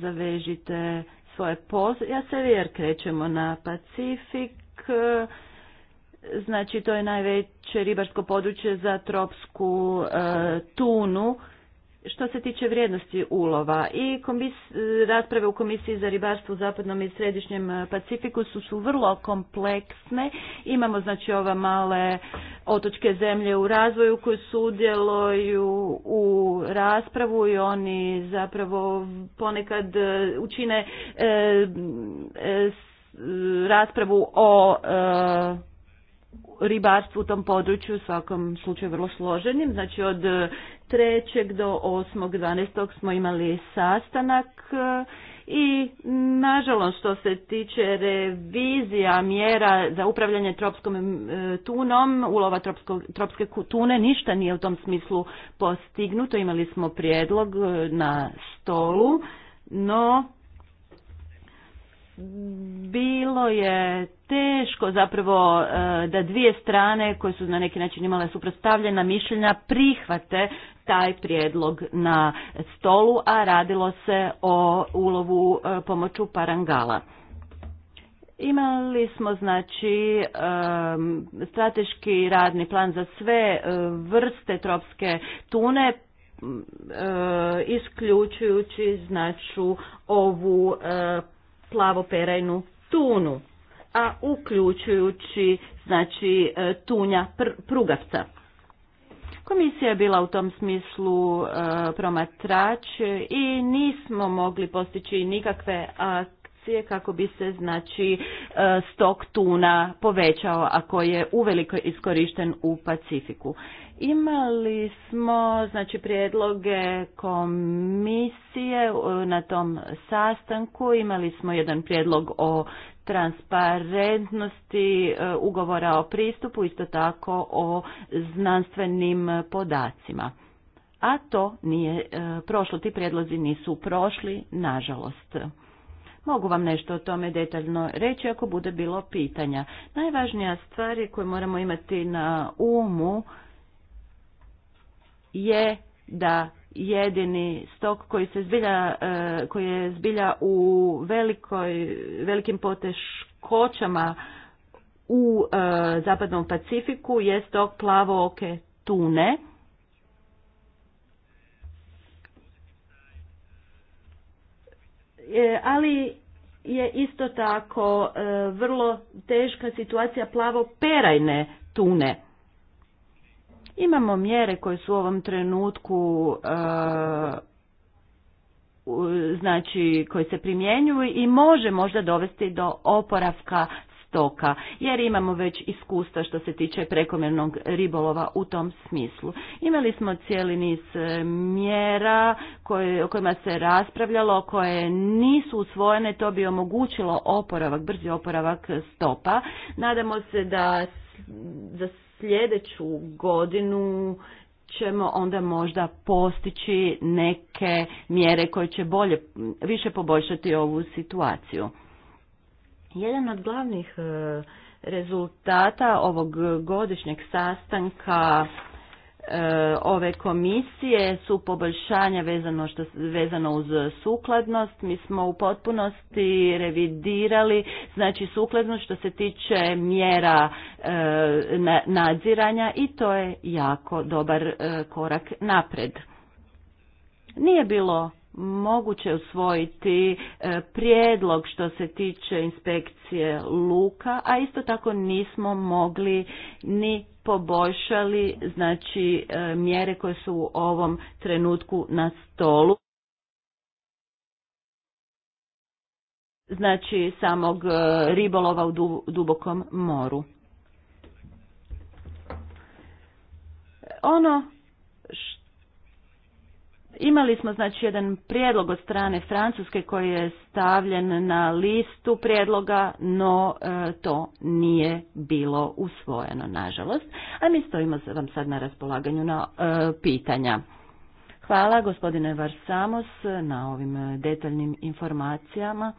zavežite svoje poz. Ja se vjer, krećemo na Pacifik. E, znači to je najveće ribarsko područje za tropsku e, tunu što se tiče vrijednosti ulova i rasprave u Komisiji za ribarstvo u Zapadnom i Središnjem e, Pacifiku su, su vrlo kompleksne. Imamo znači ova male otočke zemlje u razvoju koje sudjeluju u raspravu i oni zapravo ponekad e, učine e, raspravu o ribarstvu u tom području u svakom slučaju vrlo složenim. Znači od 3. E, do 8. 12. smo imali sastanak e, i nažalost što se tiče revizija mjera za upravljanje tropskom e, tunom, ulova tropske tune, ništa nije u tom smislu postignuto. Imali smo prijedlog na stolu, no bilo je teško zapravo e, da dvije strane koje su na neki način imale suprotstavljena mišljenja prihvate taj prijedlog na stolu, a radilo se o ulovu e, pomoću parangala. Imali smo znači e, strateški radni plan za sve vrste tropske tune, isključujući znači ovu plavoperajnu tunu, a uključujući znači e, tunja prugavca. Komisija je bila u tom smislu e, promatrač i nismo mogli postići nikakve akcije kako bi se znači e, stok tuna povećao ako je uveliko iskorišten u Pacifiku. Imali smo znači prijedloge komisije e, na tom sastanku, imali smo jedan prijedlog o transparentnosti e, ugovora o pristupu, isto tako o znanstvenim podacima. A to nije e, prošlo, ti prijedlozi nisu prošli, nažalost. Mogu vam nešto o tome detaljno reći ako bude bilo pitanja. Najvažnija stvar je koju moramo imati na umu je da jedini stok koji se zbilja, e, koji je zbilja u velikoj, velikim poteškoćama u e, zapadnom Pacifiku je stok plavo-oke tune. E, ali je isto tako vrlo teška situacija plavo perajne tune. Imamo mjere koje su u ovom trenutku e, znači koji se primjenjuju i može možda dovesti do oporavka stoka jer imamo već iskustva što se tiče prekomjernog ribolova u tom smislu. Imali smo cijeli niz e, mjera koje, o kojima se raspravljalo, koje nisu usvojene, to bi omogućilo oporavak, brzi oporavak stopa. Nadamo se da za sljedeću godinu ćemo onda možda postići neke mjere koje će bolje, više poboljšati ovu situaciju. Jedan od glavnih e, rezultata ovog godišnjeg sastanka E, ove komisije su poboljšanja vezano, što, vezano uz sukladnost. Mi smo u potpunosti revidirali znači sukladnost što se tiče mjera e, nadziranja i to je jako dobar e, korak napred. Nije bilo moguće usvojiti e, prijedlog što se tiče inspekcije luka, a isto tako nismo mogli ni poboljšali znači e, mjere koje su u ovom trenutku na stolu. Znači samog e, ribolova u dubokom moru. Ono Imali smo znači jedan prijedlog od strane Francuske koji je stavljen na listu prijedloga, no e, to nije bilo usvojeno, nažalost. A mi stojimo vam sad na raspolaganju na e, pitanja. Hvala gospodine Varsamos na ovim e, detaljnim informacijama.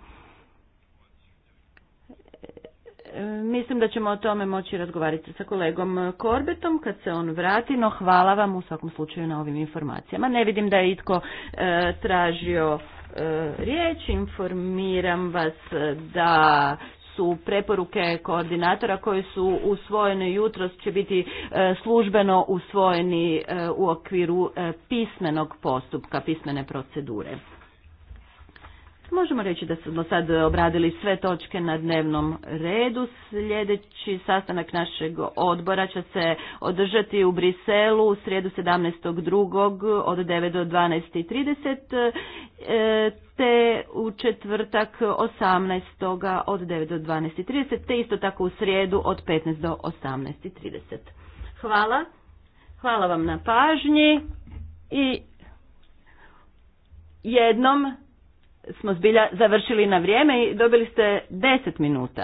Mislim da ćemo o tome moći razgovarati sa kolegom Korbetom kad se on vrati, no hvala vam u svakom slučaju na ovim informacijama. Ne vidim da je itko e, tražio e, riječ, informiram vas da su preporuke koordinatora koje su usvojene jutros će biti e, službeno usvojeni u okviru pismenog postupka, pismene procedure. Možemo reći da smo sad obradili sve točke na dnevnom redu. Sljedeći sastanak našeg odbora će se održati u Briselu u srijedu 17.2. od 9 do 12.30 e, te u četvrtak 18. od 9 do 12.30 te isto tako u srijedu od 15 do 18.30. Hvala. Hvala vam na pažnji i jednom smo zbilja završili na vrijeme i dobili ste 10 minuta.